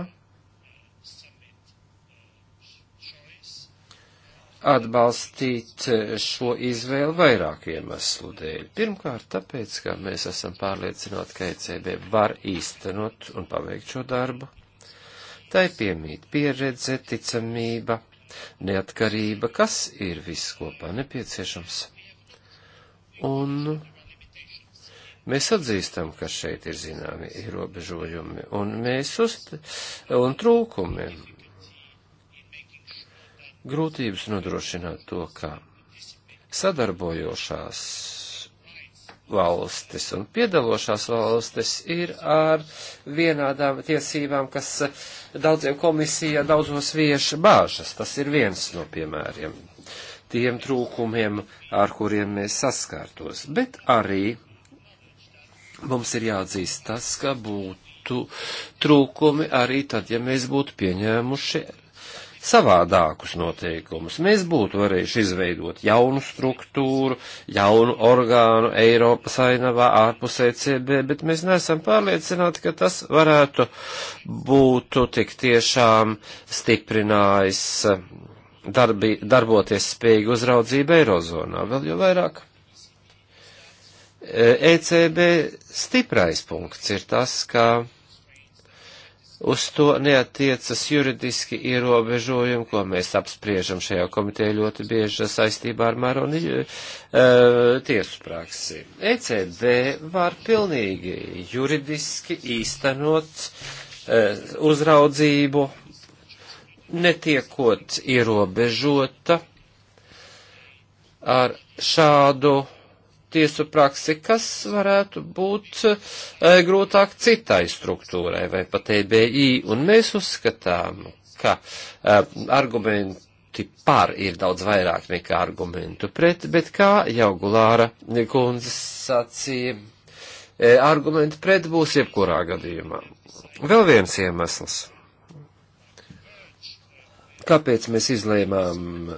atbalstīt šo izvēlu vairāku iemeslu dēļ. Pirmkārt, tāpēc, ka mēs esam pārliecināti, ka ECB var īstenot un paveikt šo darbu. Tai piemīt pieredze, ticamība neatkarība, kas ir viss kopā nepieciešams. Un mēs atzīstam, ka šeit ir zināmi ierobežojumi un mēs uzt un trūkumi. Grūtības nodrošināt to, kā sadarbojošās valstis, un piedalošās valstis ir ar vienādām tiesībām, kas daudziem komisijā daudzos vieša bāžas. Tas ir viens no piemēriem tiem trūkumiem, ar kuriem mēs saskārtos. Bet arī mums ir jāatzīst tas, ka būtu trūkumi arī tad, ja mēs būtu pieņēmuši savādākus noteikumus. Mēs būtu varējuši izveidot jaunu struktūru, jaunu orgānu Eiropas ainavā ārpus ECB, bet mēs neesam pārliecināti, ka tas varētu būt tik tiešām stiprinājis eh, darbi, darboties spējīgu uzraudzību Eirozonā. Vēl jau vairāk. ECB eh, e stiprais punkts ir tas, ka uz to neatiecas juridiski ierobežojumi, ko mēs apspriežam šajā komitē ļoti bieži saistībā ar Maroni uh, tiesu praksi. ECB var pilnīgi juridiski īstenot uh, uzraudzību, netiekot ierobežota ar šādu tiesu praksi, kas varētu būt e, grūtāk citai struktūrai vai pat EBI, un mēs uzskatām, ka e, argumenti par ir daudz vairāk nekā argumentu pret, bet kā jau Gulāra kundze sacīja, e, argumenti pret būs jebkurā gadījumā. Vēl viens iemesls. Kāpēc mēs izlēmām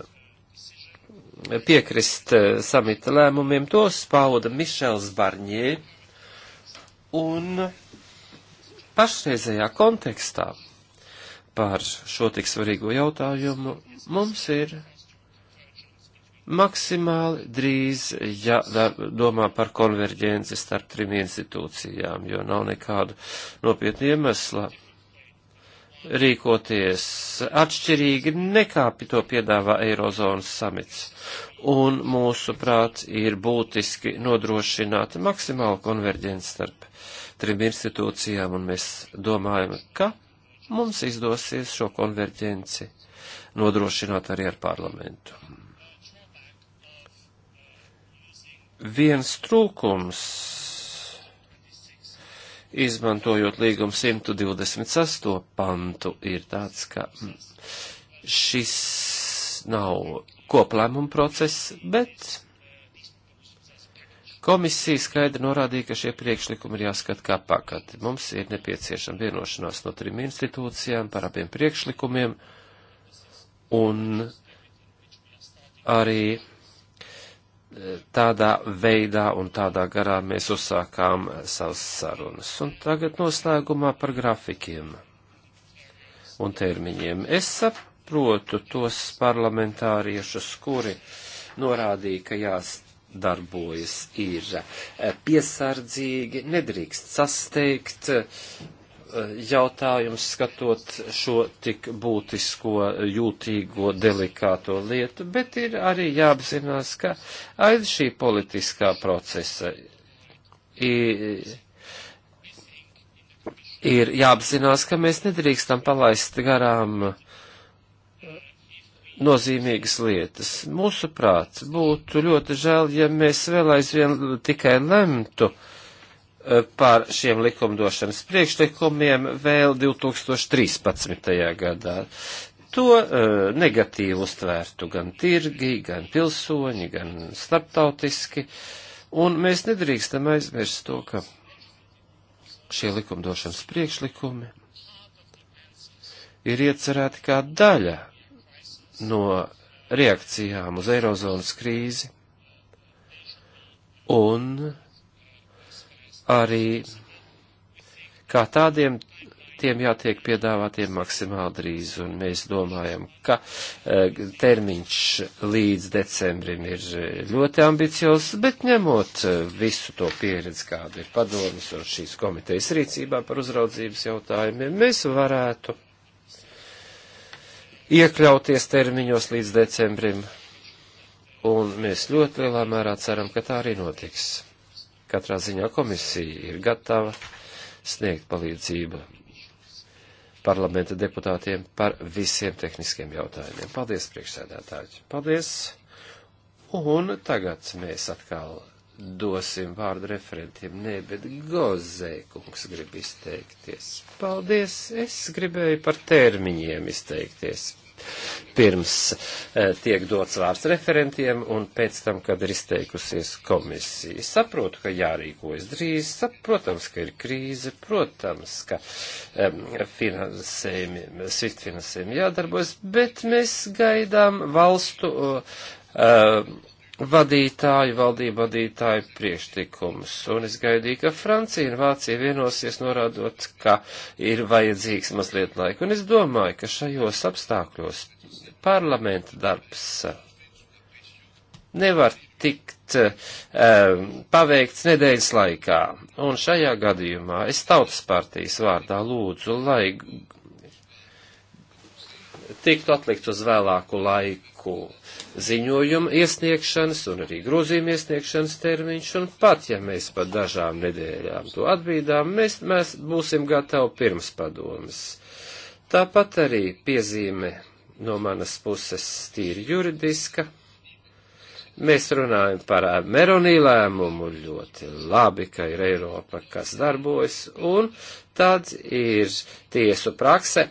piekrist eh, samita lēmumiem, tos pauda Mišels Barņē, un pašreizējā kontekstā par šo tik svarīgo jautājumu mums ir maksimāli drīz jādomā ja par konverģenci starp trim institūcijām, jo nav nekādu nopietnu iemeslu rīkoties atšķirīgi nekā to piedāvā Eirozonas samits. Un mūsu prāt ir būtiski nodrošināt maksimālu konverģenci starp trim institūcijām, un mēs domājam, ka mums izdosies šo konverģenci nodrošināt arī ar parlamentu. Viens trūkums izmantojot līgumu 126. pantu, ir tāds, ka šis nav koplēmuma process, bet Komisija skaidri norādīja, ka šie priekšlikumi ir jāskat kā pakati. Mums ir nepieciešama vienošanās no trim institūcijām par abiem priekšlikumiem, un arī tādā veidā un tādā garā mēs uzsākām savas sarunas. Un tagad noslēgumā par grafikiem un termiņiem. Es saprotu tos parlamentāriešus, kuri norādīja, ka jāsdarbojas ir piesardzīgi, nedrīkst sasteigt jautājums, skatot šo tik būtisko, jūtīgo, delikāto lietu, bet ir arī jāapzinās, ka aiz šī politiskā procesa ir, ir jāapzinās, ka mēs nedrīkstam palaist garām nozīmīgas lietas. Mūsuprāt, būtu ļoti žēl, ja mēs vēl aizvien tikai lemtu, uh, par šiem likumdošanas priekšlikumiem vēl 2013. gadā. To e, negatīvu uztvērtu gan tirgi, gan pilsoņi, gan starptautiski, un mēs nedrīkstam aizmirst to, ka šie likumdošanas priekšlikumi ir iecerēti kā daļa no reakcijām uz Eirozonas krīzi, un arī kā tādiem tiem jātiek piedāvātiem maksimāli drīz, un mēs domājam, ka eh, termiņš līdz decembrim ir eh, ļoti ambiciozs, bet ņemot eh, visu to pieredzi, kāda ir padomas un šīs komitejas rīcībā par uzraudzības jautājumiem, mēs varētu iekļauties termiņos līdz decembrim, un mēs ļoti lielā mērā ceram, ka tā arī notiks. Katrā ziņā komisija ir gatava sniegt palīdzību parlamenta deputātiem par visiem tehniskiem jautājumiem. Paldies, priekšsēdētāji! Paldies! Un tagad mēs atkal dosim vārdu referentiem. Nē, bet Gozēkungs grib izteikties. Paldies! Es gribēju par termiņiem izteikties. Pirms eh, tiek dots vārds referentiem un pēc tam, kad ir izteikusies komisija. Saprotu, ka jārīkojas drīz, protams, ka ir krīze, protams, ka um, finansējumi, SWIFT finansējumi jādarbojas, bet mēs gaidām valstu. Uh, um, vadītāju, valdību vadītāju priekšlikumus. Un es gaidīju, ka Francija un Vācija vienosies norādot, ka ir vajadzīgs mazliet laika. Un es domāju, ka šajos apstākļos parlamenta darbs nevar tikt um, paveikts nedēļas laikā. Un šajā gadījumā es tautas partijas vārdā lūdzu, lai tiktu atlikt uz vēlāku laiku ziņojuma iesniegšanas un arī grozījuma iesniegšanas termiņš, un pat ja mēs pa dažām nedēļām to atbīdām, mēs, mēs būsim gatavi pirms padomas. Tāpat arī piezīme no manas puses tīri juridiska. Mēs runājam par Meronī lēmumu ļoti labi, ka ir Eiropa, kas darbojas, un tad ir tiesu prakse,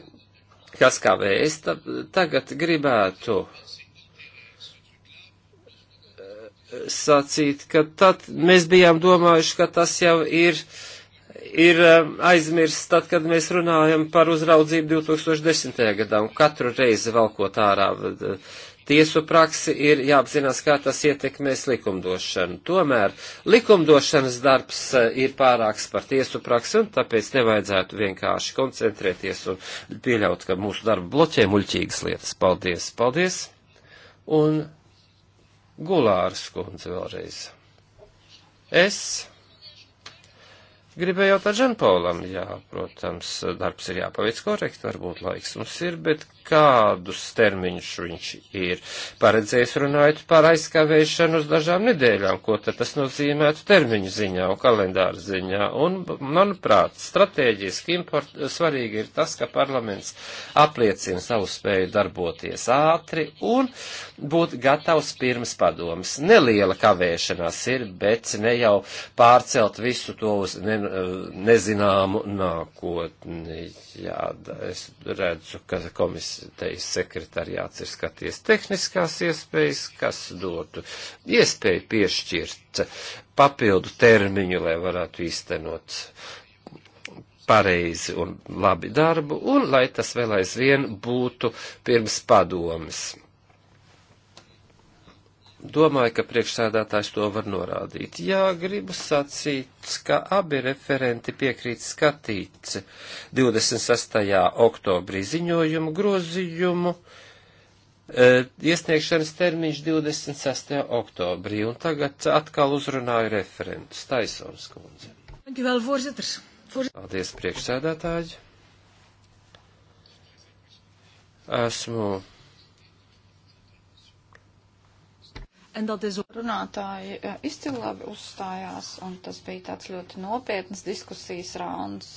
kas kā vēsta tagad gribētu uh, sacīt, ka tad mēs bijām domājuši, ka tas jau ir, ir um, aizmirsts, tad, kad mēs runājam par uzraudzību 2010. gadā, un katru reizi valkot ārā tiesu praksi ir jāapzinās, kā tas ietekmēs likumdošanu. Tomēr likumdošanas darbs uh, ir pārāks par tiesu praksi, un tāpēc nevajadzētu vienkārši koncentrēties un pieļaut, ka mūsu darbu bloķē muļķīgas lietas. Paldies, paldies! Un Gulārs kundze vēlreiz. Es Gribēju jautāt Žanpolam, jā, protams, darbs ir jāpaveic korekti, varbūt laiks mums ir, bet kādus termiņus viņš ir paredzējis runājot par aizkavēšanu uz dažām nedēļām, ko tad tas nozīmētu termiņu ziņā un kalendāra ziņā. Un, manuprāt, strateģiski import, svarīgi ir tas, ka parlaments apliecina savu spēju darboties ātri un būt gatavs pirms padomas. Neliela kavēšanās ir, bet ne jau pārcelt visu to uz ne Eh, nezināmu nākotni. Jā, es redzu, ka komisijas sekretariāts ir skaties tehniskās iespējas, kas dotu iespēju piešķirt papildu termiņu, lai varētu īstenot pareizi un labi darbu, un lai tas vēl aizvien būtu pirms padomis Domāju, ka priekšsēdētājs to var norādīt. Jā, gribu sacīt, ka abi referenti piekrīt skatīt 26. oktobrī ziņojumu grozījumu. E, iesniegšanas termiņš 26. oktobrī, un tagad atkal uzrunāju referentus. Taisons kundze. Paldies, priekšsēdētāji. Esmu Is... Runātāji eh, izcili labi uzstājās, un tas bija tāds ļoti nopietnas diskusijas rauns.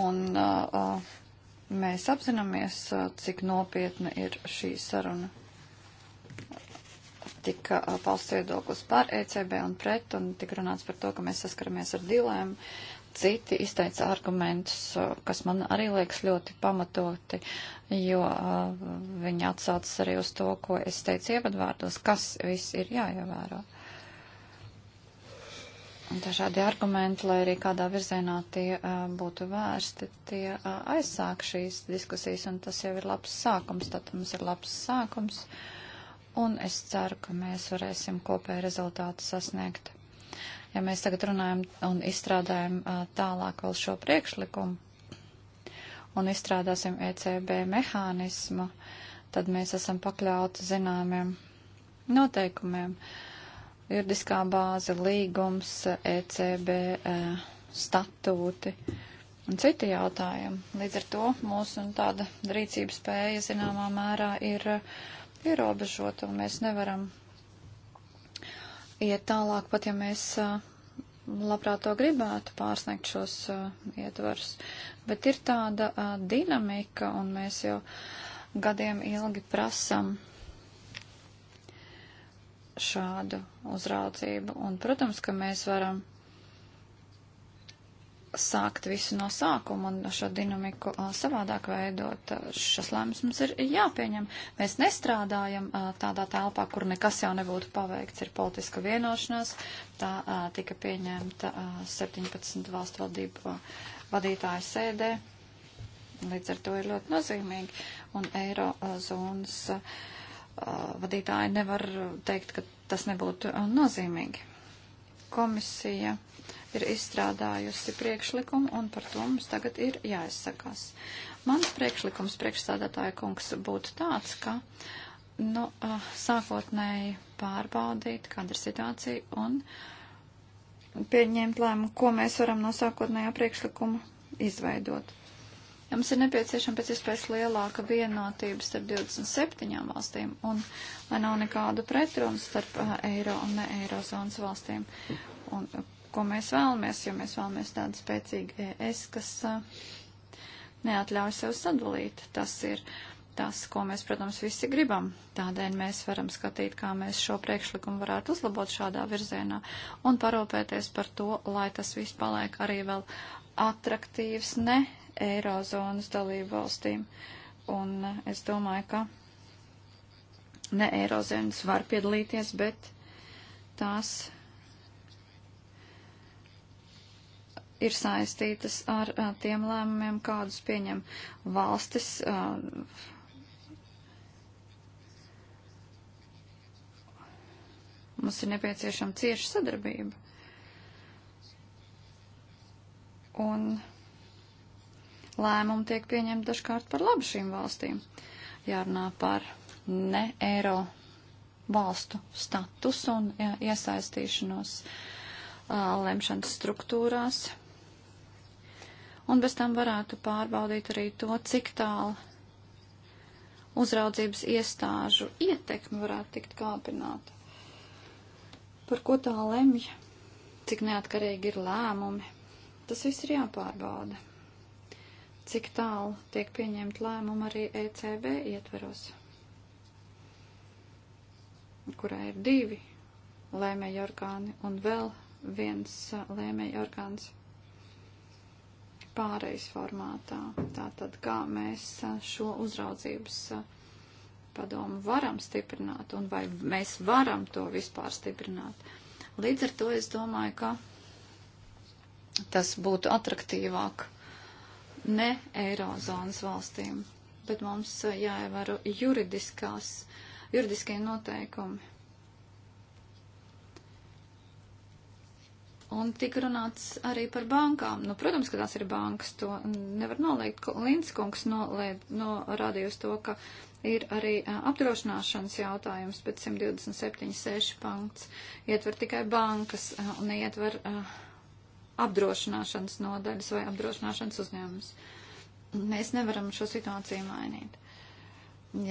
Un uh, mēs apzināmies, cik nopietna ir šī saruna. Tika uh, palsts viedoklis par ECB un pret, un tika runāts par to, ka mēs saskaramies ar dilēmu citi izteica argumentus, uh, kas man arī liekas ļoti pamatoti, jo uh, viņi atsaucas arī uz to, ko es teicu ievadvārdos, kas viss ir jāievēro. Dažādi argumenti, lai arī kādā virzienā tie uh, būtu vērsti, tie uh, aizsāk šīs diskusijas, un tas jau ir labs sākums, tad mums ir labs sākums, un es ceru, ka mēs varēsim kopēju rezultātu sasniegt ja mēs tagad runājam un izstrādājam tālāk vēl šo priekšlikumu un izstrādāsim ECB mehānismu, tad mēs esam pakļauti zināmiem noteikumiem. Juridiskā bāze, līgums, ECB statūti un citi jautājumi. Līdz ar to mūsu un tāda rīcības spēja zināmā mērā ir ierobežota, un mēs nevaram iet tālāk, pat ja mēs labprāt to gribētu pārsniegt šos ietvarus. Bet ir tāda dinamika, un mēs jau gadiem ilgi prasam šādu uzraudzību. Un, protams, ka mēs varam sākt visu no sākuma un šo dinamiku uh, savādāk veidot. Uh, Šas lēmums mums ir jāpieņem. Mēs nestrādājam uh, tādā telpā, kur nekas jau nebūtu paveikts. Ir politiska vienošanās, tā tika pieņemta 17 valstu valdību vadītāju sēdē. Līdz ar to ir ļoti nozīmīgi. Un Eirozonas vadītāji nevar teikt, ka tas nebūtu nozīmīgi. Komisija ir izstrādājusi priekšlikumu, un par to mums tagad ir jāizsakās. Mans priekšlikums priekšstādātāja kungs būtu tāds, ka nu, sākotnēji pārbaudīt, kāda ir situācija, un pieņemt lēmumu, ko mēs varam no sākotnējā priekšlikuma izveidot. Mums ir nepieciešama pēc iespējas lielāka vienotības starp 27 valstīm un lai nav nekādu pretrunu starp eiro un ne eirozonas valstīm. Un ko mēs vēlamies, jo mēs vēlamies tādu spēcīgu ES, kas uh, neatļauj sev sadalīt. Tas ir tas, ko mēs, protams, visi gribam. Tādēļ mēs varam skatīt, kā mēs šo priekšlikumu varētu uzlabot šādā virzienā un parūpēties par to, lai tas viss paliek arī vēl atraktīvs ne Eirozonas dalību valstīm. Un uh, es domāju, ka ne Eirozonas var piedalīties, bet tās ir saistītas ar a, tiem lēmumiem, kādus pieņem valstis. A, mums ir nepieciešama cieša sadarbība. Un lēmumi tiek pieņemti dažkārt par labu šīm valstīm. Jārunā par ne eiro valstu statusu un jā, iesaistīšanos uh, lemšanas struktūrās un bez tam varētu pārbaudīt arī to, cik tālu uzraudzības iestāžu ietekme varētu tikt kāpināta. Par ko tā lemj, cik neatkarīgi ir lēmumi, tas viss ir jāpārbauda. Cik tālu tiek pieņemt lēmumu arī ECB ietveros, kurā ir divi lēmēji orgāni un vēl viens lēmēji orgāns pārejas formātā. Tātad, kā mēs šo uzraudzības padomu varam stiprināt un vai mēs varam to vispār stiprināt. Līdz ar to es domāju, ka tas būtu atraktīvāk ne Eirozonas valstīm, bet mums jāievēro juridiskās, juridiskie noteikumi Un tika runāts arī par bankām. Nu, protams, ka tās ir bankas, to nevar noliegt. Linskungs norādīja uz to, ka ir arī apdrošināšanas jautājums, bet 127.6 punkts ietver tikai bankas un ietver apdrošināšanas nodaļas vai apdrošināšanas uzņēmumus. Mēs nevaram šo situāciju mainīt,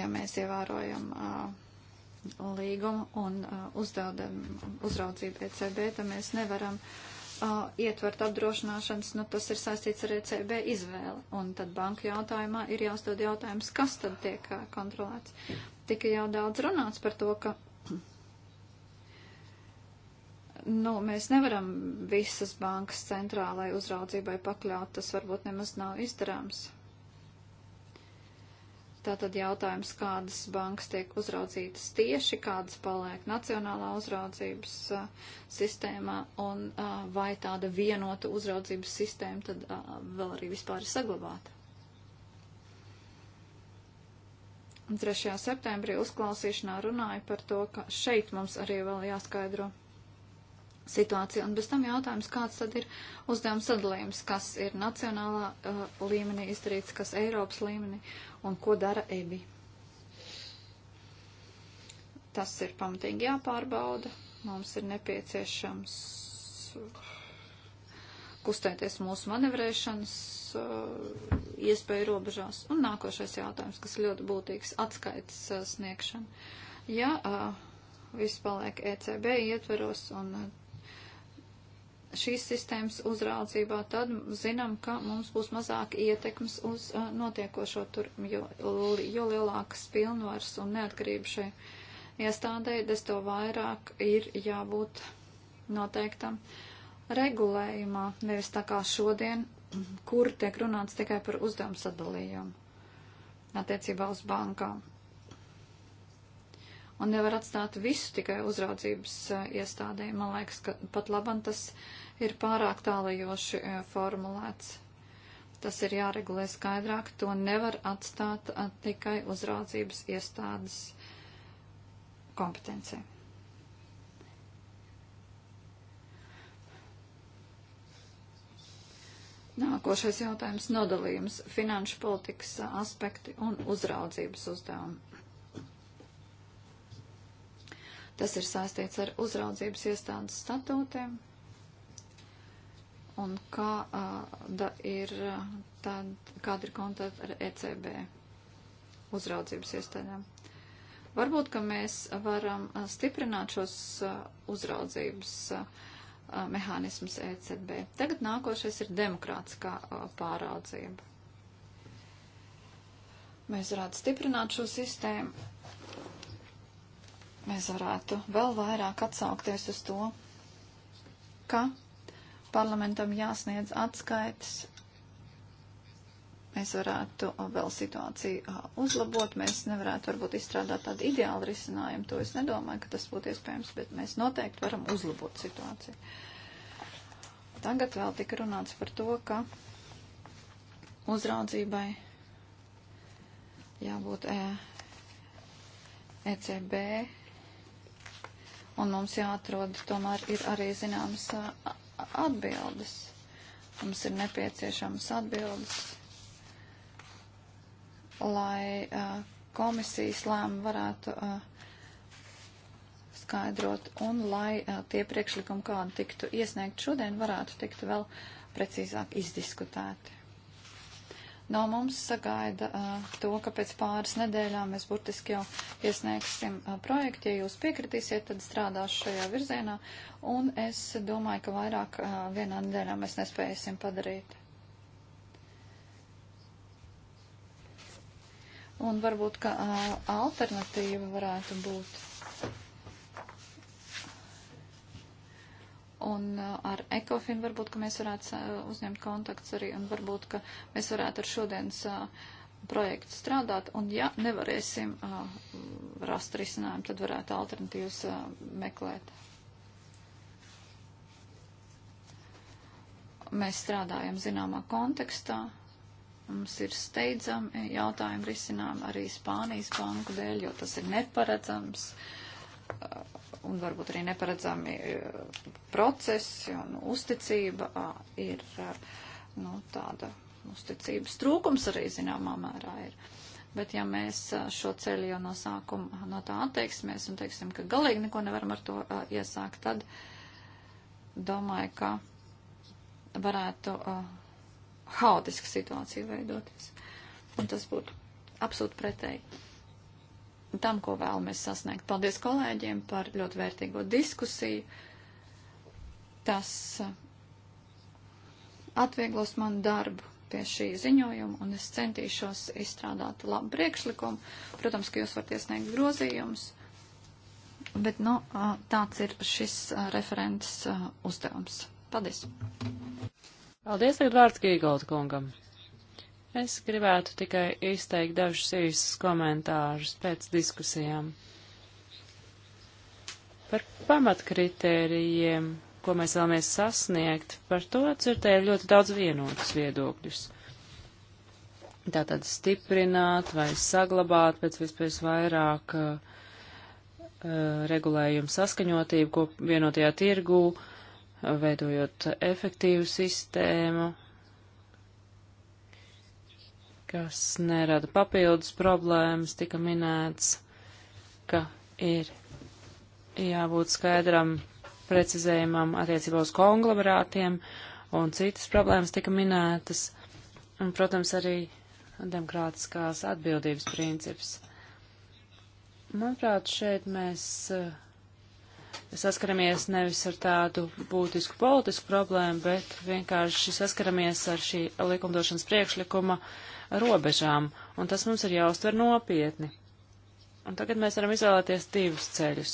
ja mēs ievērojam. Uh, līgumu un uh, uzraudzību ECB, tad mēs nevaram uh, ietvert apdrošināšanas, nu tas ir saistīts ar ECB izvēli. Un tad banka jautājumā ir jāuzdod jautājums, kas tad tiek uh, kontrolēts. Tika jau daudz runāts par to, ka nu, mēs nevaram visas bankas centrālai uzraudzībai pakļaut, tas varbūt nemaz nav izdarāms. Tātad jautājums, kādas bankas tiek uzraudzītas tieši, kādas paliek nacionālā uzraudzības a, uh, sistēmā un a, uh, vai tāda vienota uzraudzības sistēma tad a, uh, vēl arī vispār ir saglabāta. Un 3. septembrī uzklausīšanā runāja par to, ka šeit mums arī vēl jāskaidro situācija. Un bez tam jautājums, kāds tad ir uzdevums sadalījums, kas ir nacionālā uh, līmenī izdarīts, kas Eiropas līmenī un ko dara EBI. Tas ir pamatīgi jāpārbauda. Mums ir nepieciešams kustēties mūsu manevrēšanas uh, iespēju robežās. Un nākošais jautājums, kas ir ļoti būtīgs - atskaites uh, sniegšana. Ja uh, viss paliek ECB ietveros un uh, šīs sistēmas uzraudzībā, tad zinām, ka mums būs mazāk ietekmes uz uh, notiekošo tur, jo, jo lielākas pilnvars un neatkarība šai iestādē, desto vairāk ir jābūt noteiktam regulējumā, nevis tā kā šodien, kur tiek runāts tikai par uzdevumu sadalījumu attiecībā uz bankām un nevar atstāt visu tikai uzraudzības eh, iestādē. Man liekas, ka pat labam tas ir pārāk tālajoši eh, formulēts. Tas ir jāregulē skaidrāk, to nevar atstāt eh, tikai uzraudzības iestādes kompetencija. Nākošais jautājums - nodalījums, finanšu politikas aspekti un uzraudzības uzdevumi. Tas ir saistīts ar uzraudzības iestādes statūtiem un kā, da, ir, tad, kāda ir kontakta ar ECB uzraudzības iestādēm. Varbūt, ka mēs varam stiprināt šos uzraudzības mehānismus ECB. Tagad nākošais ir demokrātiskā pāraudzība. Mēs varētu stiprināt šo sistēmu mēs varētu vēl vairāk atsaukties uz to, ka parlamentam jāsniedz atskaites. Mēs varētu vēl situāciju uzlabot, mēs nevarētu varbūt izstrādāt tādu ideālu risinājumu, to es nedomāju, ka tas būtu iespējams, bet mēs noteikti varam uzlabot situāciju. Tagad vēl tika runāts par to, ka uzraudzībai jābūt ECB un mums jāatrod tomēr ir arī zināmas atbildes. Mums ir nepieciešamas atbildes, lai komisijas lēma varētu skaidrot un lai tie priekšlikumi, kādi tiktu iesniegt šodien, varētu tikt vēl precīzāk izdiskutēti no mums sagaida uh, to, ka pēc pāris nedēļām mēs burtiski jau iesniegsim uh, projektu. Ja jūs piekritīsiet, tad strādāšu šajā virzienā, un es domāju, ka vairāk uh, vienā nedēļā mēs nespēsim padarīt. Un varbūt, ka uh, alternatīva varētu būt Un uh, ar ECOFIN varbūt, ka mēs varētu uh, uzņemt kontakts arī un varbūt, ka mēs varētu ar šodienas uh, projektu strādāt. Un ja nevarēsim rast risinājumu, tad varētu alternatīvas meklēt. Mēs strādājam zināmā kontekstā. Mums ir steidzami jautājumi risinām arī Spānijas banku dēļ, jo tas ir neparedzams. Uh, un varbūt arī neparedzami e, procesi un uzticība ir e, nu, tāda uzticības trūkums arī zināmā mērā ir. Bet ja mēs šo ceļu jau no sākuma no tā atteiksimies un teiksim, ka galīgi neko nevaram ar to uh, iesākt, tad domāju, ka varētu uh, haotiska situācija veidoties. Un tas būtu absolūti pretēji tam, ko vēlamies sasniegt. Paldies kolēģiem par ļoti vērtīgo diskusiju. Tas uh, atvieglos man darbu pie šī ziņojuma, un es centīšos izstrādāt labu priekšlikumu. Protams, ka jūs varat iesniegt grozījumus, bet, nu, uh, tāds ir šis uh, referents uzdevums. Paldies! Paldies, tagad vārds Gīgolda kungam. Es gribētu tikai izteikt dažus īsus komentārus pēc diskusijām. Par pamatkritērijiem, ko mēs vēlamies sasniegt, par to dzirdēju ļoti daudz vienotus viedokļus. Tātad stiprināt vai saglabāt pēc vispēc vairāk uh, uh, regulējumu saskaņotību, ko vienotajā tirgū, veidojot efektīvu sistēmu, kas nerada papildus problēmas, tika minēts, ka ir jābūt skaidram precizējumam attiecībā uz konglomerātiem, un citas problēmas tika minētas, un, protams, arī demokrātiskās atbildības princips. Manuprāt, šeit mēs eh, saskaramies nevis ar tādu būtisku politisku problēmu, bet vienkārši saskaramies ar šī likumdošanas priekšlikuma uh, robežām, un tas mums ir jāuztver nopietni. Un tagad mēs varam izvēlēties divus ceļus.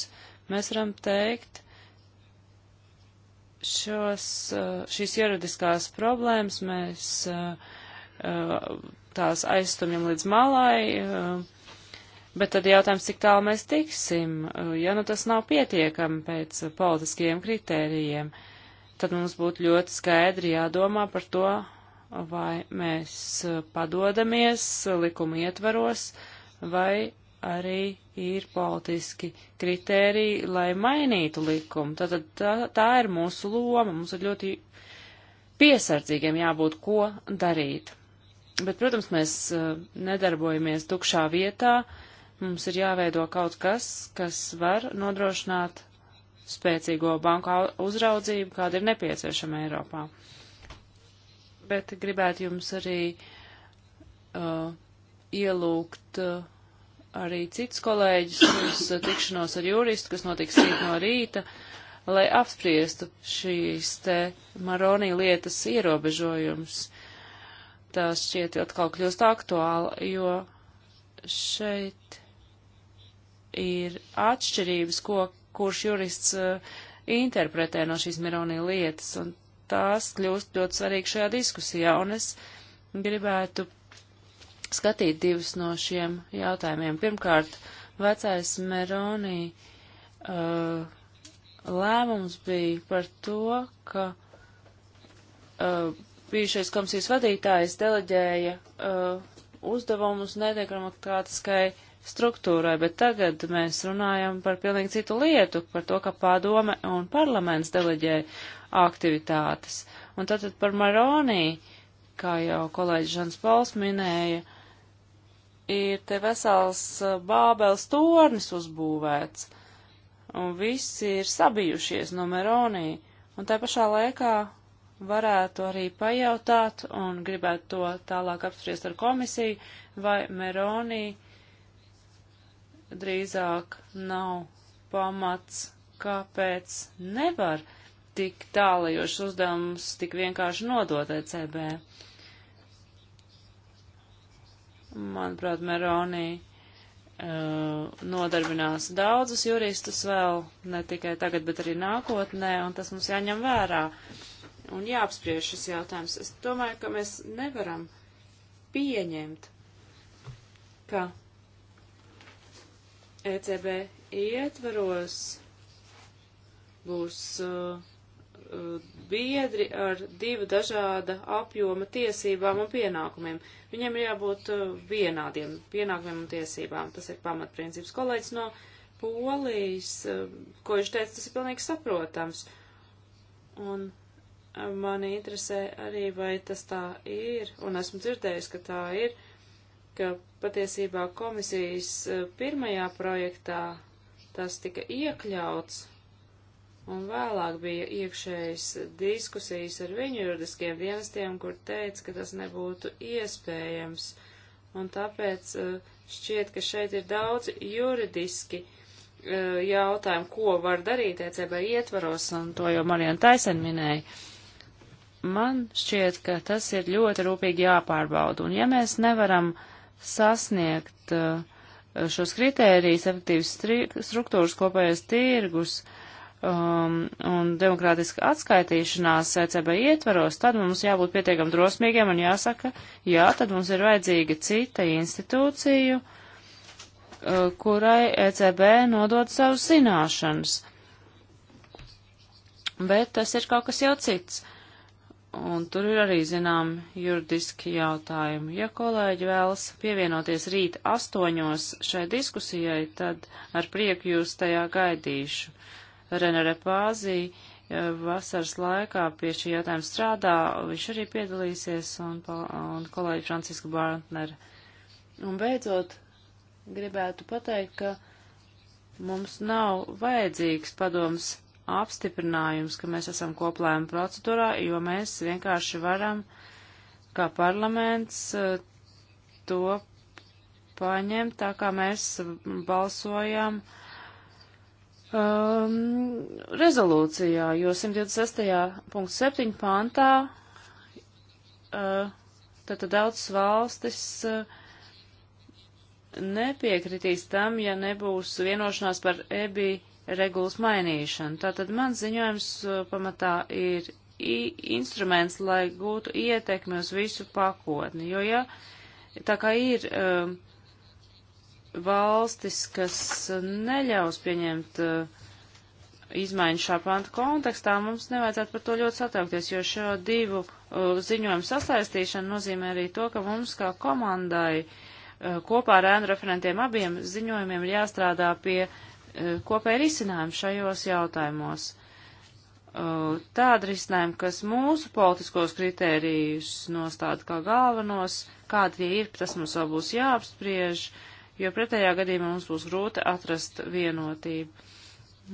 Mēs varam teikt, šos, eh, šīs juridiskās problēmas mēs eh, eh, tās aizstumjam līdz malai, bet tad jautājums, cik tālu mēs tiksim, ja nu tas nav pietiekami pēc politiskajiem kritērijiem, tad mums būtu ļoti skaidri jādomā par to, vai mēs e, padodamies e, likuma ietvaros, vai arī ir politiski kritēriji, lai mainītu likumu. Tātad tā, tā ir mūsu loma, mums ir ļoti piesardzīgiem jābūt, ko darīt. Bet, protams, mēs e, nedarbojamies tukšā vietā, mums ir jāveido kaut kas, kas var nodrošināt spēcīgo banku uzraudzību, kāda ir nepieciešama Eiropā bet gribētu jums arī uh, ielūgt uh, arī citus kolēģus uz uh, tikšanos ar juristu, kas notiks rīt no rīta, lai apspriestu šīs te Maronī lietas ierobežojums. Tas šķiet atkal kļūst aktuāli, jo šeit ir atšķirības, ko kurš jurists uh, interpretē no šīs Maronī lietas, un tās kļūst ļoti svarīgi šajā diskusijā, un es gribētu skatīt divus no šiem jautājumiem. Pirmkārt, vecais Meronī uh, lēmums bija par to, ka uh, bijušais komisijas vadītājs deleģēja uh, uzdevumus nedekromakrātiskai struktūrai, bet tagad mēs runājam par pilnīgi citu lietu, par to, ka padome un parlaments deleģē aktivitātes. Un tātad par Maronī, kā jau kolēģis Žans Pauls minēja, ir te vesels uh, bābels tornis uzbūvēts, un visi ir sabijušies no Maronī, un tā pašā laikā varētu arī pajautāt un gribētu to tālāk apspriest ar komisiju, vai Meronī drīzāk nav pamats, kāpēc nevar tik tālajošs uzdevums tik vienkārši nodot ECB. Manuprāt, Meronī uh, nodarbinās daudzus juristus vēl, ne tikai tagad, bet arī nākotnē, un tas mums jāņem vērā un jāapspriež šis jautājums. Es domāju, ka mēs nevaram pieņemt, ka ECB ietvaros būs uh, biedri ar divu dažāda apjoma tiesībām un pienākumiem. Viņiem ir jābūt uh, vienādiem pienākumiem un tiesībām. Tas ir pamatprincips. Kolēģis no Polijas, uh, ko viņš teica, tas ir pilnīgi saprotams. Un uh, mani interesē arī, vai tas tā ir, un esmu dzirdējis, ka tā ir, ka patiesībā komisijas pirmajā projektā tas tika iekļauts Un vēlāk bija iekšējas diskusijas ar viņu juridiskiem dienestiem, kur teica, ka tas nebūtu iespējams. Un tāpēc eh, šķiet, ka šeit ir daudz juridiski eh, jautājumu, ko var darīt ECB ietvaros, un to jau Marijan Taisen minēja. Man šķiet, ka tas ir ļoti rūpīgi jāpārbauda. Un ja mēs nevaram sasniegt eh, šos kritērijus, efektīvas struktūras, kopējais tirgus, uh, um, un demokrātiska atskaitīšanās ECB ietvaros, tad mums jābūt pietiekam drosmīgiem un jāsaka, jā, tad mums ir vajadzīga cita institūcija, uh, kurai ECB nodot savus zināšanas. Bet tas ir kaut kas jau cits. Un tur ir arī, zinām, juridiski jautājumi. Ja kolēģi vēlas pievienoties rīt astoņos šai diskusijai, tad ar prieku jūs tajā gaidīšu. Renere Pāzī vasaras laikā pie šī jautājuma strādā, viņš arī piedalīsies un, un kolēģi Franciska Bartner. Un beidzot, gribētu pateikt, ka mums nav vajadzīgs padoms apstiprinājums, ka mēs esam koplējuma procedūrā, jo mēs vienkārši varam, kā parlaments, to paņemt, tā kā mēs balsojam uh, um, rezolūcijā, jo 126.7. pāntā uh, tad daudz valstis uh, nepiekritīs tam, ja nebūs vienošanās par EBI regulas mainīšanu. Tātad mans ziņojums uh, pamatā ir instruments, lai gūtu ietekmi uz visu pakotni, jo ja tā kā ir uh, valstis, kas neļaus pieņemt uh, izmaiņu šā panta kontekstā, mums nevajadzētu par to ļoti satraukties, jo šo divu uh, ziņojumu sasaistīšana nozīmē arī to, ka mums kā komandai uh, kopā ar ēnu referentiem abiem ziņojumiem ir jāstrādā pie kopēja risinājuma šajos jautājumos. Tāda risinājuma, kas mūsu politiskos kritērijus nostāda kā galvenos, kādi tie ir, tas mums vēl būs jāapspriež. Uh, jo pretējā gadījumā mums būs grūti atrast vienotību.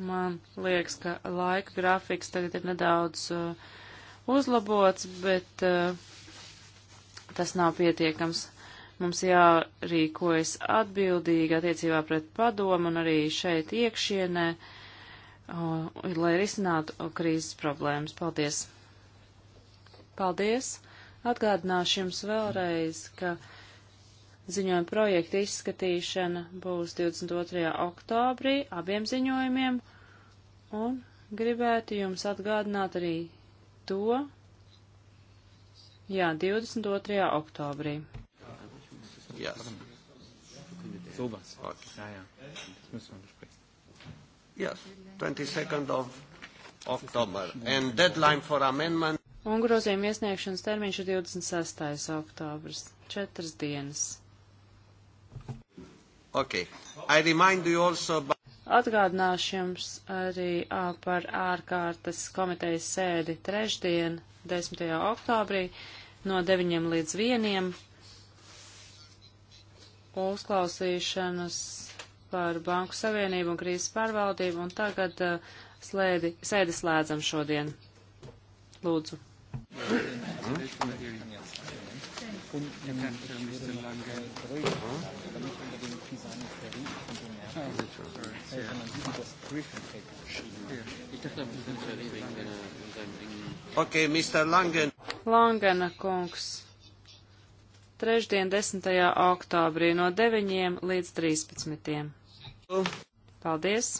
Man liekas, ka laika grafiks tagad ir nedaudz uh, uzlabots, bet uh, tas nav pietiekams. Mums jārīkojas atbildīgi attiecībā pret padomu un arī šeit iekšienē, uh, lai risinātu krīzes problēmas. Paldies! Paldies! Atgādināšu jums vēlreiz, ka Ziņojuma projekta izskatīšana būs 22. oktobrī abiem ziņojumiem, un gribētu jums atgādināt arī to, jā, 22. oktobrī. Yes. Sowas. Okay. Ja, ja. Das müssen wir besprechen. Yes, 22nd of October. And deadline for amendment. Un grozījuma iesniegšanas termiņš ir 26. oktobrs, četras dienas. Okay. I remind you also about... Atgādināšu jums arī a, par ārkārtas komitejas sēdi trešdien, 10. oktobrī, no 9 līdz 1. Uzklausīšanas par Banku Savienību un krīzes pārvaldību, un tagad a, slēdi, sēdi slēdzam šodien. Lūdzu. Mm. Ok, Mr. Langen. Langena kungs. Trešdien, 10. oktobrī no 9 līdz 13. Paldies!